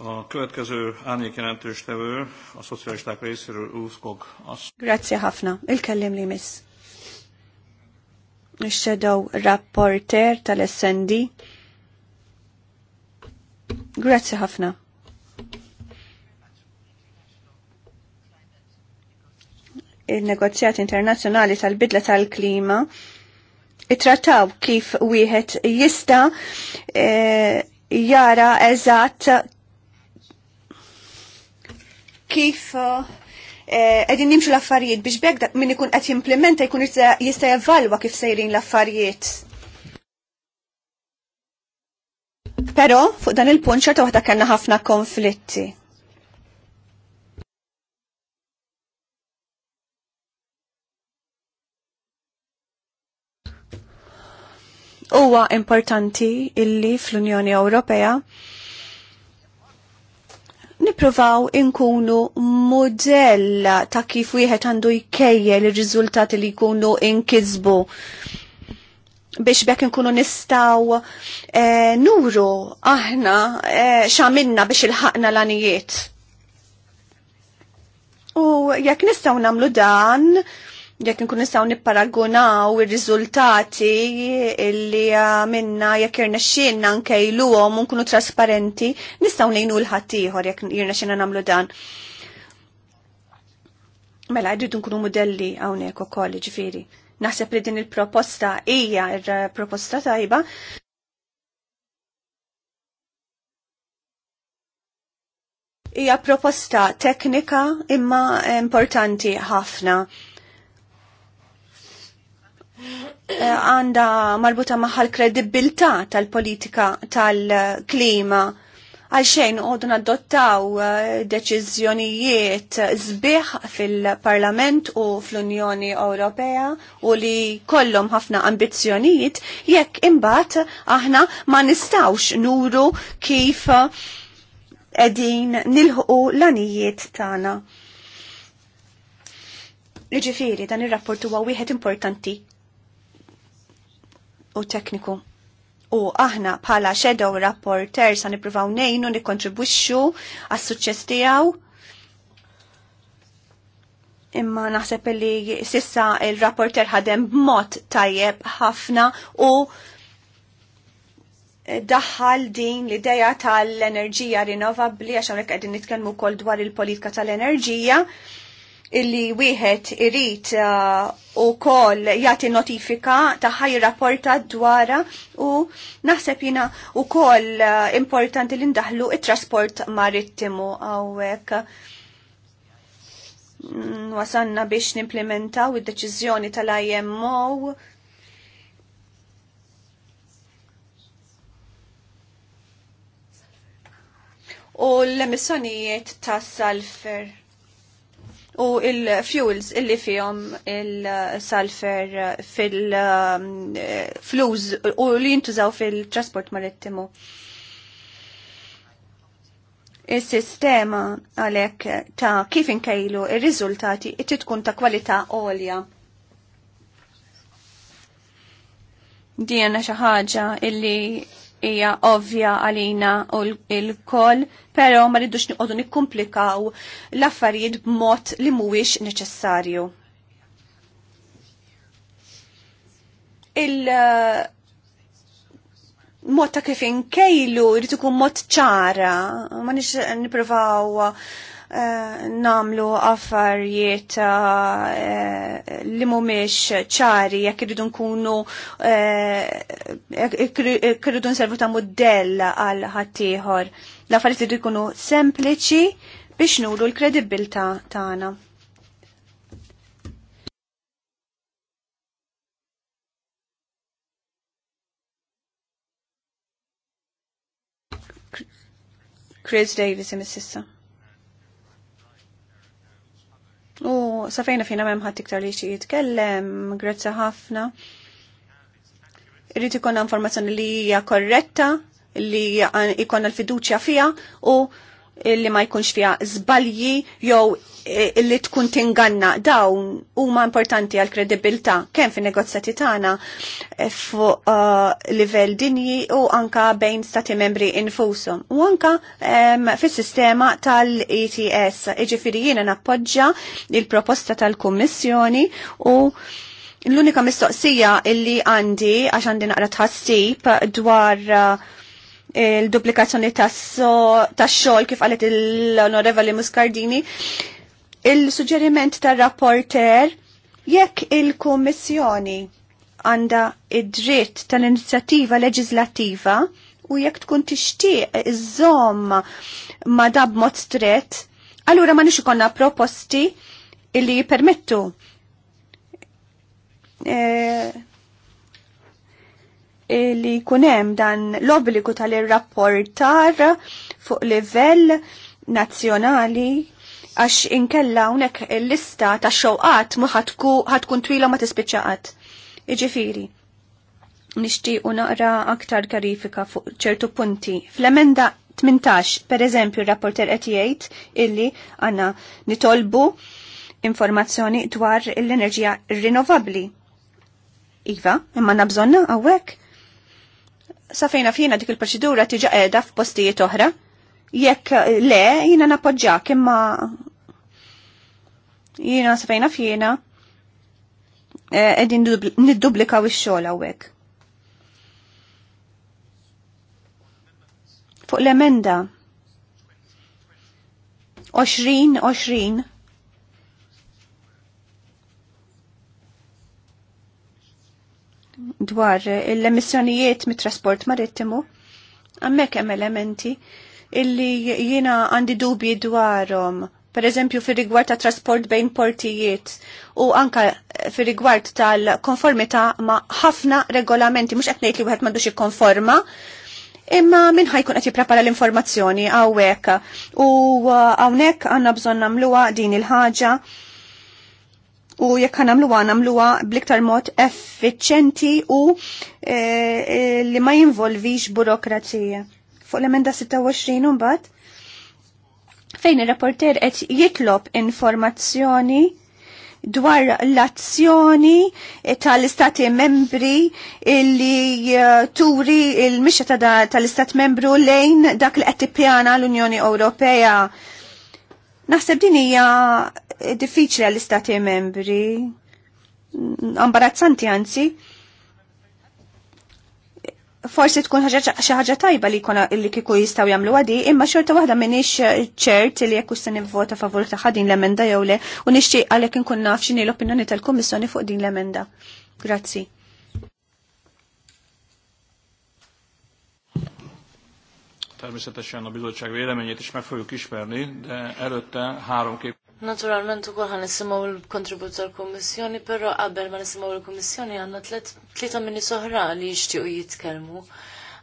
A következő árnyék jelentőstevő a szocialisták részéről Úszkog. Grazie ħafna. Il-kellim li miss. Shadow Rapporter tal-SND. Grazzi ħafna. il-negozjati internazzjonali tal-bidla tal-klima ittrattaw kif wieħed jista eh, jara eżatt kif eh, qegħdin eh, nimxu l-affarijiet biex da min ikun qed jimplementa jkun jista' jevalwa kif sejrin l-affarijiet. Però fuq dan il-punt xorta waħda kellna ħafna konflitti. Huwa importanti illi fl-Unjoni Ewropea niprofaw inkunu modell ta' kif wieħed għandu jkejje l riżultati li jkunu inkisbu biex bekk nkunu nistaw e, nuru aħna e, eh, xamilna biex il-ħakna l-anijiet. U jekk nistaw namlu dan, jekk nkun nistgħu nipparagunaw ir-riżultati li minna jekk irnexxielna nkejluhom u nkunu trasparenti, nistgħu ngħinu l ħadd ieħor jekk jirnexxielna nagħmlu dan. Mela jridu nkunu modelli hawnhekk ukoll ġifieri. Naħseb li din il-proposta hija r-proposta tajba. Hija proposta teknika imma importanti ħafna għanda marbuta maħal kredibilità tal-politika tal-klima għalxejn għodun adottaw eh, deċizjonijiet zbiħ fil-Parlament u fl-Unjoni Ewropea u li kollom ħafna ambizjonijiet jekk imbat aħna ma nistawx nuru kif edin nilħu l-anijiet tana. Iġifiri, dan il-rapport huwa wieħed importanti u tekniku. U aħna bħala shadow rapporter sa nippruvaw nejnu nikkontribwixxu għas-suċċess tiegħu. Imma naħseb li sissa il-rapporter ħadem b'mod tajjeb ħafna u daħħal din l-ideja tal-enerġija rinnovabli, għax hawnhekk għedin nitkelmu kol dwar il-politika tal-enerġija, illi wieħed irid u uh, kol jati notifika ħaj rapporta dwara u naħseb jina u kol uh, importanti li ndaħlu it-trasport marittimu għawek. Mm, wasanna biex nimplementaw id-deċizjoni tal-IMO u l-emissjonijiet tas-salfer u il-fuels illi fihom il-sulfur fil-flus u li jintużaw fil-trasport marittimu. Is-sistema għalhekk ta' kif inkejlu ir-riżultati tkun ta' kwalità għolja. Dijana xi ħaġa illi hija ovvja għalina u l-koll, pero ma rridux niqogħdu nikkumplikaw l-affarijiet b'mod li mhuwiex neċessarju. Il- uh, mod ta' kif inkejlu jrid ikun mod ċara, ma nix nippruvaw Eh, namlu affarijiet eh, li mumiex ċari jekk irridu nkunu eh, jekk irridu nservu ta' modell għal ħaddieħor. L-affarijiet irridu jkunu sempliċi biex nuru l kredibilità tagħna. Chris Davis s'issa. safejna fina mem ħadd iktar li xie jitkellem, grazzi ħafna. Irrid ikun informazzjoni li hija korretta, li ikonna l-fiduċja fija u illi ma jkunx fija zbalji jew e, illi tkun tinganna dawn huma importanti għal kredibilta kemm fin negozjati tagħna e, fuq uh, livell dinji u anka bejn stati membri infushom. U anka um, fis-sistema tal-ETS, jiġifieri jiena nappoġġja il-proposta tal-Kummissjoni u l-unika mistoqsija illi għandi għax għandi naqra tħassib dwar uh, il-duplikazzjoni tax-xogħol kif għalet l-Onorevoli Muscardini. Il-suġġeriment tar-rapporter jekk il-Kummissjoni għanda id-dritt tal-inizjattiva leġislativa u jekk tkun tixtieq iż-żomm ma dab mod stret, allura ma nix konna proposti illi jipermettu eh, li kunem dan l-obbligu tal-rapportar fuq livell nazzjonali għax inkella unek l-lista ta' xoqat ma ħatkun twila ma t-spicċaqat. Iġifiri, nishtiq u naqra aktar karifika fuq ċertu punti. Fl-emenda 18, per eżempju, rapporter qed jgħid illi għandna nitolbu informazzjoni dwar l-enerġija rinnovabbli. Iva, imma nabżonna hawnhekk Safejna fejna fjena dik il-proċedura tiġa qiegħda f'postijiet oħra. Jekk eh, le, jiena nappoġġak imma jiena safejna f'jina fjena eh, qegħdin niddublikaw ix-xogħol hawnhekk. Fuq l-emenda 20 20 dwar l-emissjonijiet mit-trasport marittimu, għammek hemm elementi illi jiena għandi dubji dwarhom per eżempju fir rigward ta' trasport bejn portijiet u anka fir rigward tal-konformita ma' ħafna regolamenti, mux għetnejt li wieħed m'għandux konforma, imma minn ħajkun qed jipprepara l-informazzjoni hawnhekk u uh, hawnhekk għandna bżonn nagħmluha din il-ħaġa u jekk għanamluwa għanamluwa bliktar mod effiċenti u e, e, li ma jinvolvix burokrazija. Fuq l-emenda 26 mbagħad fejn ir-rapporter qed jitlob informazzjoni dwar l-azzjoni eh, tal-istati membri li turi il mixa tal-istat membru lejn dak li qed tippjana l-Unjoni Ewropea Naħseb din hija eh, diffiċli għall-istati membri, mm, ambarazzanti anzi. Forsi tkun xi ħaġa tajba li jkun li kieku jistgħu jagħmlu għadi, imma xorta waħda m'iniex eh, ċert li jekk se nivvota favur ta' din l-emenda jew le u nixtieq għalhekk inkun naf x'inhi l-opinjoni tal-Kummissjoni fuq din l-emenda. Grazzi. természetesen a bizottság véleményét is meg fogjuk ismerni, de előtte három kép. Naturalment ukoll ħan nisimgħu l-kontribut tal-Kummissjoni, però qabel ma nisimgħu il-kommissjoni għandna tlieta minni soħra li jixtiequ jitkellmu.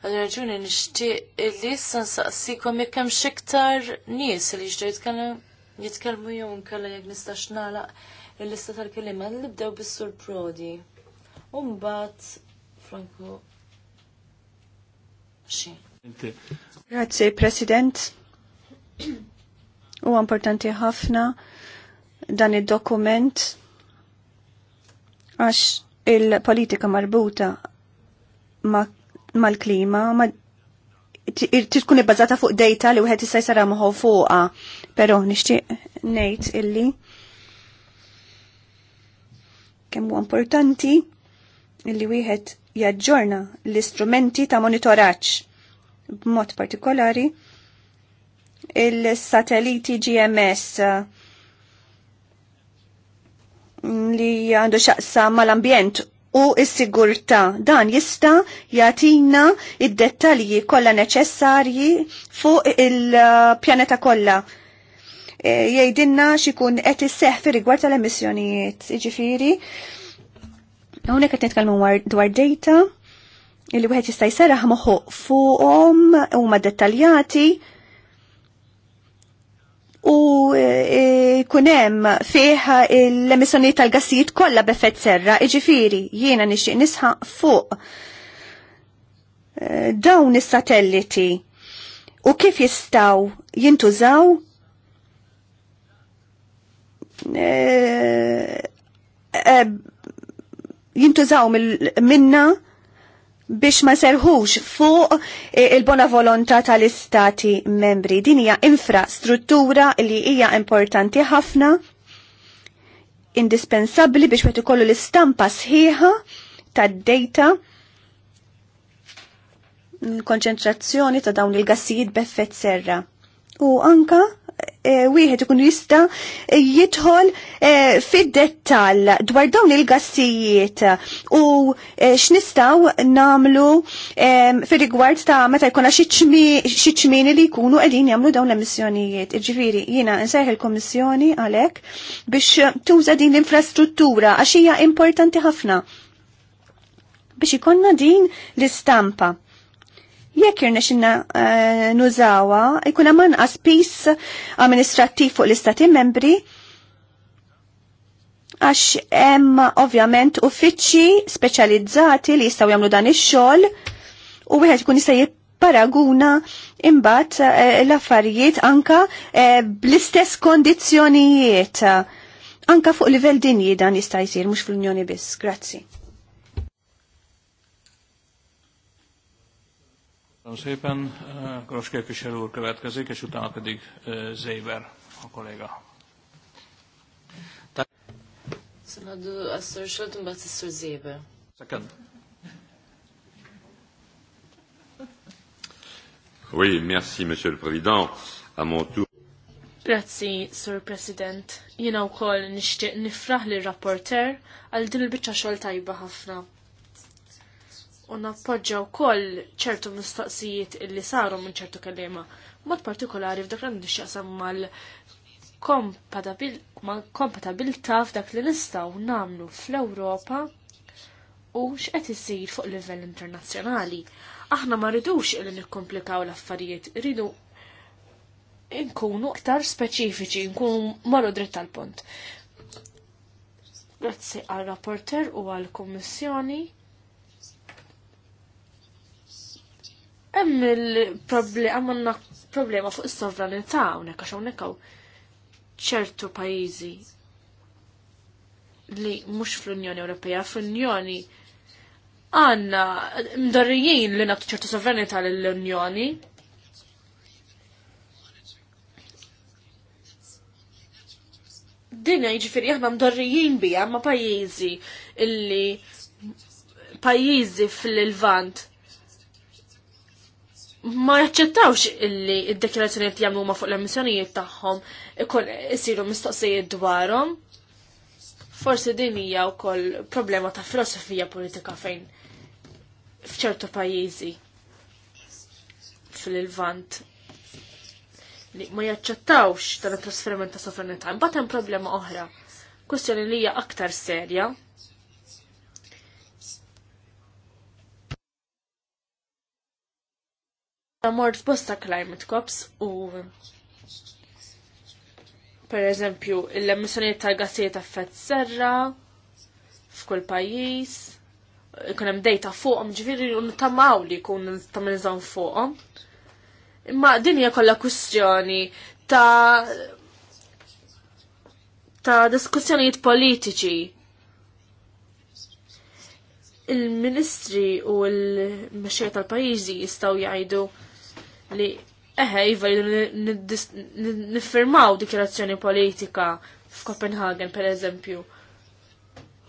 Għal-raġuni nixtieq li issa nsaqsikom jekk hemm xiktar nies li jixtiequ jitkellmu jew nkella jekk nistax nagħlaq il-lista tal-kelima li bdew bis-sur Prodi. Umbagħad Franco Xi. Grazie, President. U importanti ħafna dan il-dokument għax il-politika marbuta mal-klima ma tkun ibbażata fuq data li wieħed jista' jsara moħħu fuqha, però nixtieq ngħid illi kemm huwa importanti illi wieħed jaġġorna l-istrumenti ta' monitoraġġ b'mod partikolari il-satelliti GMS mm, li għandu xaqsa mal-ambjent u s-sigurta. Dan jista jatina id-dettalji kollha neċessarji fuq il-pjaneta kollha. E, Jgħidilna xikun qed isseħ fi rigward tal-emissjonijiet. Jiġifieri, hawnhekk qed nitkellmu dwar data Illi wieħed jista' jserraħ moħħu fuqhom huma dettaljati u e, hemm fih l-emissjoni tal-gassijiet kollha b'effett serra, iġifieri jiena nixtieq nisħaq fuq e, dawn is-satelliti u kif jistaw jintużaw e, jintużaw minna biex ma serħux fuq e, il-bona volontà tal-istati membri. Din hija infrastruttura li hija importanti ħafna, indispensabbli biex wieħed ikollu l-istampa sħiħa tad-data l-konċentrazzjoni ta' dawn il-gassijiet b'effett serra u anka eh, wieħed ikun jista eh, jidħol eh, fid-dettall dwar dawn il-gassijiet u x'nistgħu nagħmlu fir-rigward ta' meta jkun xi ċmini li jkunu qegħdin jagħmlu dawn l-emissjonijiet. Iġifieri jiena nsejħ il-Kummissjoni għalhekk biex tuża din l-infrastruttura għax hija importanti ħafna biex ikonna din l-istampa Jekk irna xinna uh, eh, nużawa, ikun hemm anqas pis fuq l-istati membri għax hemm ovvjament uffiċċji speċjalizzati li jistgħu jagħmlu dan ix-xogħol u wieħed ikun jista' paraguna imbat eh, l-affarijiet anka eh, bl-istess kondizjonijiet. Anka fuq livell dinji dan jista' jsir mhux fl-Unjoni biss. Grazzi. Köszönöm szépen. Koros eh, képviselő úr következik, és utána pedig eh, Zéber, a kolléga. sur Second. Oui, merci, Monsieur le Président. À mon tour. Grazzi, Sur President. Jina u koll nishtiq nifraħ li rapporter għal din il-bicċa xol tajba ħafna u nappoġġaw wkoll ċertu mistoqsijiet illi saru minn ċertu kelliema. Mod partikolari f'dak li xaqsam mal kompatabilta f'dak li nistaw namlu fl-Ewropa u x'qed isir fuq livell internazzjonali. Aħna ma rridux illi nikkomplikaw l-affarijiet, rridu nkunu iktar speċifiċi, nkunu marru dritt tal punt Grazzi għal rapporter u għal kommissjoni. Hemm il-problema problema fuq is-sovranità hawnhekk għax hawnhekk ċertu pajjiżi li mhux fl-Unjoni Ewropea, fl-Unjoni għanna mdarrijin li nagħtu ċertu sovranità l-Unjoni. Dinja ġifiri aħna mdarrijin bija ma pajizi illi pajizi fil-Levant ma jaċċettawx illi id-dekjerazzjoniet li jagħmlu fuq l-emissjonijiet tagħhom ikun isiru mistoqsijiet dwarhom. Forsi din hija wkoll problema ta' filosofija politika fejn f'ċertu pajjiżi fil-Lvant li ma jaċċettawx dan it-trasferiment ta' sovranità. Imbagħad hemm problema oħra, kwestjoni li hija aktar serja mort f'bosta climate cops u per eżempju l emissjoniet tal-gassijiet effett serra f'kull pajjiż, ikun hemm dejta fuqhom ġifieri ntamaw li jkun nistgħu fuqhom. Imma din hija kollha kwistjoni ta' ta' diskussjonijiet politiċi il-ministri u l-mexxej tal-pajjiżi jistgħu jgħidu li eħe jiva nifirmaw dikjerazzjoni politika f'Kopenhagen per eżempju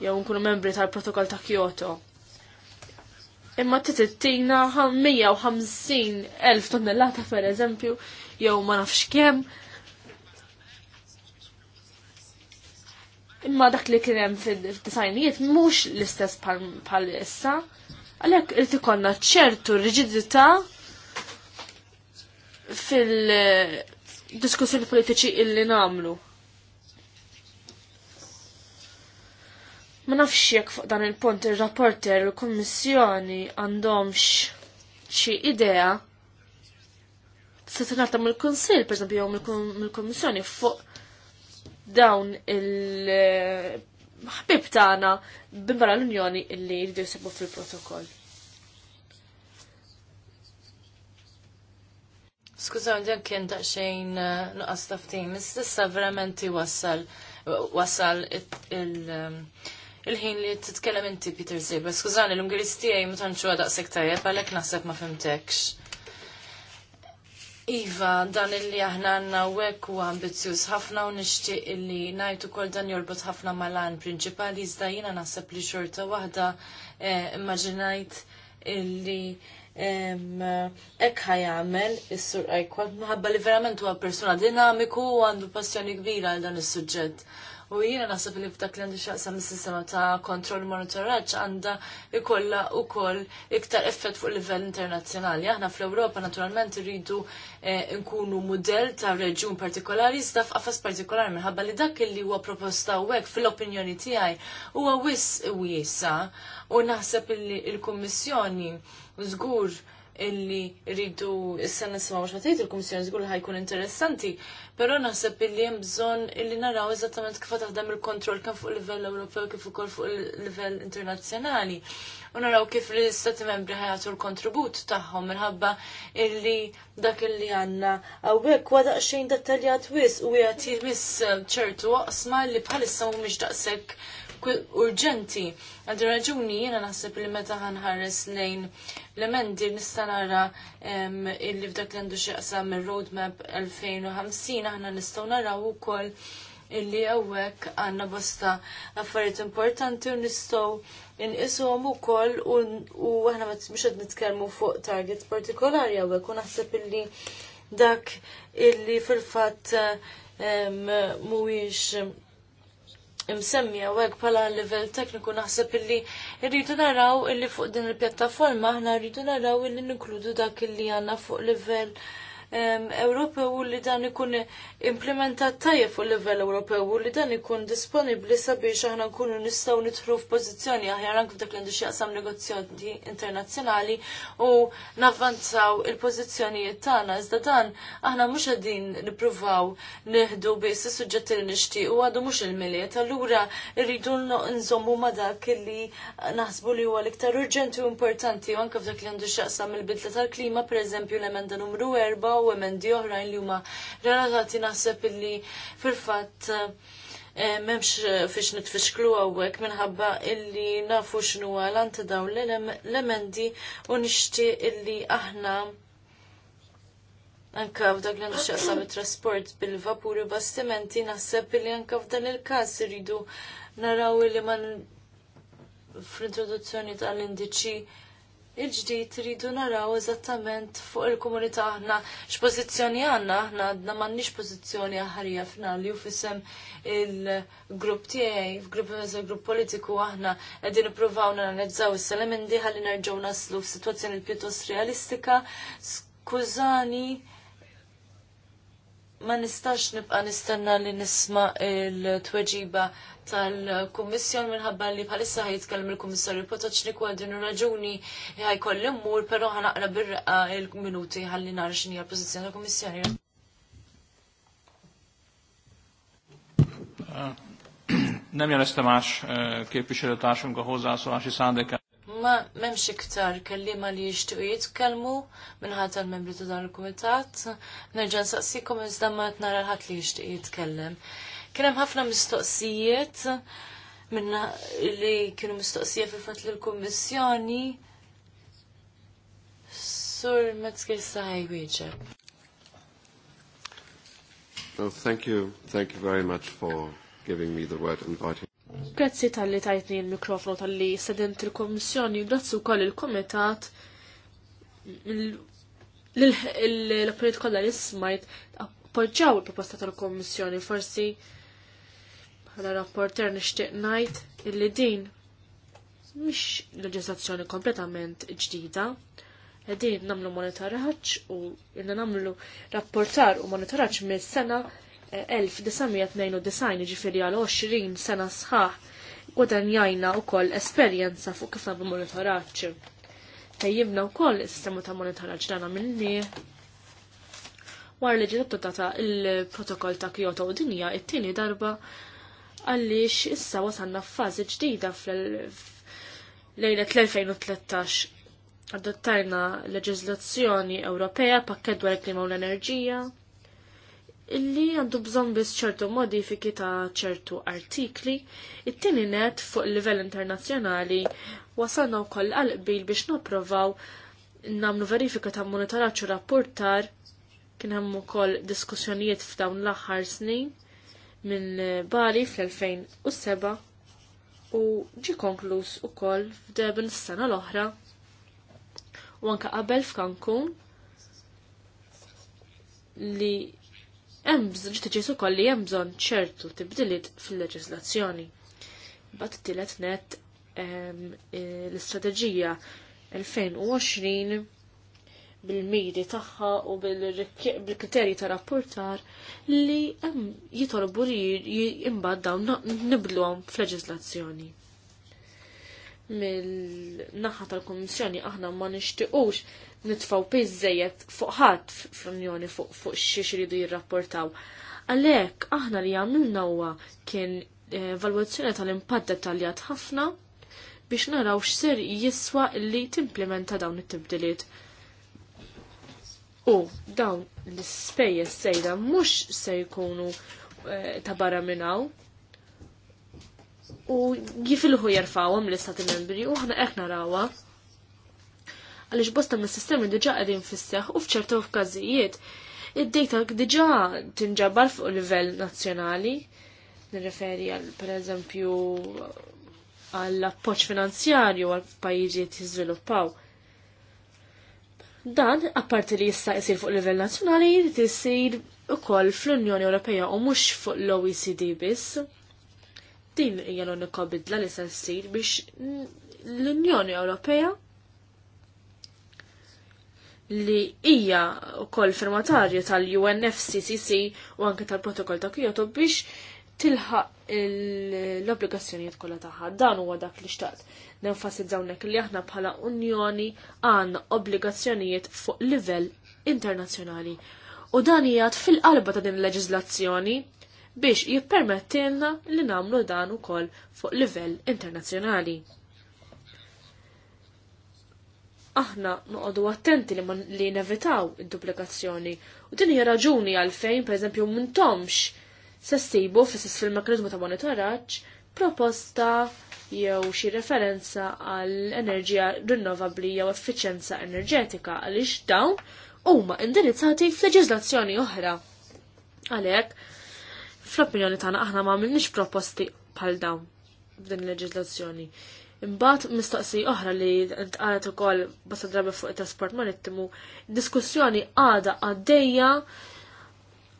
jew nkunu membri tal-protokoll ta' Kyoto. Imma t-tittina elf tonnellata per eżempju jew ma nafx kemm imma dak li kien hemm fid mux mhux l-istess pal issa. Għalhekk irid ikollna ċertu riġidità fil-diskussjoni politiċi illi namlu. Ma nafx jekk fuq dan il pont ir-rapporter u l-Kummissjoni għandhomx xi idea se tingħata mill-Kunsill per esempio, mill-Kummissjoni fuq dawn il-ħbib tagħna bimbara l-Unjoni illi jridu jsibu fil-protokoll. Skużaw, dan kien daqsxejn eh, nuqqas taftim, issa verament wassal wasal um, il-ħin li titkellem inti Peter Ziba. Skużani, l-Ungeris tiegħi mutanċu għadak huwa daqshekk tajjeb naħseb ma fimtekx. Iva, dan li aħna għanna wek u ambizjuż ħafna u nixtieq illi najtu kol dan jorbot ħafna malan għan prinċipali iżda jina naħseb li xorta waħda eh, immaġinajt il-li ekk ħajamel is-sur Eichwald minħabba li verament huwa persuna dinamiku u għandu passjoni kbira għal dan is-suġġett. U jiena naħseb li f'dak li għandu xaqsam is-sistema ta' kontroll monitoraġġ għandha u wkoll iktar effett fuq livell internazzjonali. Aħna fl-Ewropa naturalment irridu eh, nkunu mudell ta' reġjun partikolari iżda f'qafas partikolari minħabba li dak li huwa proposta hekk fil-opinjoni tiegħi huwa wis wiesa u naħseb li l-Kummissjoni żgur illi rridu issa nisimgħu x'ma tgħid il zgur żgur ħajkun interessanti, però naħseb illi hemm bżonn illi naraw eżattament kif taħdem il-kontroll kemm fuq livell Ewropew kif ukoll fuq il-livell internazzjonali. U naraw kif l-istati membri ħajatu l-kontribut tagħhom minħabba illi dak illi għandna hawnhekk huwa daqsxejn dettaljat wis u jagħti miss ċertu waqsma li bħalissa mhumiex daqshekk urġenti. Għaddu raġuni jena naħseb li meta ħanħares lejn l-emendi nista' nara illi f'dak li għandu xieqsa il-roadmap 2050 aħna nistgħu naraw ukoll illi għawek għanna bosta affarijiet importanti u nistgħu inqishom ukoll u aħna mhux qed nitkellmu fuq target partikolari għawek u naħseb illi dak illi fil-fatt mhuwiex imsemmi għawek pala level tekniku naħseb illi rridu naraw illi fuq din il-pjattaforma ħna rridu naraw illi ninkludu dak illi għanna fuq level Ewropew li dan ikun implementat tajjeb fuq livell Ewropew u li dan ikun disponibbli sabiex aħna nkunu nistgħu nidħlu f'pożizzjoni aħjar anke f'd'ak li għandu x'jaqsam negozjati internazzjonali u navvanzaw il-pożizzjonijiet tagħna iżda dan aħna mhux qegħdin nippruvaw neħdu biss is-suġġetti li nixtieq u għadu mhux il-miliet. Allura rridu nżommu ma dak li naħsbu li huwa l-iktar urġenti u importanti u anke f'dak li għandu x'jaqsam il-bidla tal-klima, pereżempju l-emenda numru 4 u emendi oħrajn li huma relatati naħseb illi fil-fatt eh, memx eh, fiex nitfixklu għawek minħabba illi nafu xnu għal dawn l-emendi u nishti illi aħna anka f'dak li nixtaqsam it-trasport bil-vapur u bastimenti naħseb illi anka f'dan il-kas irridu naraw illi man fl-introduzzjoni tal-indiċi il-ġdid rridu naraw eżattament fuq il-komunità aħna x'pożizzjoni għandna aħna għandna m'għandniex pożizzjoni aħarija f'nali u f'isem il-grupp tiegħi f'grupp grupp politiku aħna qegħdin nippruvaw nanalizzaw is indiħa li nerġgħu naslu f'sitwazzjoni pjuttost realistika. Skużani ma nistax nibqa' nistenna li nisma' il-tweġiba tal-Kummissjon minħabba li bħalissa ħajitkellem il-Kummissarju Potoċnik u għadin raġuni ħajkolli mmur, però ħanaqra birqa il-minuti ħalli nara x'inhi l-pożizzjoni tal-Kummissjoni. Ah, [CLEARS THROAT] nem jelestemás eh, képviselőtársunk su għaxi sandeka. Ma memx iktar kellima li jishtu jitkelmu minnħat tal-membri ta' dan il-komitat. Nerġan saqsikom iżda ma t-nara l-ħat li jishtu jitkellem. Kien hemm ħafna mistoqsijiet minna li kienu mistoqsija fil-fatt lill-Kummissjoni. Sur Metzger Sai wieġeb. Well, thank you, thank you very much for giving me the word inviting. Grazzi tal-li tajtni il mikrofono tal-li sedent il-Kommissjoni, grazzi u koll il-Komitat l-appariet kolla l-ismajt appoġġaw il-proposta tal-Kommissjoni, forsi għal rapporter nixtieq ngħid illi din mish leġislazzjoni kompletament ġdida. Għedin nagħmlu monitoraġġ u inna nagħmlu rapportar u monitoraġġ mis-sena 1992 eh, ġifiri għal 20 sena sħaħ u jajna u koll esperienza fuq kif nabu monitoraċ. Tajjibna u koll sistema ta' monitoraċ dana minni. War li ġiet adottata il-protokoll ta' Kyoto u dinja it-tieni darba għaliex issa wasanna f'fażi ġdida f lejlet l-2013. Adottajna leġiżlazzjoni Ewropea pakket dwar il-klima u l-enerġija illi għandu bżon biss ċertu modifiki ta' ċertu artikli, it-tieni net fuq livell internazzjonali wasalna wkoll għalqbil biex napprovaw namlu verifika ta' monitoraċu u rapportar kien hemm ukoll diskussjonijiet f'dawn l-aħħar snin minn Bali fl-2007 u ġi konkluż ukoll f'Deben s-sena l-oħra u anka qabel f'Cancun li hemm bżonn u ukoll li hemm bżonn ċertu tibdiliet fil leġizlazzjoni Bat tilet net eh, l-istrateġija 2020 bil-miri tagħha u bil-kriterji ta' rapportar li jitolbu li imbagħad dawn nibluhom f'leġislazzjoni. Mill-naħa tal-Kummissjoni aħna ma nixtiequx nitfgħu pizzejet fuq ħadd fl-Unjoni fuq xi xiridu jirrapportaw. Għalhekk aħna li għamilna huwa kien eh, valwazzjoni tal-impatt dettaljat ħafna biex naraw x'sir jiswa li timplementa dawn it-tibdiliet u dawn l-ispejjeż sejda mhux se jkunu eh, ta' barra minnaw u jifilħu jarfawhom l-istati membri u aħna qed narawha għaliex bosta mis-sistemi diġà qegħdin fisseħ u f'ċertu każijiet id-dejta diġà tinġabar fuq livell nazzjonali, nirreferi għal per eżempju għall appoġġ finanzjarju għal pajjiżiet jizviluppaw. Dan, apparti li jista' jsir fuq livell nazzjonali, jrid isir ukoll fl-Unjoni Ewropea u mhux fuq l-OECD biss. Din hija l-unika bidla li se ssir biex l-Unjoni Ewropea li hija wkoll firmatarju tal-UNFCCC u anke tal-Protokoll ta' Kyoto biex tilħa l-obbligazzjonijiet kollha tagħha. Dan huwa dak li xtaqt nenfasizzawnek li aħna bħala Unjoni għandna obbligazzjonijiet fuq livell internazzjonali. U dan jgħat fil-qalba ta' din il-leġiżlazzjoni biex jippermettilna li namlu dan ukoll fuq livell internazzjonali. Aħna noqogħdu attenti li, li nevitaw id-duplikazzjoni u din hija raġuni għalfejn pereżempju m'intomx se ssibu fis fil-mekanizmu ta' monitoraġġ proposta jew xi referenza għall enerġija rinnovabbli jew effiċenza enerġetika għaliex dawn huma indirizzati f'leġiżlazzjoni oħra. Għalhekk, fl-opinjoni tagħna aħna ma għamilniex proposti bħal dawn f'din il-leġiżlazzjoni. Imbagħad mistoqsi oħra li ntqalet ukoll bosta drabi fuq it-trasport marittimu, diskussjoni għada għaddejja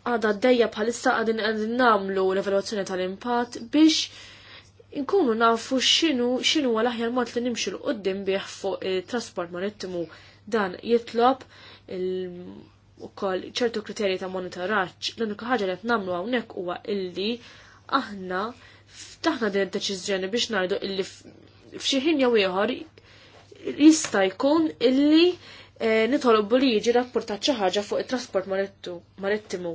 għada d-dejja bħalissa għadin għadin namlu l-evaluazzjoni tal-impatt biex nkunu nafu xinu xinu għal aħjar mod li nimxu l-qoddim biex fuq eh, trasport marittimu dan jitlob u ċertu kriterji ta' monitoraċ l-unika ħaġa li qed namlu hawnhekk huwa illi aħna taħna din id-deċiżjoni biex ngħidu illi f'xi ħin jew ieħor jista' jkun illi eh, nitolobu li jiġi rapportat xi ħaġa fuq it-trasport marittimu.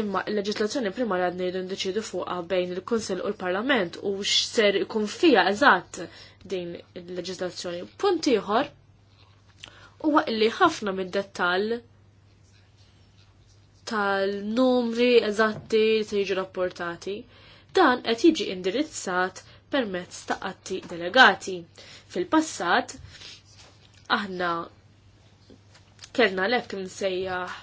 Imma il-leġislazzjoni primarja rridu ndeċidu fuqha bejn il-Kunsell u l-Parlament u x'ser ikun fija eżatt din il-leġislazzjoni. Punt ieħor huwa li ħafna mid-dettall tal-numri eżatti li se jiġu rapportati dan qed jiġi indirizzat permezz ta' atti delegati. Fil-passat aħna kellna lek ek nsejjaħ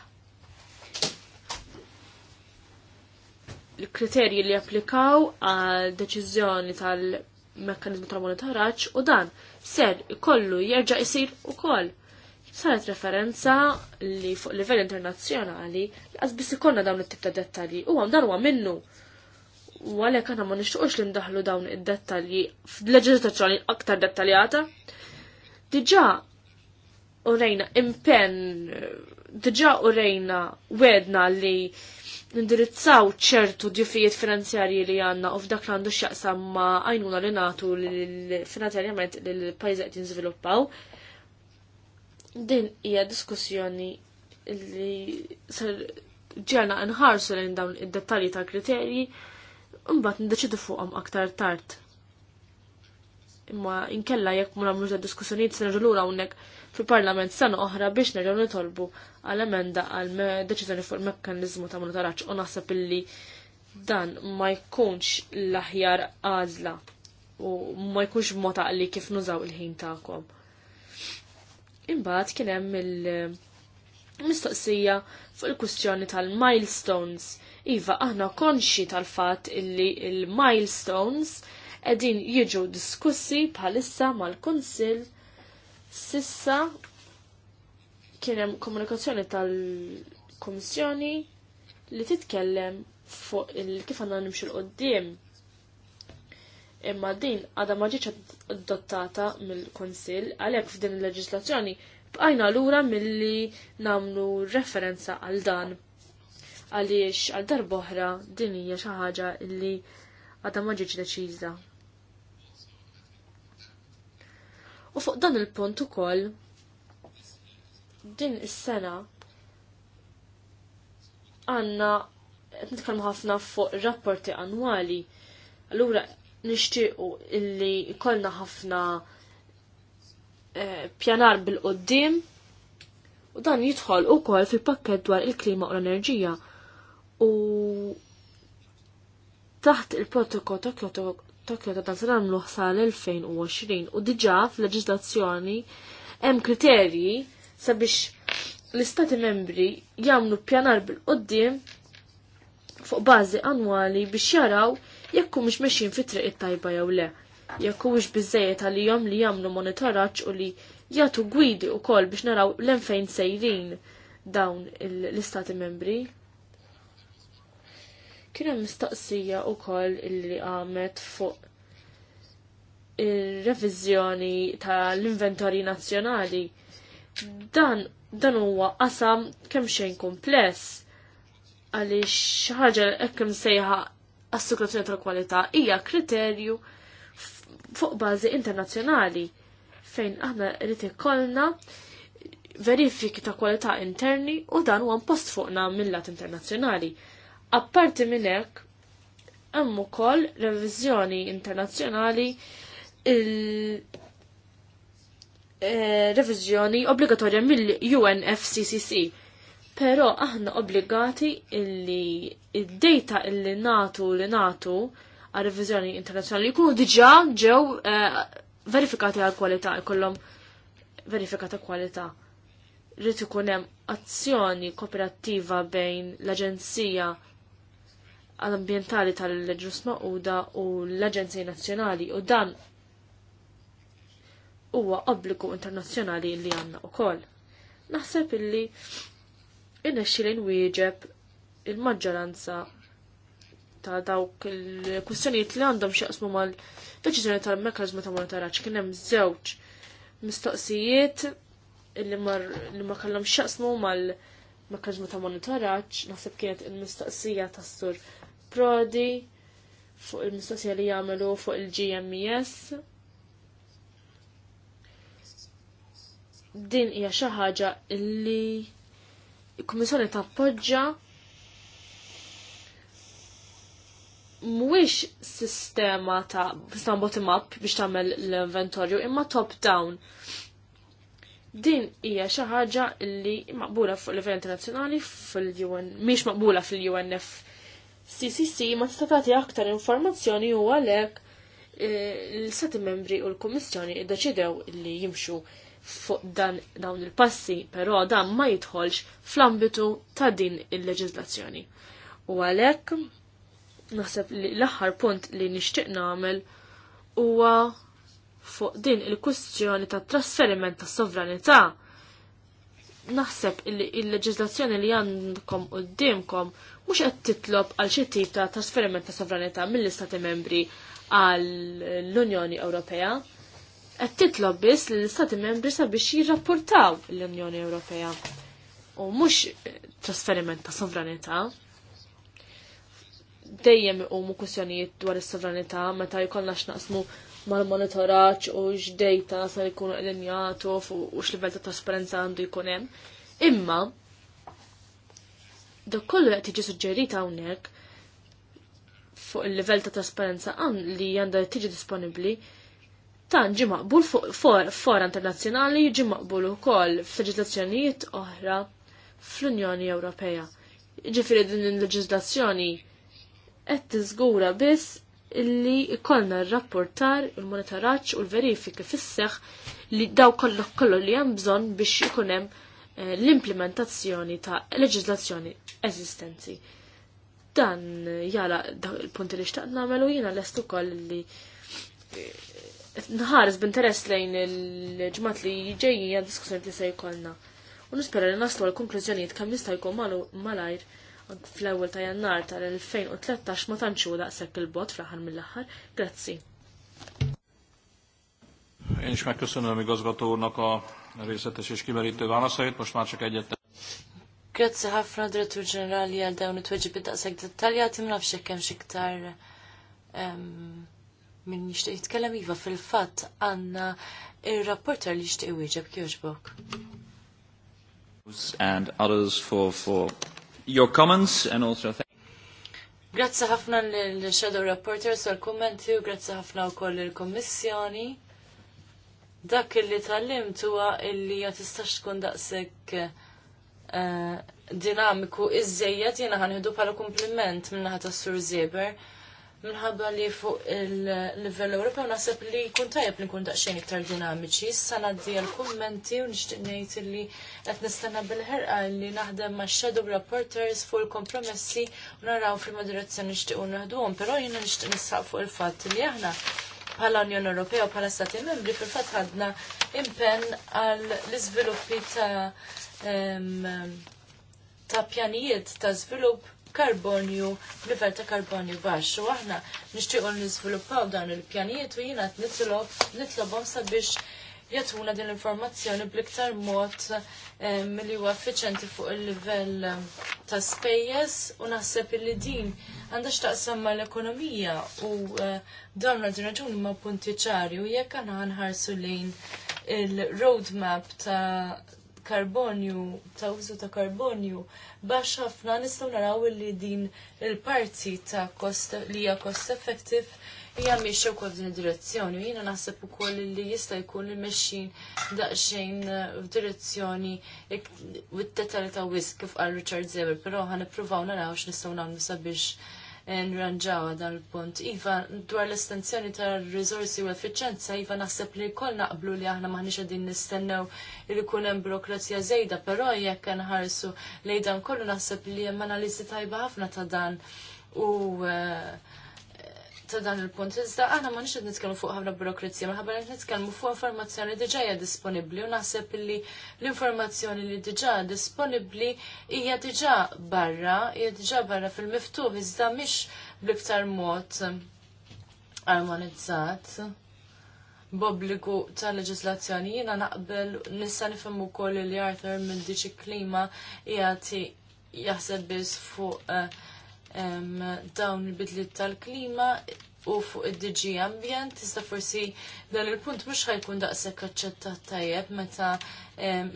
l-kriterji li applikaw għal deċiżjoni tal-mekkanizmu tal monitoraċ u dan ser kollu jerġa' u koll. Saret referenza li fuq livell internazzjonali laqas biss ikollna dawn it-tip ta' dettalji u dan huwa minnu. U għalhekk aħna ma nishtuqx li ndaħlu dawn id-dettalji f'leġiżlazzjoni aktar dettaljata. Diġà urejna impenn, diġà urejna wedna li nindirizzaw ċertu djufijiet finanzjarji li għanna u f'dak għandu x'jaqsam ma għajnuna li natu finanzjarjament l-pajzi qed jinżviluppaw. Din hija diskussjoni li ġerna nħarsu l dawn id-dettalji ta' kriterji mbagħad niddeċidu fuqhom aktar tard. Imma inkella jekk mura nagħmlux diskussjonijiet se nerġu hawnhekk fil-Parlament sena oħra biex nerġgħu nitolbu għal emenda għal deċiżjoni fuq il-mekkaniżmu ta' monitoraġġ u naħseb illi dan ma jkunx l-aħjar għażla u ma jkunx mod li kif nużaw il-ħin tagħkom. Imbagħad kien hemm il-mistoqsija fuq il-kwistjoni tal-milestones. Iva, aħna konxi tal-fatt illi il-milestones qegħdin jiġu diskussi bħalissa mal-Kunsill Sissa kien hemm komunikazzjoni tal-Kummissjoni li titkellem fuq il kif għandna nimxu l-qoddim. Imma din għadha ma ġietx adottata mill konsil għalhekk f'din il-leġislazzjoni bqajna lura milli namlu referenza għal dan. Għaliex għal darboħra din hija xi ħaġa illi għadha ma ġietx deċiża. U fuq dan il-punt ukoll din is-sena għanna qed nitkellmu ħafna fuq rapporti annwali. Allura nixtiequ illi kollna ħafna e, pjanar bil-qoddim u dan jidħol ukoll fil-pakket dwar il-klima u l-enerġija u taħt il-protokoll ta' Kyoto Tokyo ta' dan l-uħsa l 2020 u diġà fil leġizlazzjoni hemm kriterji sabiex l-istati membri jagħmlu pjanar bil-qoddim fuq bażi annwali biex jaraw jekk mhux mexjin fit-triq it-tajba jew le. Jekk huwiex biżejjed għalihom li jagħmlu monitoraġġ u li jagħtu gwidi wkoll biex naraw l fejn sejrin dawn l-istati membri. Kien hemm mistaqsija wkoll illi għamet fuq il-revizjoni reviżjoni tal-inventorji nazzjonali. Dan dan huwa qasam kemm xejn kumpless għaliex ħaġa hekk sejħa assikrazzjoni tal-kwalità hija kriterju fuq bażi internazzjonali fejn aħna rrid ikollna verifiki ta' kwalità interni u dan huwa mpost fuqna mill-lat internazzjonali. Apparti minn hekk, hemm ukoll reviżjoni internazzjonali il eh, reviżjoni obbligatorja mill-UNFCCC. Però aħna obbligati illi id-data illi natu li natu għal reviżjoni internazzjonali jkunu diġà ġew eh, verifikati għal kwalità, jkollhom verifikata kwalità. Rrid ikun hemm azzjoni kooperattiva bejn l-Aġenzija ambientali tal leġus maquda u l aġenzija Nazzjonali u dan huwa obbligu internazzjonali li għandna wkoll. Naħseb illi innexxi li nwieġeb il-maġġoranza ta' dawk il-kwistjonijiet li għandhom x'jaqsmu mal-deċiżjoni tal-mekkaniżmu ta' monitoraġġ kien hemm żewġ mistoqsijiet li ma kellhom x'jaqsmu mal-mekkaniżmu ta' monitoraġġ, naħseb kienet il-mistoqsija tas-sur Prodi fuq il-mistoqsija li jagħmlu fuq il-GMES. Din hija xi ħaġa li l-Kummissjoni tappoġġa mhuwiex sistema ta' sistema bottom up biex tagħmel l-inventorju imma top down. Din hija xi ħaġa li maqbula fuq livell internazzjonali fil-UN mhix maqbula fil-UNF CCC ma tista' tagħti aktar informazzjoni u għalhekk eh, l sati membri u l-Kummissjoni iddeċidew li jimxu fuq dan dawn il-passi, però dan ma jidħolx fl-ambitu ta' din il-leġiżlazzjoni. U għalhekk naħseb li l-aħħar punt li nixtieq nagħmel huwa fuq din il-kwistjoni ta' trasferiment ta' sovranità naħseb il leġislazzjoni li għandkom u d-dimkom mux għed titlob għal xi tip ta' trasferiment ta' sovranità mill-Istati membri għal l-Unjoni Ewropea. Qed titlob biss li l-Istati membri sabiex jirrapportaw l-Unjoni Ewropea u mhux eh, trasferiment ta' sovranità. Dejjem huma kwistjonijiet dwar is-sovranità meta jkollna x'naqsmu mal-monitoraġġ u x'dejta sa jkunu qegħdin jagħtu u x'livell ta' trasparenza għandu jkun hemm. Imma dak kollu qed tiġi suġġerita hawnhekk fuq il-livell ta' trasparenza għan li għandha tiġi disponibbli ta' ġi maqbul fuq fora internazzjonali ġi maqbul ukoll f'leġislazzjonijiet oħra fl-Unjoni Ewropea. Ġifieri din il għet qed tiżgura biss illi ikollna rrapportar il-monitoraċ u l-verifika fisseħ li daw kollok kollu li hemm bżonn biex ikun hemm eh, l-implementazzjoni ta' leġiżlazzjoni eżistenti. Dan eh, jala il-punti li xtaqt nagħmel u jiena lest ukoll li eh, nħares b'interess lejn il-ġmat li ġejjin għad diskussjoni li se jkollna. U nispera li naslu l konklużjonijiet kemm jista' jkun malajr mal fl-ewwel ta' Jannar tal-2013 ma tantxu daqshekk il-bot fl-aħħar mill-aħħar. Grazzi. Én is megköszönöm igazgatónak a részletes és kimerítő válaszait, most már csak egyet. Grazzi ħafna direttur ġenerali għal dawn it-tweġibi daqshekk dettaljat ma nafx hekk hemm xiktar ehm, minn nixtieq jitkellem iva fil-fatt għandna ir-rapporter li jixtieq iwieġeb kjoġbok. And others for, for your comments and also thank Grazzi ħafna l-Shadow Reporters għal kummenti u grazzi ħafna u koll l-Kommissjoni. Dak illi tal-limt huwa illi ma tistax tkun daqshekk eh, dinamiku iżejjed jiena ħanħidu bħala kumpliment min-naħa ta' Sur Zeber minħabba li fuq il-livell Ewropew naħseb li jkun tajjeb li nkun daqsxejn iktar dinamiċi. Issa ngħaddi għal-kummenti u nixtieq ngħid illi qed nistenna bil-ħerqa li naħdem ma' shadow reporters fuq il-kompromessi u naraw fil direzzjoni nixtiequ naħduhom, però jiena nixtieq nisaq fuq il-fatt li aħna bħala Unjoni Ewropea u bħala Stati Membri fil-fatt għadna impenn għal l-iżviluppi ta' ta' pjanijiet ta' żvilupp karbonju, livell ta' karbonju baxx. U aħna nixtiequ niżviluppaw dan il-pjanijiet u jiena nitlobhom sabiex jatuna din l-informazzjoni bliktar mod eh, li huwa effiċenti fuq il-livell eh, ta' spejjes u naħseb li din għandha x'taqsam l ekonomija u eh, dawn għad raġun ma' punti ċari u jekk għana nħarsu lejn il-roadmap ta' karbonju, ta' użu ta' karbonju, bax ħafna nistgħu naraw li din il-parti ta' li hija cost effective hija mixja wkoll din id-direzzjoni u jiena naħseb ukoll li jista' jkun direzzjoni daqsxejn eh, f'direzzjoni tetali ta' wisk kif għal Richard Zeber, però ħa nippruvaw naraw x'nistgħu nagħmlu sabiex eh, nranġawa dan il-punt. Iva, dwar l-estenzjoni ta' rizorsi u effiċenza, Iva naħseb li kol naqblu li aħna maħniċ din nistennew li kunem hemm burokrazija zejda, pero jekk nħarsu li dan kollu naħseb li hemm analiżi tajba ħafna ta' dan u uh, ta' dan il-punt. Iżda aħna ma nixed nitkellmu fuq ħafna burokrazija, ma' qed nitkellmu fuq informazzjoni diġà hija disponibbli u naħseb li l-informazzjoni li diġa' disponibbli hija diġà barra, hija diġà barra fil-miftuħ iżda mhix bliktar mod armonizzat b'obbligu ta' leġislazzjoni jiena naqbel nista' nifhem ukoll li Arthur minn diċi klima hija jaħseb biss fuq uh, dawn il-bidliet tal-klima u fuq id-DG ambjent, tista' forsi dan il-punt mhux ħajkun daqshekk aċċettat tajjeb meta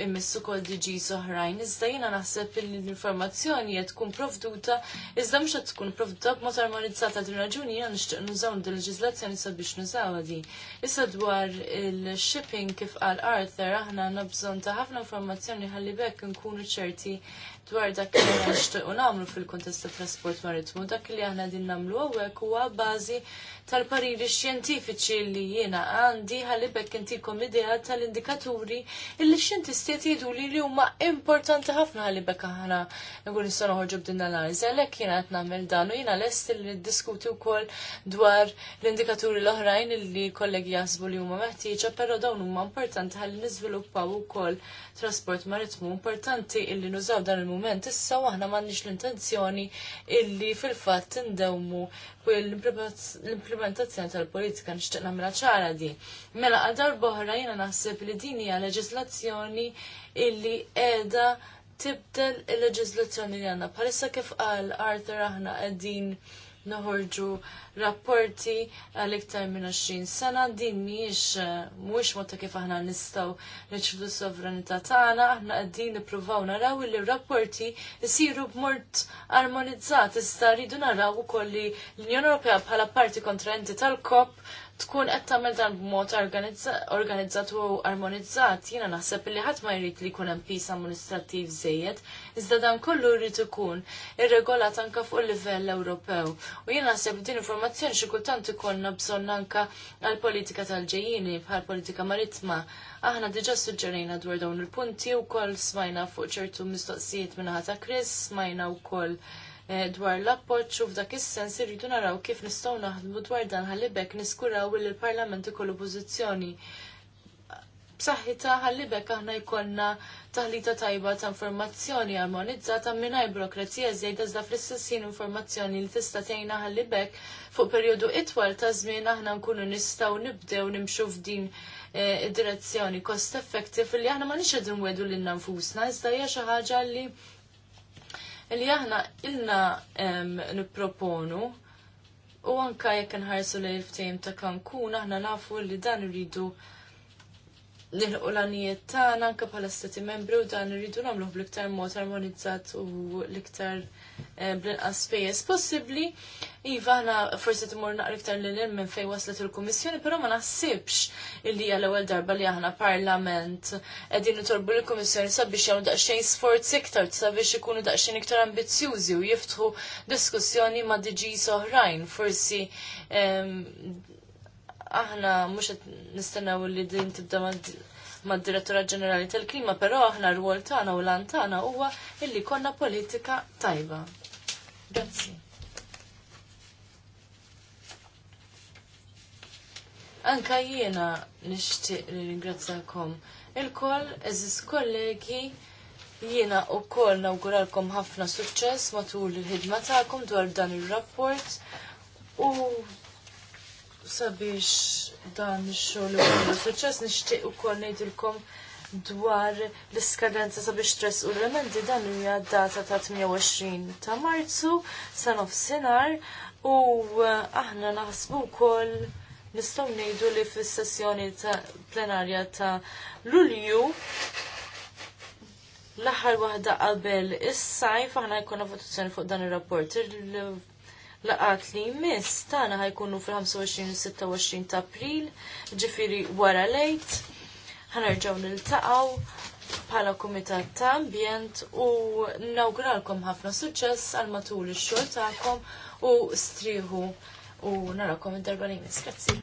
immissu kol diġi soħrajn. Iżda jina naħseb li l-informazzjoni jgħet tkun provduta, iżda mux għet tkun provduta b-mot armonizzata din raġuni jgħan nishtiq nużaw din leġizlazzjoni sabiex nużaw di. Issa dwar il-shipping kif għal Arthur, aħna nabżon ta' ħafna informazzjoni ħalli bekk nkunu ċerti dwar dak li nixtiequ nagħmlu fil kontest tat trasport maritmu, dak li aħna din nagħmlu hawnhekk huwa bażi tal-pariri xjentifiċi li jiena għandi ħalibek intikom idea tal-indikaturi illi għaliex inti stiet idu li li huma importanti ħafna għalli bekk aħna nkun nistgħu noħorġu b'din l-analiżi għalhekk jien qed nagħmel dan u jiena lest li niddiskuti wkoll dwar l-indikaturi l-oħrajn li kollegi jazbu li huma meħtieġa, però dawn huma importanti ħalli niżviluppaw ukoll trasport maritmu importanti illi nużaw dan il-mument issa u aħna m'għandniex l-intenzjoni illi fil-fatt tindewmu l-implementazzjoni tal-politika nixtieq nagħmilha ċara di. Mela għal darba oħra jiena naħseb li din hija leġislazzjoni Kummissjoni illi edha tibdel il leġizlazzjoni li għandna. Parissa kif qal Arthur aħna qegħdin naħorġu rapporti għal iktar minn 20 sena din miex mhux motta kif aħna nistgħu niċfdu s-sovranità tagħna, aħna qegħdin nippruvaw naraw li rapporti jsiru b'mort armonizzat, issa rridu naraw ukoll li l-Unjoni Ewropea bħala parti kontra enti tal-kop tkun qed tagħmel dan b'mod organizzat u armonizzat, jiena naħseb li ħadd ma jrid li jkun hemm pis amministrattiv żejjed, iżda dan kollu jrid ikun irregolat anke fuq livell Ewropew. U jiena naħseb din informazzjoni xi kultant ikollna bżonn anke għall politika tal-ġejjini bħal politika maritma. Aħna diġà suġġerejna dwar dawn il-punti wkoll smajna fuq ċertu mistoqsijiet minnaħa ta' kris, smajna wkoll koll Eh, dwar l-appoġġ u f'dak is-sens irridu naraw kif nistgħu naħdmu dwar dan ħallibek niskuraw li l-Parlament ikollu pożizzjoni b'saħħitha ħallibek aħna jkollna taħlita tajba ta' informazzjoni armonizzata mingħajr burokrazija żejda iżda fl-istessin informazzjoni li tista' tgħinna ħallibek fuq perjodu itwal ta' żmien aħna nkunu nistgħu nibdew nimxu f'din eh, id-direzzjoni cost effective li aħna ma nix qegħdin wedu lil nfusna iżda hija xi ħaġa li li aħna ilna nipproponu u anka jekk nħarsu l-ftejm ta' Cancun aħna nafu li dan rridu nilqu l-għanijiet tagħna anke bħala stati membri u dan rridu nagħmluh bl-iktar mod armonizzat u l-iktar bl-inqas spejjeż possibbli. Iva aħna forsi timur naqra iktar lil hemm minn fejn waslet il-Kummissjoni, però ma naħsibx illi li l-ewwel darba li aħna Parlament qegħdin torbu lill-Kummissjoni sabiex jagħmlu daqsxejn sforzi iktar sabiex ikunu daqsxejn iktar ambizzjużi u jiftħu diskussjoni ma' diġi oħrajn. Forsi aħna mhux qed nistennew li din tibda ma' mad-Direttura Ġenerali tal-Klima, però aħna r-wol tagħna u l-an tagħna huwa illi konna politika tajba. Grazzi. Anka jiena nixtieq li ringrazzakom il eżis kollegi, jiena u koll nawguralkom ħafna suċċess matul il-ħidma tagħkom dwar dan ir rapport u sabiex dan xogħol u suċċess nixtieq ukoll ngħidilkom dwar l-iskadenza sabiex stress u l-elementi dan hija data ta' 28 ta' Marzu sa nofsinhar u uh, aħna naħsbu wkoll nistgħu ngħidu li fis-sessjoni ta' plenarja ta' Lulju l-aħħar waħda qabel is-sajf aħna jkollna votazzjoni fuq dan ir-rapport laqat li jmiss tagħna ħajkunu fil-25-26 ta' April, ġifiri wara lejt, ħanerġaw niltaqgħu bħala Kumitat ta' Ambjent u nawguralkom ħafna suċċess għal matul ix-xogħol tagħkom u strieħu u narakom id-darba li jmiss. Grazzi.